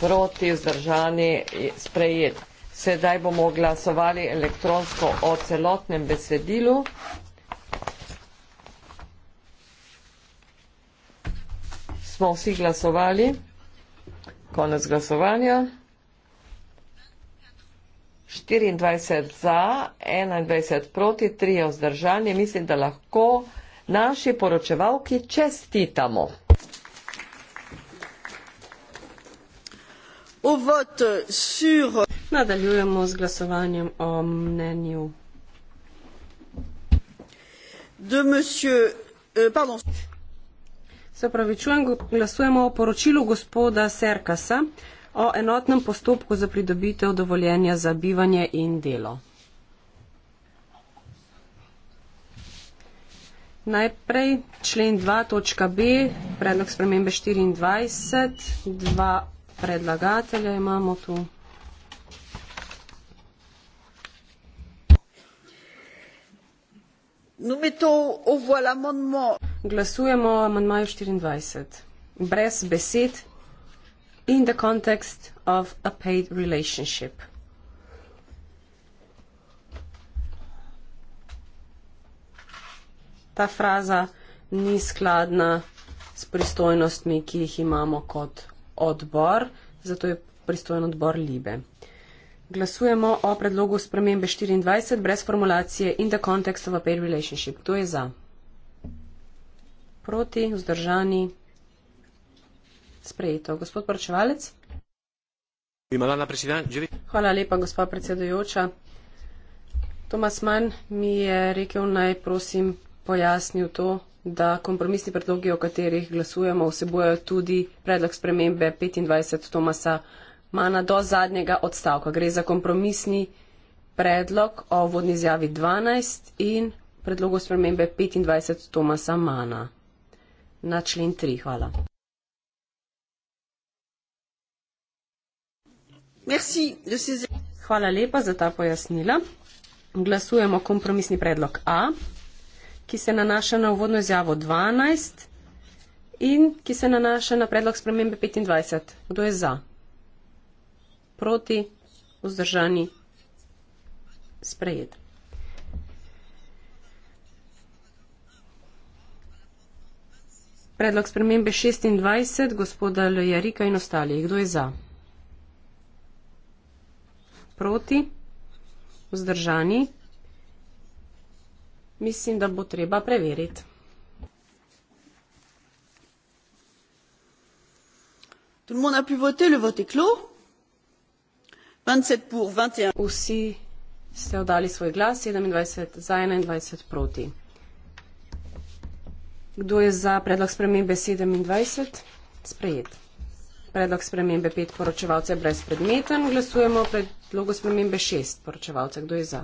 proti vzdržani sprejet. Sedaj bomo glasovali elektronsko o celotnem besedilu. Smo vsi glasovali. Konec glasovanja. 24 za, 21 proti, 3 vzdržanje. Mislim, da lahko naši poročevalki čestitamo. O vote sur... Nadaljujemo z glasovanjem o mnenju. De monsieur, euh, pardon. Se pravi, čujem, glasujemo o poročilu gospoda Serkasa o enotnem postopku za pridobitev dovoljenja za bivanje in delo. Najprej člen 2.b, predlog spremembe 24, 2 predlagatelja imamo tu. Glasujemo o amandmaju 24. Brez besed. In the context of a paid relationship. Ta fraza ni skladna s pristojnostmi, ki jih imamo kot odbor, zato je pristojen odbor Libe. Glasujemo o predlogu spremembe 24 brez formulacije in the context of a paid relationship. Kdo je za? Proti, vzdržani, sprejeto. Gospod poročevalec? Hvala lepa, gospod predsedujoča. Tomas Mann mi je rekel, naj prosim pojasnil to, da kompromisni predlogi, o katerih glasujemo, vsebojo tudi predlog spremembe 25 Tomasa Mana do zadnjega odstavka. Gre za kompromisni predlog o vodni zjavi 12 in predlogu spremembe 25 Tomasa Mana. Na člen 3, hvala. Merci, Hvala lepa za ta pojasnila. Glasujemo kompromisni predlog A ki se nanaša na uvodno izjavo 12 in ki se nanaša na predlog spremembe 25. Kdo je za? Proti, vzdržani, sprejet. Predlog spremembe 26, gospoda Lejarika in ostali. Kdo je za? Proti, vzdržani, sprejet. Mislim, da bo treba preveriti. Tout le monde a pu voter, le vote est clos. 27 pour, 21. Vsi ste oddali svoj glas, 27 za, 21 proti. Kdo je za predlog spremembe 27? Sprejet. Predlog spremembe 5 poročevalce je brezpredmeten. Glasujemo o predlogu spremembe 6 poročevalce. Kdo je za?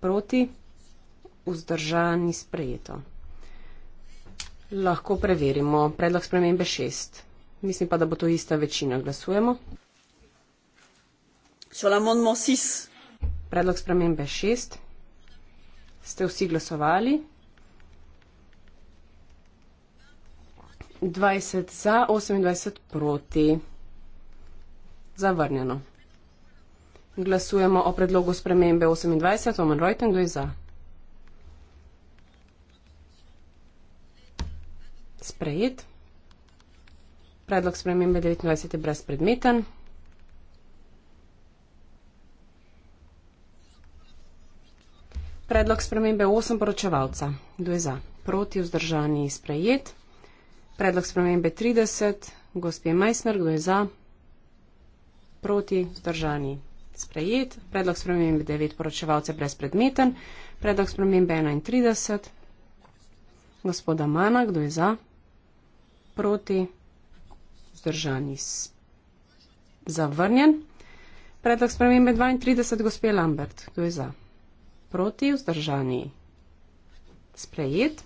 Proti vzdržani sprejeto. Lahko preverimo predlog spremembe šest. Mislim pa, da bo to ista večina. Glasujemo. Predlog spremembe šest. Ste vsi glasovali? 20 za, 28 proti. Zavrnjeno. Glasujemo o predlogu spremembe 28. Omen Rojten, kdo je za? sprejet. Predlog spremembe 29 je brezpredmeten. Predlog spremembe 8 poročevalca. Kdo je za? Proti vzdržani sprejet. Predlog spremembe 30. Gospe Majsner, kdo je za? Proti vzdržani sprejet. Predlog spremembe 9 poročevalce brezpredmeten. Predlog spremembe 31. Gospoda Mana, kdo je za? proti, vzdržani zavrnjen. Predlog spremembe 32, gospe Lambert, kdo je za? Proti, vzdržani sprejet.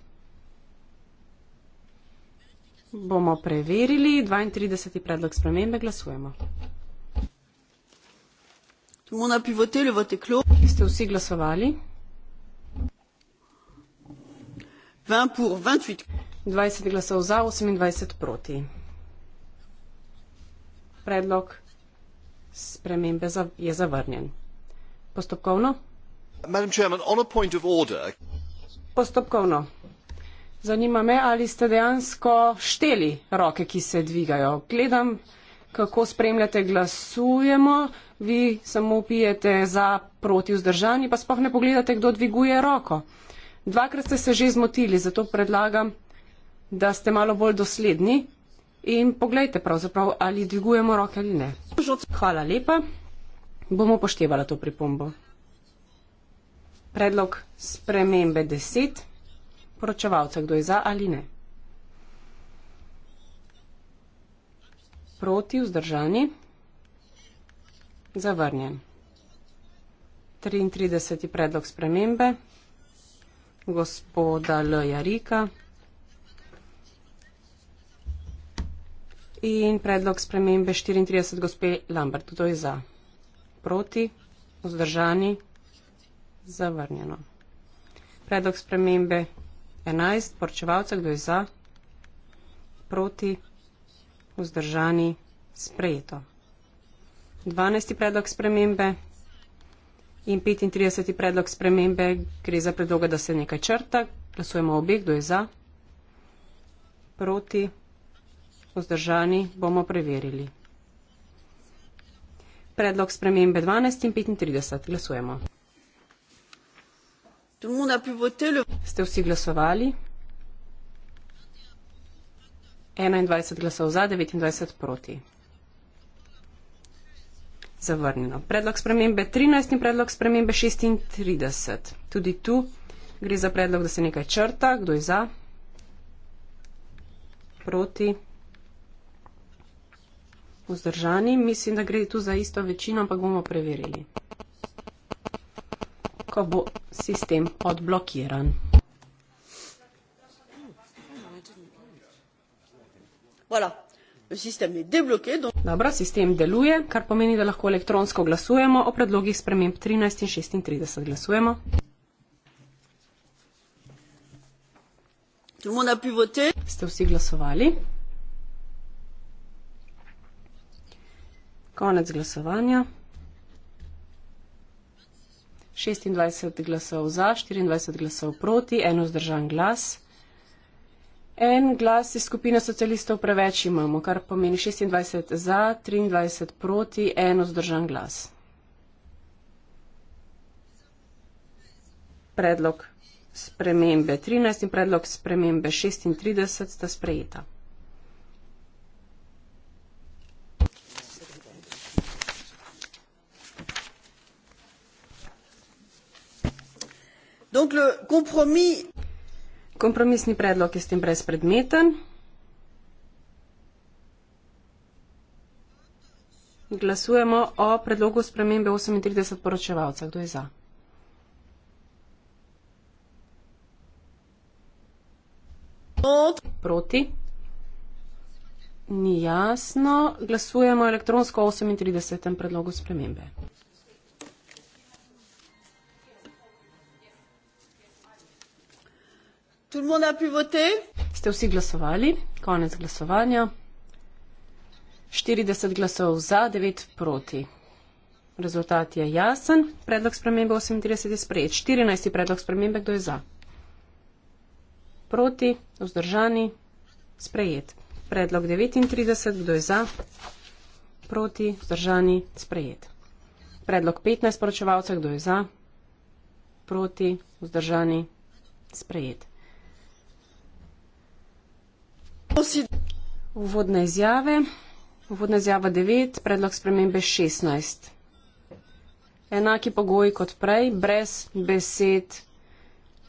Bomo preverili 32. predlog spremembe, glasujemo. Ste vsi glasovali? 20 pour 28. 20 glasov za, 28 proti. Predlog spremembe je zavrnjen. Postopkovno? Chairman, order... Postopkovno. Zanima me, ali ste dejansko šteli roke, ki se dvigajo. Gledam, kako spremljate, glasujemo, vi samo pijete za proti vzdržanji, pa spoh ne pogledate, kdo dviguje roko. Dvakrat ste se že zmotili, zato predlagam, da ste malo bolj dosledni in pogledajte pravzaprav, ali dvigujemo roke ali ne. Hvala lepa, bomo poštevala to pripombo. Predlog spremembe 10. Poročevalca, kdo je za ali ne. Proti vzdržani. Zavrnjen. 33. predlog spremembe. Gospoda L. Jarika. In predlog spremembe 34 gospe Lambert, kdo je za? Proti, vzdržani, zavrnjeno. Predlog spremembe 11, porčevalce, kdo je za? Proti, vzdržani, sprejeto. 12. predlog spremembe in 35. predlog spremembe gre za predloga, da se nekaj črta. Glasujemo obe, kdo je za? Proti, vzdržani, sprejeto. Vzdržani bomo preverili. Predlog spremembe 12 in 35. Glasujemo. Ste vsi glasovali? 21 glasov za, 29 proti. Zavrnjeno. Predlog spremembe 13 in predlog spremembe 36. Tudi tu gre za predlog, da se nekaj črta. Kdo je za? Proti vzdržani. Mislim, da gre tu za isto večino, ampak bomo preverili, ko bo sistem odblokiran. Voilà. Sistem je debloke, donc... Dobro, sistem deluje, kar pomeni, da lahko elektronsko glasujemo o predlogih sprememb 13 in 36. Glasujemo. Ste vsi glasovali? Konec glasovanja. 26 glasov za, 24 glasov proti, eno zdržan glas. En glas iz skupine socialistov preveč imamo, kar pomeni 26 za, 23 proti, eno zdržan glas. Predlog spremembe 13 in predlog spremembe 36 sta sprejeta. Donc le compromis... Kompromisni predlog je s tem brezpredmeten. Glasujemo o predlogu spremembe 38 poročevalca. Kdo je za? Proti. Ni jasno. Glasujemo elektronsko o 38. predlogu spremembe. Tout le monde a pu voter? Ste vsi glasovali? Konec glasovanja. 40 glasov za, 9 proti. Rezultat je jasen. Predlog spremembe 38 je sprejet. 14. predlog spremembe, kdo je za? Proti, vzdržani, sprejet. Predlog 39, kdo je za? Proti, vzdržani, sprejet. Predlog 15 poročevalcev, kdo je za? Proti, vzdržani, sprejet. Uvodne izjave. Uvodna izjava 9, predlog spremembe 16. Enaki pogoji kot prej, brez besed,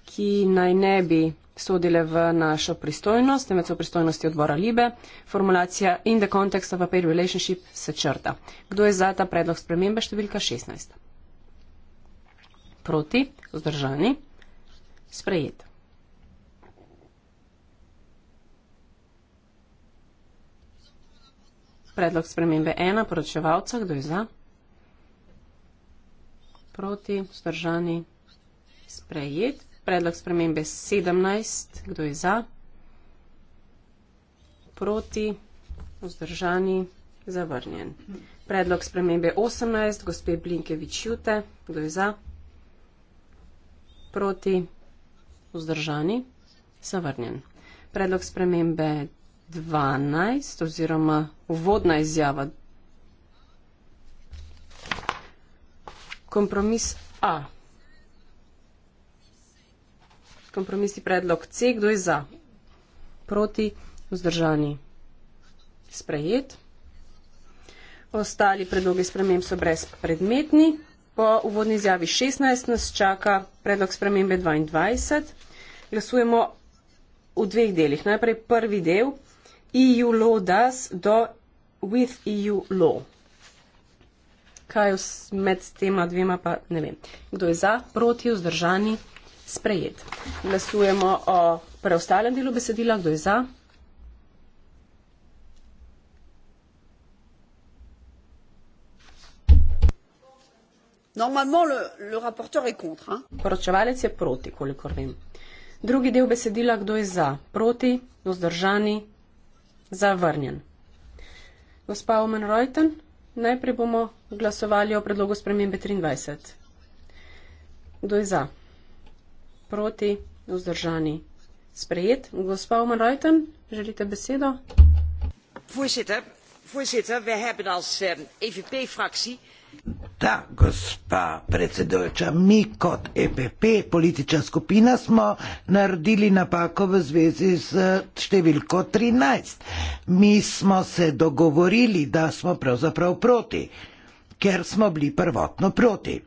ki naj ne bi sodile v našo pristojnost, temveč v pristojnosti odbora Libe. Formulacija in the context of a paid relationship se črta. Kdo je za ta predlog spremembe številka 16? Proti, vzdržani, sprejeti. predlog spremembe ena poročevalca, kdo je za? Proti, vzdržani, sprejet. Predlog spremembe 17, kdo je za? Proti, vzdržani, zavrnjen. Predlog spremembe 18, gospe Blinkevič Jute, kdo je za? Proti, vzdržani, zavrnjen. Predlog spremembe 12 oziroma uvodna izjava. Kompromis A. Kompromis je predlog C, kdo je za, proti, vzdržani, sprejet. Ostali predlogi sprememb so brezpredmetni. Po uvodni izjavi 16 nas čaka predlog spremembe 22. Glasujemo v dveh delih. Najprej prvi del. EU law does do with EU law. Kaj med tema dvema pa ne vem. Kdo je za, proti, vzdržani, sprejet. Glasujemo o preostalem delu besedila. Kdo je za? Normalement, le, le rapporteur est contre. Poročevalec je proti, kolikor vem. Drugi del besedila, kdo je za, proti, vzdržani, sprejet zavrnjen. Gospa Omen Reuten, najprej bomo glasovali o predlogu spremembe 23. Kdo je za? Proti? Vzdržani? Sprejet. Gospa Omen Reuten, želite besedo? Voorzitter, voorzitter, we hebben als eh, EVP-fractie. Da, gospa predsedujoča, mi kot EPP politična skupina smo naredili napako v zvezi s številko 13. Mi smo se dogovorili, da smo pravzaprav proti, ker smo bili prvotno proti.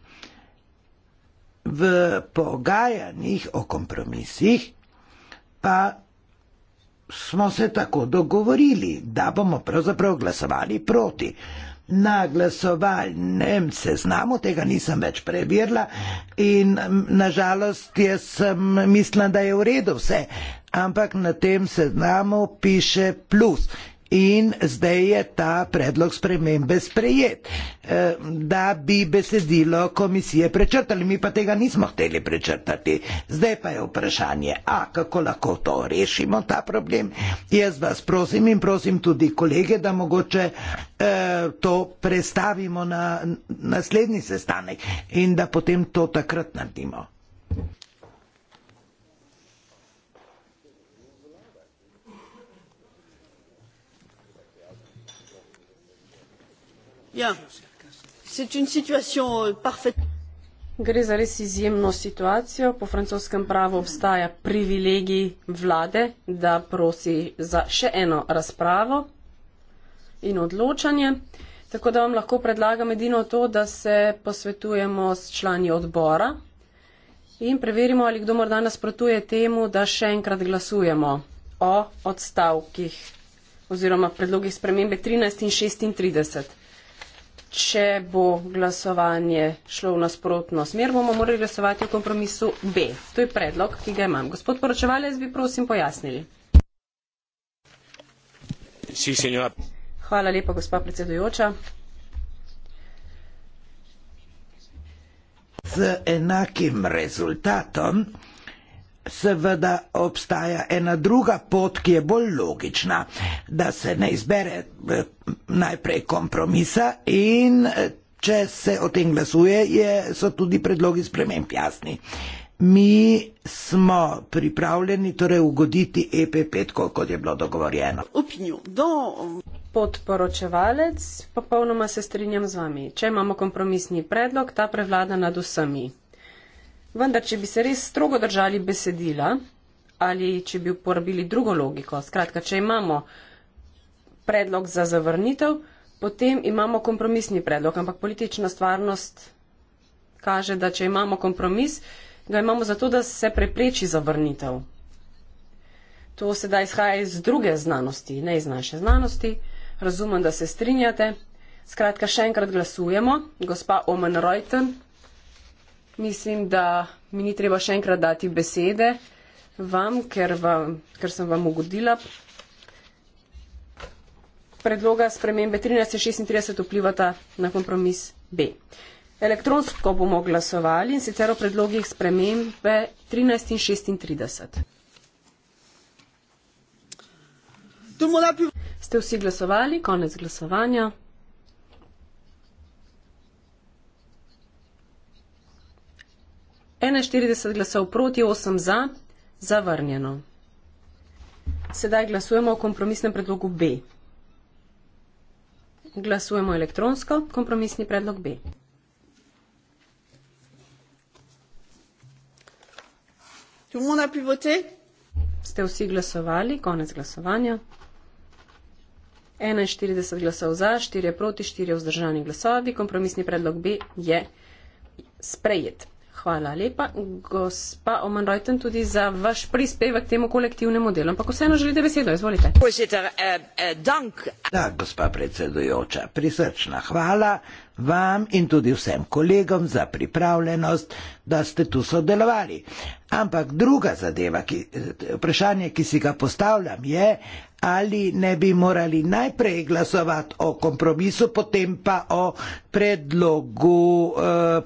V pogajanjih o kompromisih pa smo se tako dogovorili, da bomo pravzaprav glasovali proti na glasovalnem seznamu, tega nisem več preverila in nažalost jaz sem mislila, da je v redu vse, ampak na tem seznamu piše plus in zdaj je ta predlog spremembe sprejet, eh, da bi besedilo komisije prečrtali, mi pa tega nismo hteli prečrtati. Zdaj pa je vprašanje, a kako lahko to rešimo, ta problem. Jaz vas prosim in prosim tudi kolege, da mogoče eh, to prestavimo na naslednji sestanek in da potem to takrat naredimo. Ja. Euh, Gre za res izjemno situacijo. Po francoskem pravu obstaja privilegij vlade, da prosi za še eno razpravo in odločanje. Tako da vam lahko predlagam edino to, da se posvetujemo s člani odbora in preverimo, ali kdo morda nasprotuje temu, da še enkrat glasujemo o odstavkih oziroma predlogih spremembe 13 in 36 če bo glasovanje šlo v nasprotno smer, bomo morali glasovati o kompromisu B. To je predlog, ki ga imam. Gospod poročevalec, bi prosim pojasnili. Si, Hvala lepa, gospa predsedujoča. Z enakim rezultatom Seveda obstaja ena druga pot, ki je bolj logična, da se ne izbere eh, najprej kompromisa in eh, če se o tem glasuje, je, so tudi predlogi sprememb jasni. Mi smo pripravljeni torej ugoditi EP5, kot je bilo dogovorjeno. Upnju, do podporočevalec, popolnoma se strinjam z vami. Če imamo kompromisni predlog, ta prevlada nad vsemi. Vendar, če bi se res strogo držali besedila ali če bi uporabili drugo logiko, skratka, če imamo predlog za zavrnitev, potem imamo kompromisni predlog, ampak politična stvarnost kaže, da če imamo kompromis, ga imamo zato, da se prepreči zavrnitev. To sedaj izhaja iz druge znanosti, ne iz naše znanosti. Razumem, da se strinjate. Skratka, še enkrat glasujemo. Gospa Omen Reuten, mislim, da mi ni treba še enkrat dati besede vam, ker, vam, ker sem vam ugodila. Predloga spremembe 13 in 36 vplivata na kompromis B. Elektronsko bomo glasovali in sicer o predlogih spremembe 13 in 36. Ste vsi glasovali? Konec glasovanja. 41 glasov proti, 8 za, zavrnjeno. Sedaj glasujemo o kompromisnem predlogu B. Glasujemo elektronsko, kompromisni predlog B. Ste vsi glasovali, konec glasovanja. 41 glasov za, 4 proti, 4 vzdržani glasovi. Kompromisni predlog B je sprejet. Hvala lepa, gospa Oman Reuten, tudi za vaš prispevek temu kolektivnemu delu. Ampak vseeno želite besedo, izvolite. Eh, eh, da, gospa predsedujoča, prisrčna hvala vam in tudi vsem kolegom za pripravljenost, da ste tu sodelovali. Ampak druga zadeva, ki, vprašanje, ki si ga postavljam, je, ali ne bi morali najprej glasovati o kompromisu, potem pa o predlogu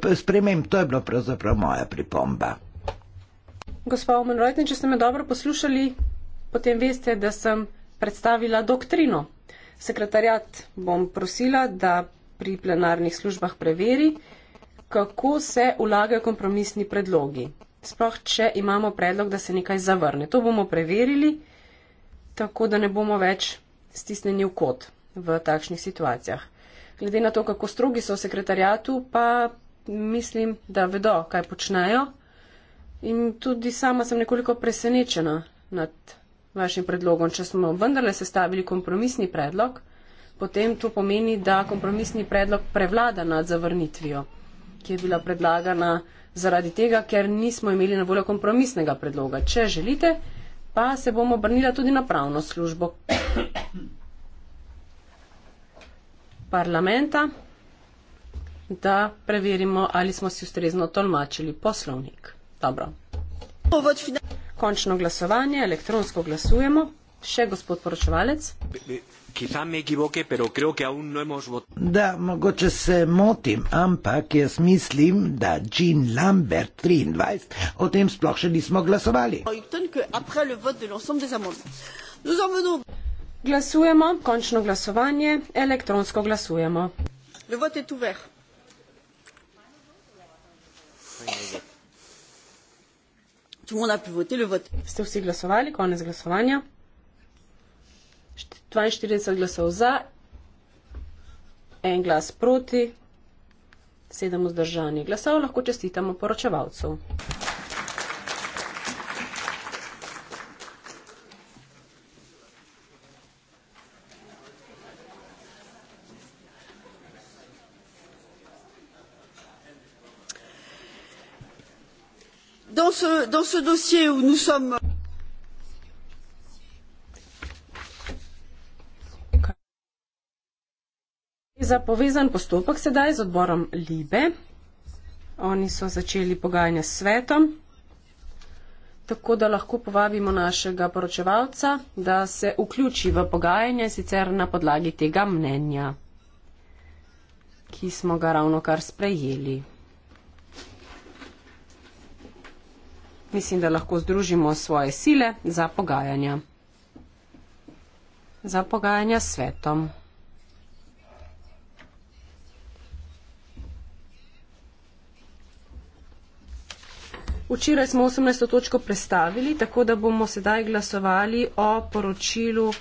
eh, spremem. To je bilo pravzaprav moja pripomba. Gospa Omenrojten, če ste me dobro poslušali, potem veste, da sem predstavila doktrino. Sekretarjat bom prosila, da pri plenarnih službah preveri, kako se vlagajo kompromisni predlogi. Sploh, če imamo predlog, da se nekaj zavrne. To bomo preverili, tako da ne bomo več stisneni v kot v takšnih situacijah. Glede na to, kako strogi so v sekretarjatu, pa mislim, da vedo, kaj počnejo. In tudi sama sem nekoliko presenečena nad vašim predlogom, če smo vendarle sestavili kompromisni predlog, potem to pomeni, da kompromisni predlog prevlada nad zavrnitvijo, ki je bila predlagana zaradi tega, ker nismo imeli na voljo kompromisnega predloga. Če želite, pa se bomo obrnila tudi na pravno službo parlamenta, da preverimo, ali smo si ustrezno tolmačili poslovnik. Dobro. Končno glasovanje, elektronsko glasujemo. Še gospod poročevalec. Be, be. Quizá me equivoque, pero creo que aún no hemos votado. Da, mogoče se motim, ampak jaz mislim, da Jean Lambert 23 o tem sploh še nismo glasovali. Glasujemo, končno glasovanje, elektronsko glasujemo. Ste vsi glasovali, konec glasovanja? 42 glasov za, en glas proti, sedem vzdržanih glasov, lahko čestitamo poročevalcu. Dans ce, dans ce dossier où nous sommes... za povezan postopek sedaj z odborom Libe. Oni so začeli pogajanje s svetom, tako da lahko povabimo našega poročevalca, da se vključi v pogajanje sicer na podlagi tega mnenja, ki smo ga ravno kar sprejeli. Mislim, da lahko združimo svoje sile za pogajanja. Za pogajanja s svetom. Včeraj smo 18. točko predstavili, tako da bomo sedaj glasovali o poročilu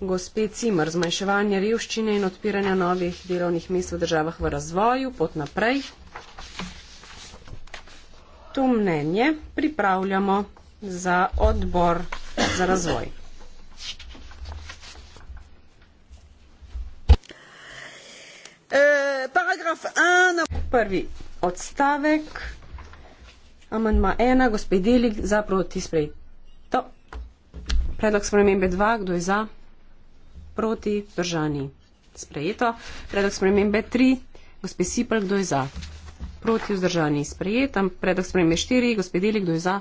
gospe Cimer, zmanjševanje revščine in odpiranje novih delovnih mest v državah v razvoju, pot naprej. To mnenje pripravljamo za odbor za razvoj. Eh, paragraf 1. Prvi odstavek. Amandma ena, gospod Delik, za proti sprej. To. Predlog spremembe dva, kdo je za? Proti, držani. Sprejeto. Predlog spremembe tri, gospod Sipel, kdo je za? Proti, vzdržani. Sprejet. Predlog spremembe štiri, gospod Delik, kdo je za?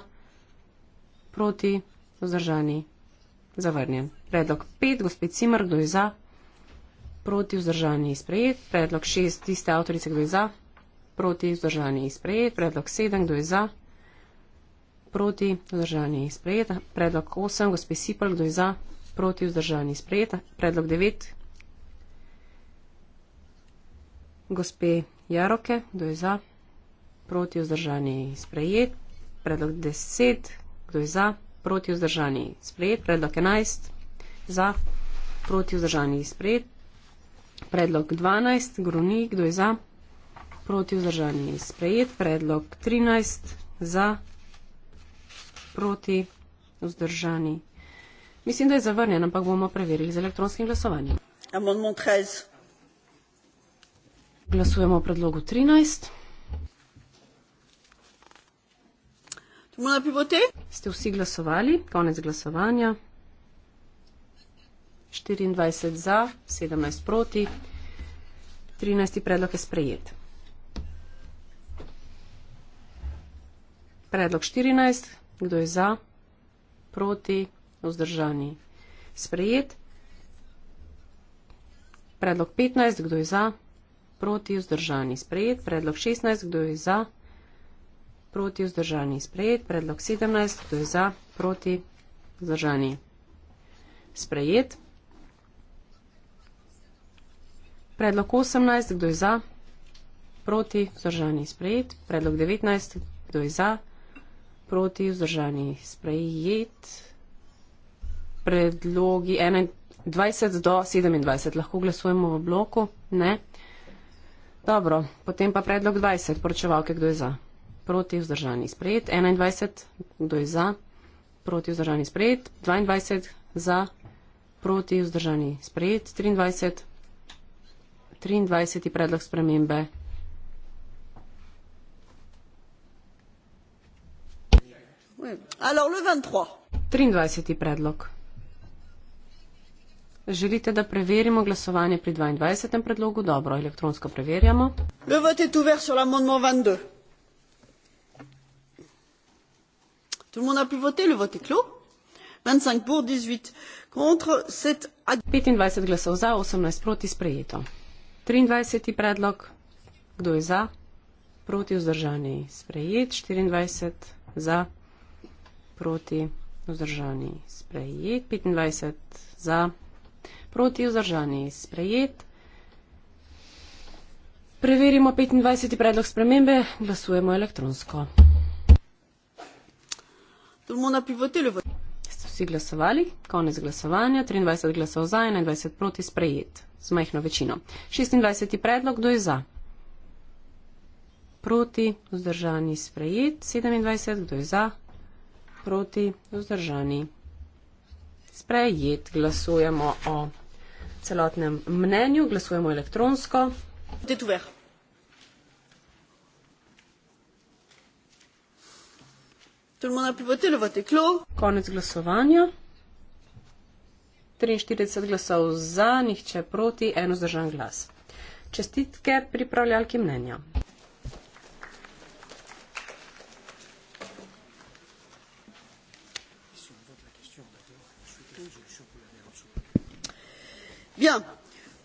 Proti, vzdržani. Zavrnjen. Predlog pet, gospod Cimer, kdo je za? Proti, vzdržani. Sprejet. Predlog šest, tiste avtorice, kdo je za? Proti, vzdržani proti vzdržanje je sprejet, predlog 7, kdo je za, proti vzdržanje je sprejet, predlog 8, gospe Sipal, kdo je za, proti vzdržanje je sprejet, predlog 9, gospe Jaroke, kdo je za, proti vzdržanje je sprejet, predlog 10, kdo je za, proti vzdržanje je sprejet, predlog 11, za, proti vzdržanje je sprejet, predlog 12, Gruni, kdo je za, proti vzdržanje je sprejet, proti vzdržani je sprejet, predlog 13 za proti vzdržani. Mislim, da je zavrnjen, ampak bomo preverili z elektronskim glasovanjem. Amendment 13. Glasujemo o predlogu 13. Ste vsi glasovali? Konec glasovanja. 24 za, 17 proti. 13. predlog je sprejet. Predlog 14. Kdo je za, proti, vzdržani? Sprejet. Predlog 15. Kdo je za, proti, vzdržani? Sprejet. Predlog 16. Kdo je za, proti, vzdržani? Sprejet. Predlog 17. Kdo je za, proti, vzdržani? Sprejet. Predlog 18. Kdo je za, proti, vzdržani? Sprejet. Predlog 19. Kdo je za, proti, vzdržani? proti vzdržani sprejet. Predlogi 21 do 27. Lahko glasujemo v bloku? Ne. Dobro, potem pa predlog 20. Poročevalke, kdo je za? Proti vzdržani sprejet. 21, kdo je za? Proti vzdržani sprejet. 22, za? Proti vzdržani sprejet. 23, 23. predlog spremembe triindvajset predlog. Želite, da preverimo glasovanje pri dvaindvajsetem predlogu? Dobro, elektronsko preverjamo. Le vote est ouvert sur l'amendement 22. Tout le monde a pu voter, le vote est clos. 25 pour, 18 contre, 7 à 25 glasov za, 18 proti sprejeto. 23. predlog. Kdo je za? Proti vzdržani sprejet. 24 za, proti, vzdržani, sprejet, 25 za, proti, vzdržani, sprejet. Preverimo 25. predlog spremembe, glasujemo elektronsko. Ste vsi glasovali? Konec glasovanja. 23 glasov za, 21 proti, sprejet. Z majhno večino. 26. predlog, kdo je za? Proti, vzdržani, sprejet. 27, kdo je za? proti, vzdržani. Sprejet, glasujemo o celotnem mnenju, glasujemo elektronsko. Konec glasovanja. 43 glasov za, nihče proti, eno zdržan glas. Čestitke pripravljalki mnenja.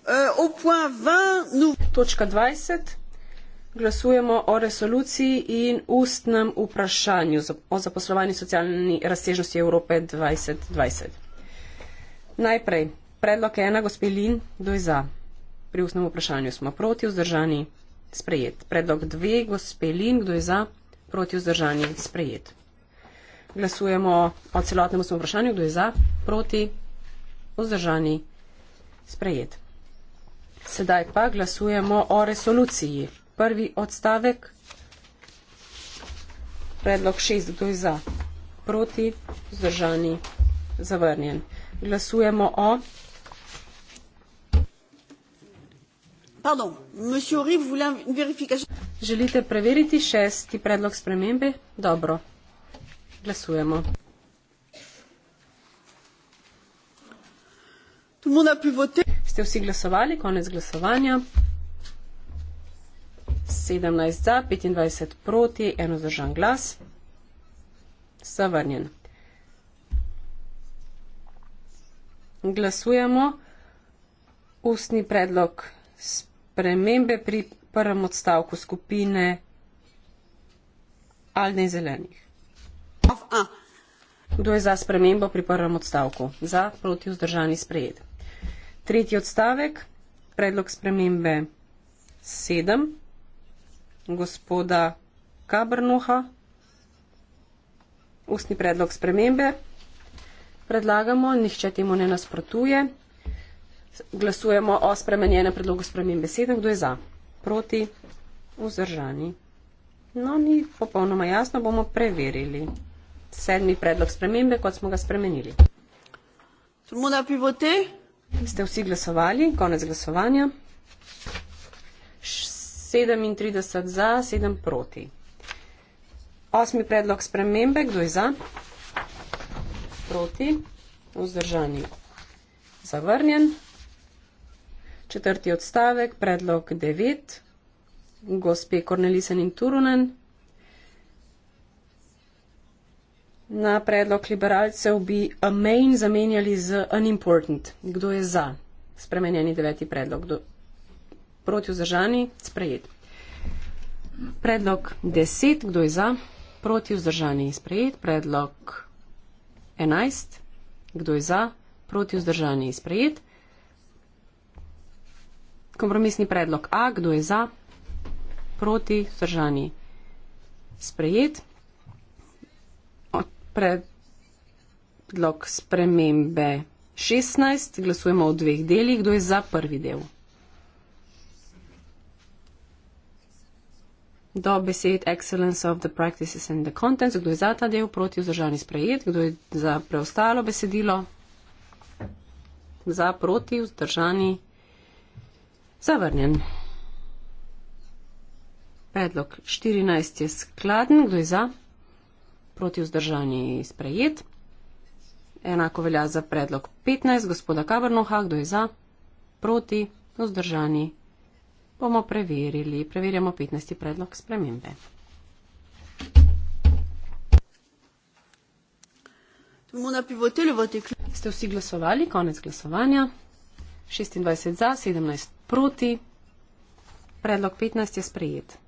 Euh, Točka 20. Glasujemo o resoluciji in ustnem vprašanju o zaposlovanju socialni razsežnosti Evrope 2020. Najprej, predlog ena, gospe Lin, do je za. Pri ustnem vprašanju smo proti, vzdržani, sprejet. Predlog dve, gospe Lin, kdo je za, proti, vzdržani, sprejet. Glasujemo o celotnem ustnem vprašanju, kdo je za, proti, vzdržani, sprejet sprejet. Sedaj pa glasujemo o resoluciji. Prvi odstavek. Predlog šest, kdo je za? Proti, vzdržani, zavrnjen. Glasujemo o. Pardon, Želite preveriti šesti predlog spremembe? Dobro. Glasujemo. Ste vsi glasovali? Konec glasovanja. 17 za, 25 proti, eno zdržan glas. Zavrnjen. Glasujemo. Ustni predlog spremembe pri prvem odstavku skupine Alde in Zelenih. Kdo je za spremembo pri prvem odstavku? Za, proti, vzdržani, sprejet. Tretji odstavek, predlog spremembe 7, gospoda Kabrnuha, ustni predlog spremembe. Predlagamo, nihče temu ne nasprotuje. Glasujemo o spremenjenem predlogu spremembe 7. Kdo je za? Proti? Vzdržani? No, ni popolnoma jasno, bomo preverili. Sedmi predlog spremembe, kot smo ga spremenili. Tu mu na pivote? Ste vsi glasovali, konec glasovanja. 37 za, 7 proti. Osmi predlog spremembe, kdo je za? Proti, vzdržani, zavrnjen. Četrti odstavek, predlog 9, gospe Kornelisen in Turunen. Na predlog liberalcev bi a main zamenjali z unimportant. Kdo je za spremenjeni deveti predlog? Kdo? Proti vzdržani? Sprejet. Predlog deset. Kdo je za? Proti vzdržani? Sprejet. Predlog enajst. Kdo je za? Proti vzdržani? Sprejet. Kompromisni predlog A. Kdo je za? Proti vzdržani? Sprejet predlog spremembe 16. Glasujemo o dveh delih. Kdo je za prvi del? Do besed excellence of the practices and the contents. Kdo je za ta del proti vzdržani sprejet? Kdo je za preostalo besedilo? Za proti vzdržani zavrnjen. Predlog 14 je skladen. Kdo je za? proti vzdržani sprejet. Enako velja za predlog 15 gospoda Kabrnoha, kdo je za, proti, vzdržani. Bomo preverili, preverjamo 15. predlog spremembe. Ste vsi glasovali, konec glasovanja. 26 za, 17 proti. Predlog 15 je sprejet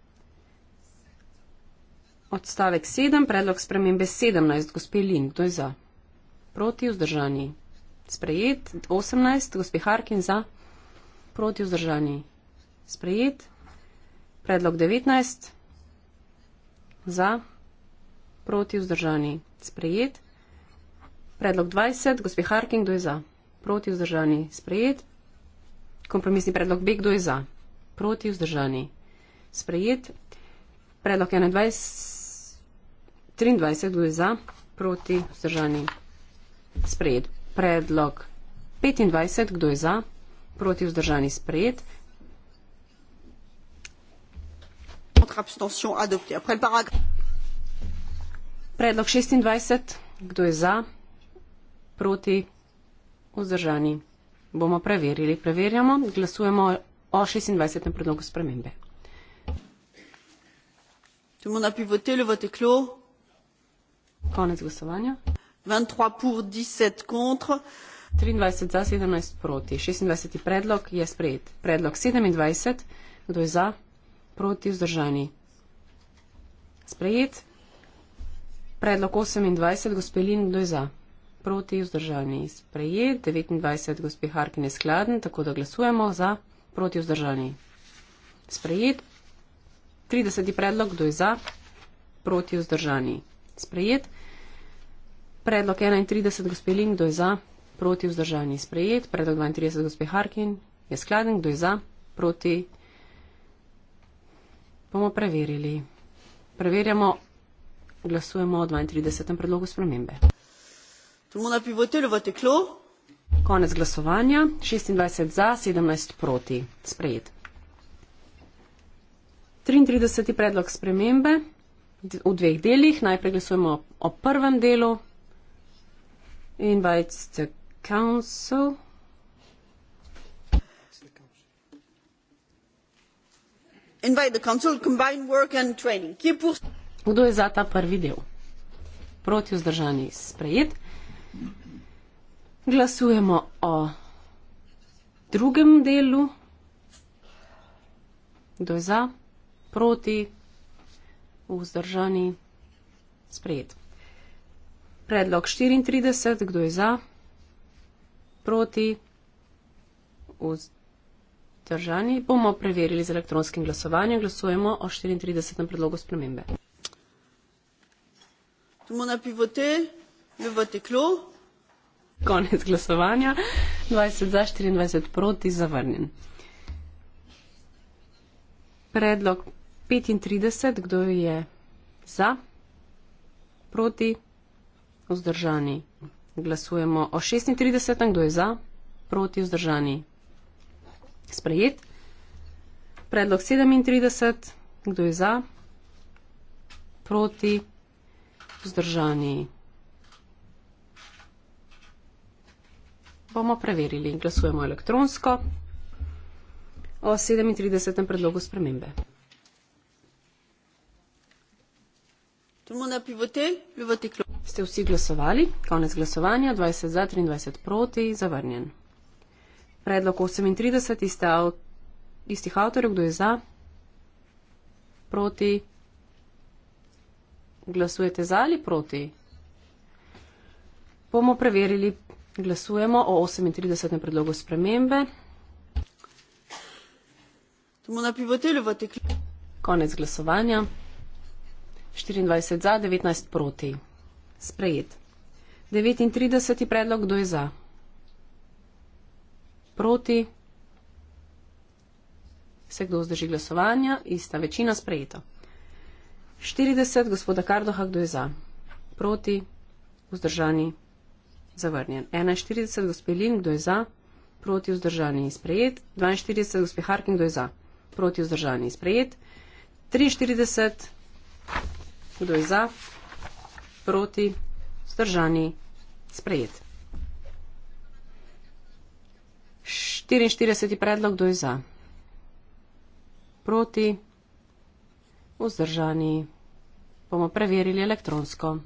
odstavek 7, predlog spremembe 17, gospe Lin, to je za. Proti vzdržani. Sprejet 18, gospe Harkin, za. Proti vzdržani. Sprejet. Predlog 19, za. Proti vzdržani. Sprejet. Predlog 20, gospe Harkin, kdo je za? Proti vzdržani. Sprejet. Kompromisni predlog B, kdo je za? Proti vzdržani. Sprejet. Predlog 21. 23 glasov za, proti vzdržani. Sprejet. Predlog 25, kdo je za, proti vzdržani sprejet. Predlog 26, kdo je za, proti vzdržani. Bomo preverili. Preverjamo. Glasujemo o 26. predlogu spremembe. Tu bomo napivoteli v teklo. Konec glasovanja. 23 pour 17 contre. 23 za, 17 proti. 26. predlog je sprejet. Predlog 27. Kdo je za? Proti vzdržani. Sprejet. Predlog 28. Gospelin, kdo je za? Proti vzdržani. Sprejet. 29. Gospi Harkin je skladen, tako da glasujemo za. Proti vzdržani. Sprejet. 30. predlog, kdo je za? Proti vzdržani sprejet. Predlog 31, gospe Link, kdo je za, proti vzdržanji sprejet. Predlog 32, gospe Harkin, je skladen, kdo je za, proti. Bomo preverili. Preverjamo, glasujemo o 32. predlogu spremembe. Konec glasovanja, 26 za, 17 proti, sprejet. 33. predlog spremembe v dveh delih. Najprej glasujemo o prvem delu. Invites the council. Invite the council, combine work and training. Kdo je za ta prvi del? Proti vzdržani sprejet. Glasujemo o drugem delu. Kdo je za? Proti vzdržani, sprejet. Predlog 34, kdo je za, proti, vzdržani, bomo preverili z elektronskim glasovanjem. Glasujemo o 34. predlogu spremembe. Tu bomo na pivote, pivote klo. Konec glasovanja. 20 za, 24 proti, zavrnjen. Predlog 35, kdo je za, proti, vzdržani. Glasujemo o 36, kdo je za, proti, vzdržani. Sprejet. Predlog 37, kdo je za, proti, vzdržani. Bomo preverili. Glasujemo elektronsko o 37. predlogu spremembe. Tout le monde a pu voter? Le vote est clos. Ste vsi glasovali? Konec glasovanja, 20 za, 23 proti, zavrnjen. Predlog 38, iste, istih avtorjev, kdo je za? Proti? Glasujete za ali proti? Bomo preverili, glasujemo o 38. predlogu spremembe. Tout le monde a pu voter? Le vote est clos. Konec glasovanja. 24 za, 19 proti. Sprejet. 39. predlog, kdo je za? Proti. Se kdo zdrži glasovanja? Ista večina sprejeta. 40. gospoda Kardoha, kdo je za? Proti. Vzdržani. Zavrnjen. 41. gospelin, kdo je za? Proti. Vzdržani. Sprejet. 42. gospe Harkin, kdo je za? Proti. Vzdržani. Sprejet. 43. Kdo je za? Proti? Zdržani? Sprejet. 44. predlog, kdo je za? Proti? Vzdržani? Bomo preverili elektronsko.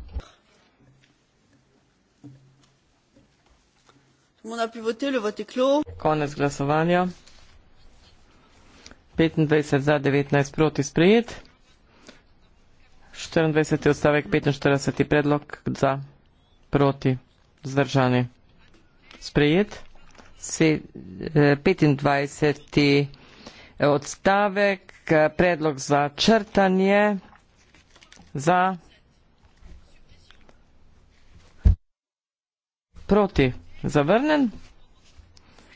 Smo na pivotelju v teklu. Konec glasovanja. 25 za 19 proti sprejet. 24. odstavek 45. predlog za proti zdržani. Sprejet. Se, 25. Eh, eh, odstavek eh, predlog za črtanje za proti zavrnen.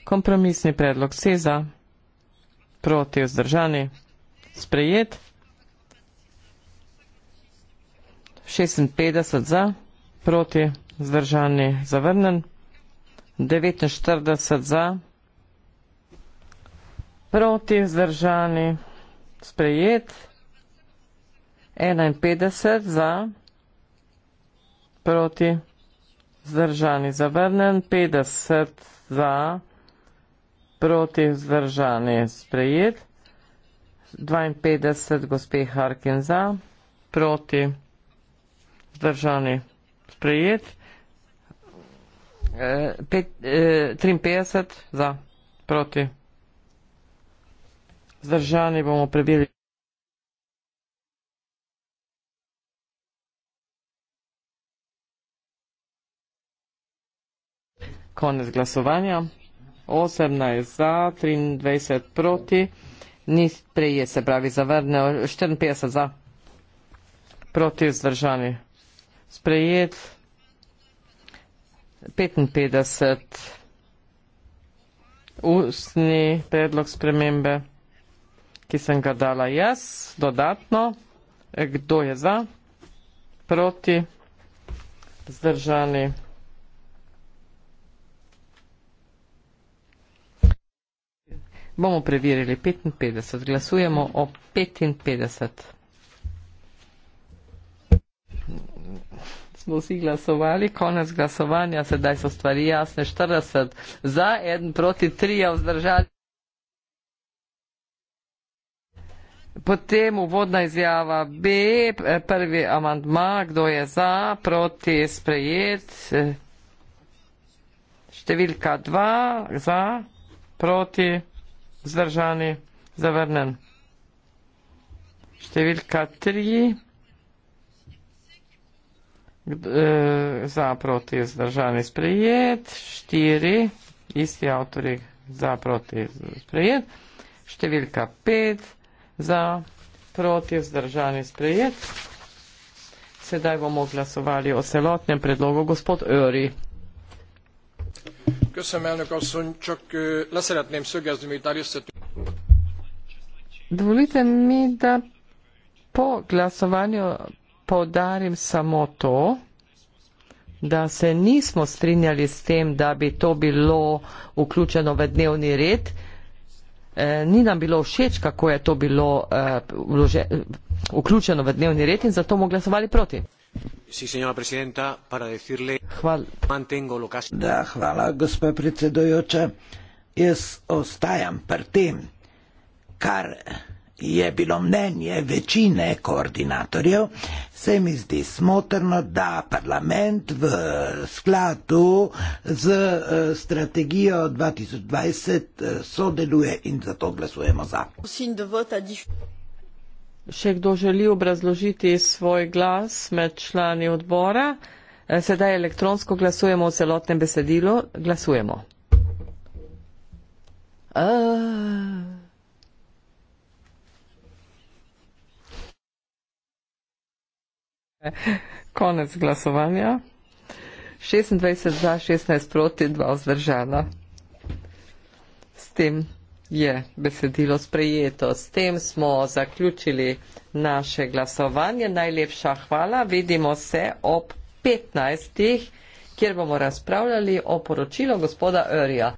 Kompromisni predlog se za proti vzdržani sprejet. 56 za, proti, zdržani, zavrnen, 49 za, proti, zdržani, sprejet, 51 za, proti, zdržani, zavrnen, 50 za, proti, zdržani, sprejet, 52 gospe Harkin za, proti, zdržani, zavrnen, vzdržani, sprejet, 53 eh, eh, za, proti, vzdržani bomo prebili. Konec glasovanja, 18 za, 23 proti, ni prejet, se pravi zavrnil, 54 za, proti, vzdržani sprejet 55 ustni predlog spremembe, ki sem ga dala jaz dodatno. E, kdo je za? Proti? Zdržani? Bomo preverili 55. Glasujemo o 55. smo vsi glasovali, konec glasovanja, sedaj so stvari jasne, 40 za, 1 proti 3 je vzdržali. Potem uvodna izjava B, prvi amantma, kdo je za, proti sprejet, številka 2, za, proti, vzdržani, zavrnen. Številka 3. Eh, za proti zdržani sprejet, štiri, isti avtori za proti sprejet, številka pet za proti zdržani sprejet. Sedaj bomo glasovali o celotnem predlogu, gospod Öri. Köszönöm, elnök asszony, csak ö, leszeretném szögezni, mert már összetűnt. Dvolite mi, da po glasovanju podarim samo to, da se nismo strinjali s tem, da bi to bilo vključeno v dnevni red. E, ni nam bilo všeč, kako je to bilo e, vlože, vključeno v dnevni red in zato bomo glasovali proti. Sí, para decirle... Hval... da, hvala, gospod predsedujoča. Jaz ostajam pri tem, kar je bilo mnenje večine koordinatorjev, se mi zdi smotrno, da parlament v skladu z eh, strategijo 2020 eh, sodeluje in zato glasujemo za. Še kdo želi obrazložiti svoj glas med člani odbora? Eh, sedaj elektronsko glasujemo o celotnem besedilu. Glasujemo. Uh... Konec glasovanja. 26 za, 16 proti, 2 vzdržana. S tem je besedilo sprejeto. S tem smo zaključili naše glasovanje. Najlepša hvala. Vidimo se ob 15. kjer bomo razpravljali o poročilu gospoda Örja.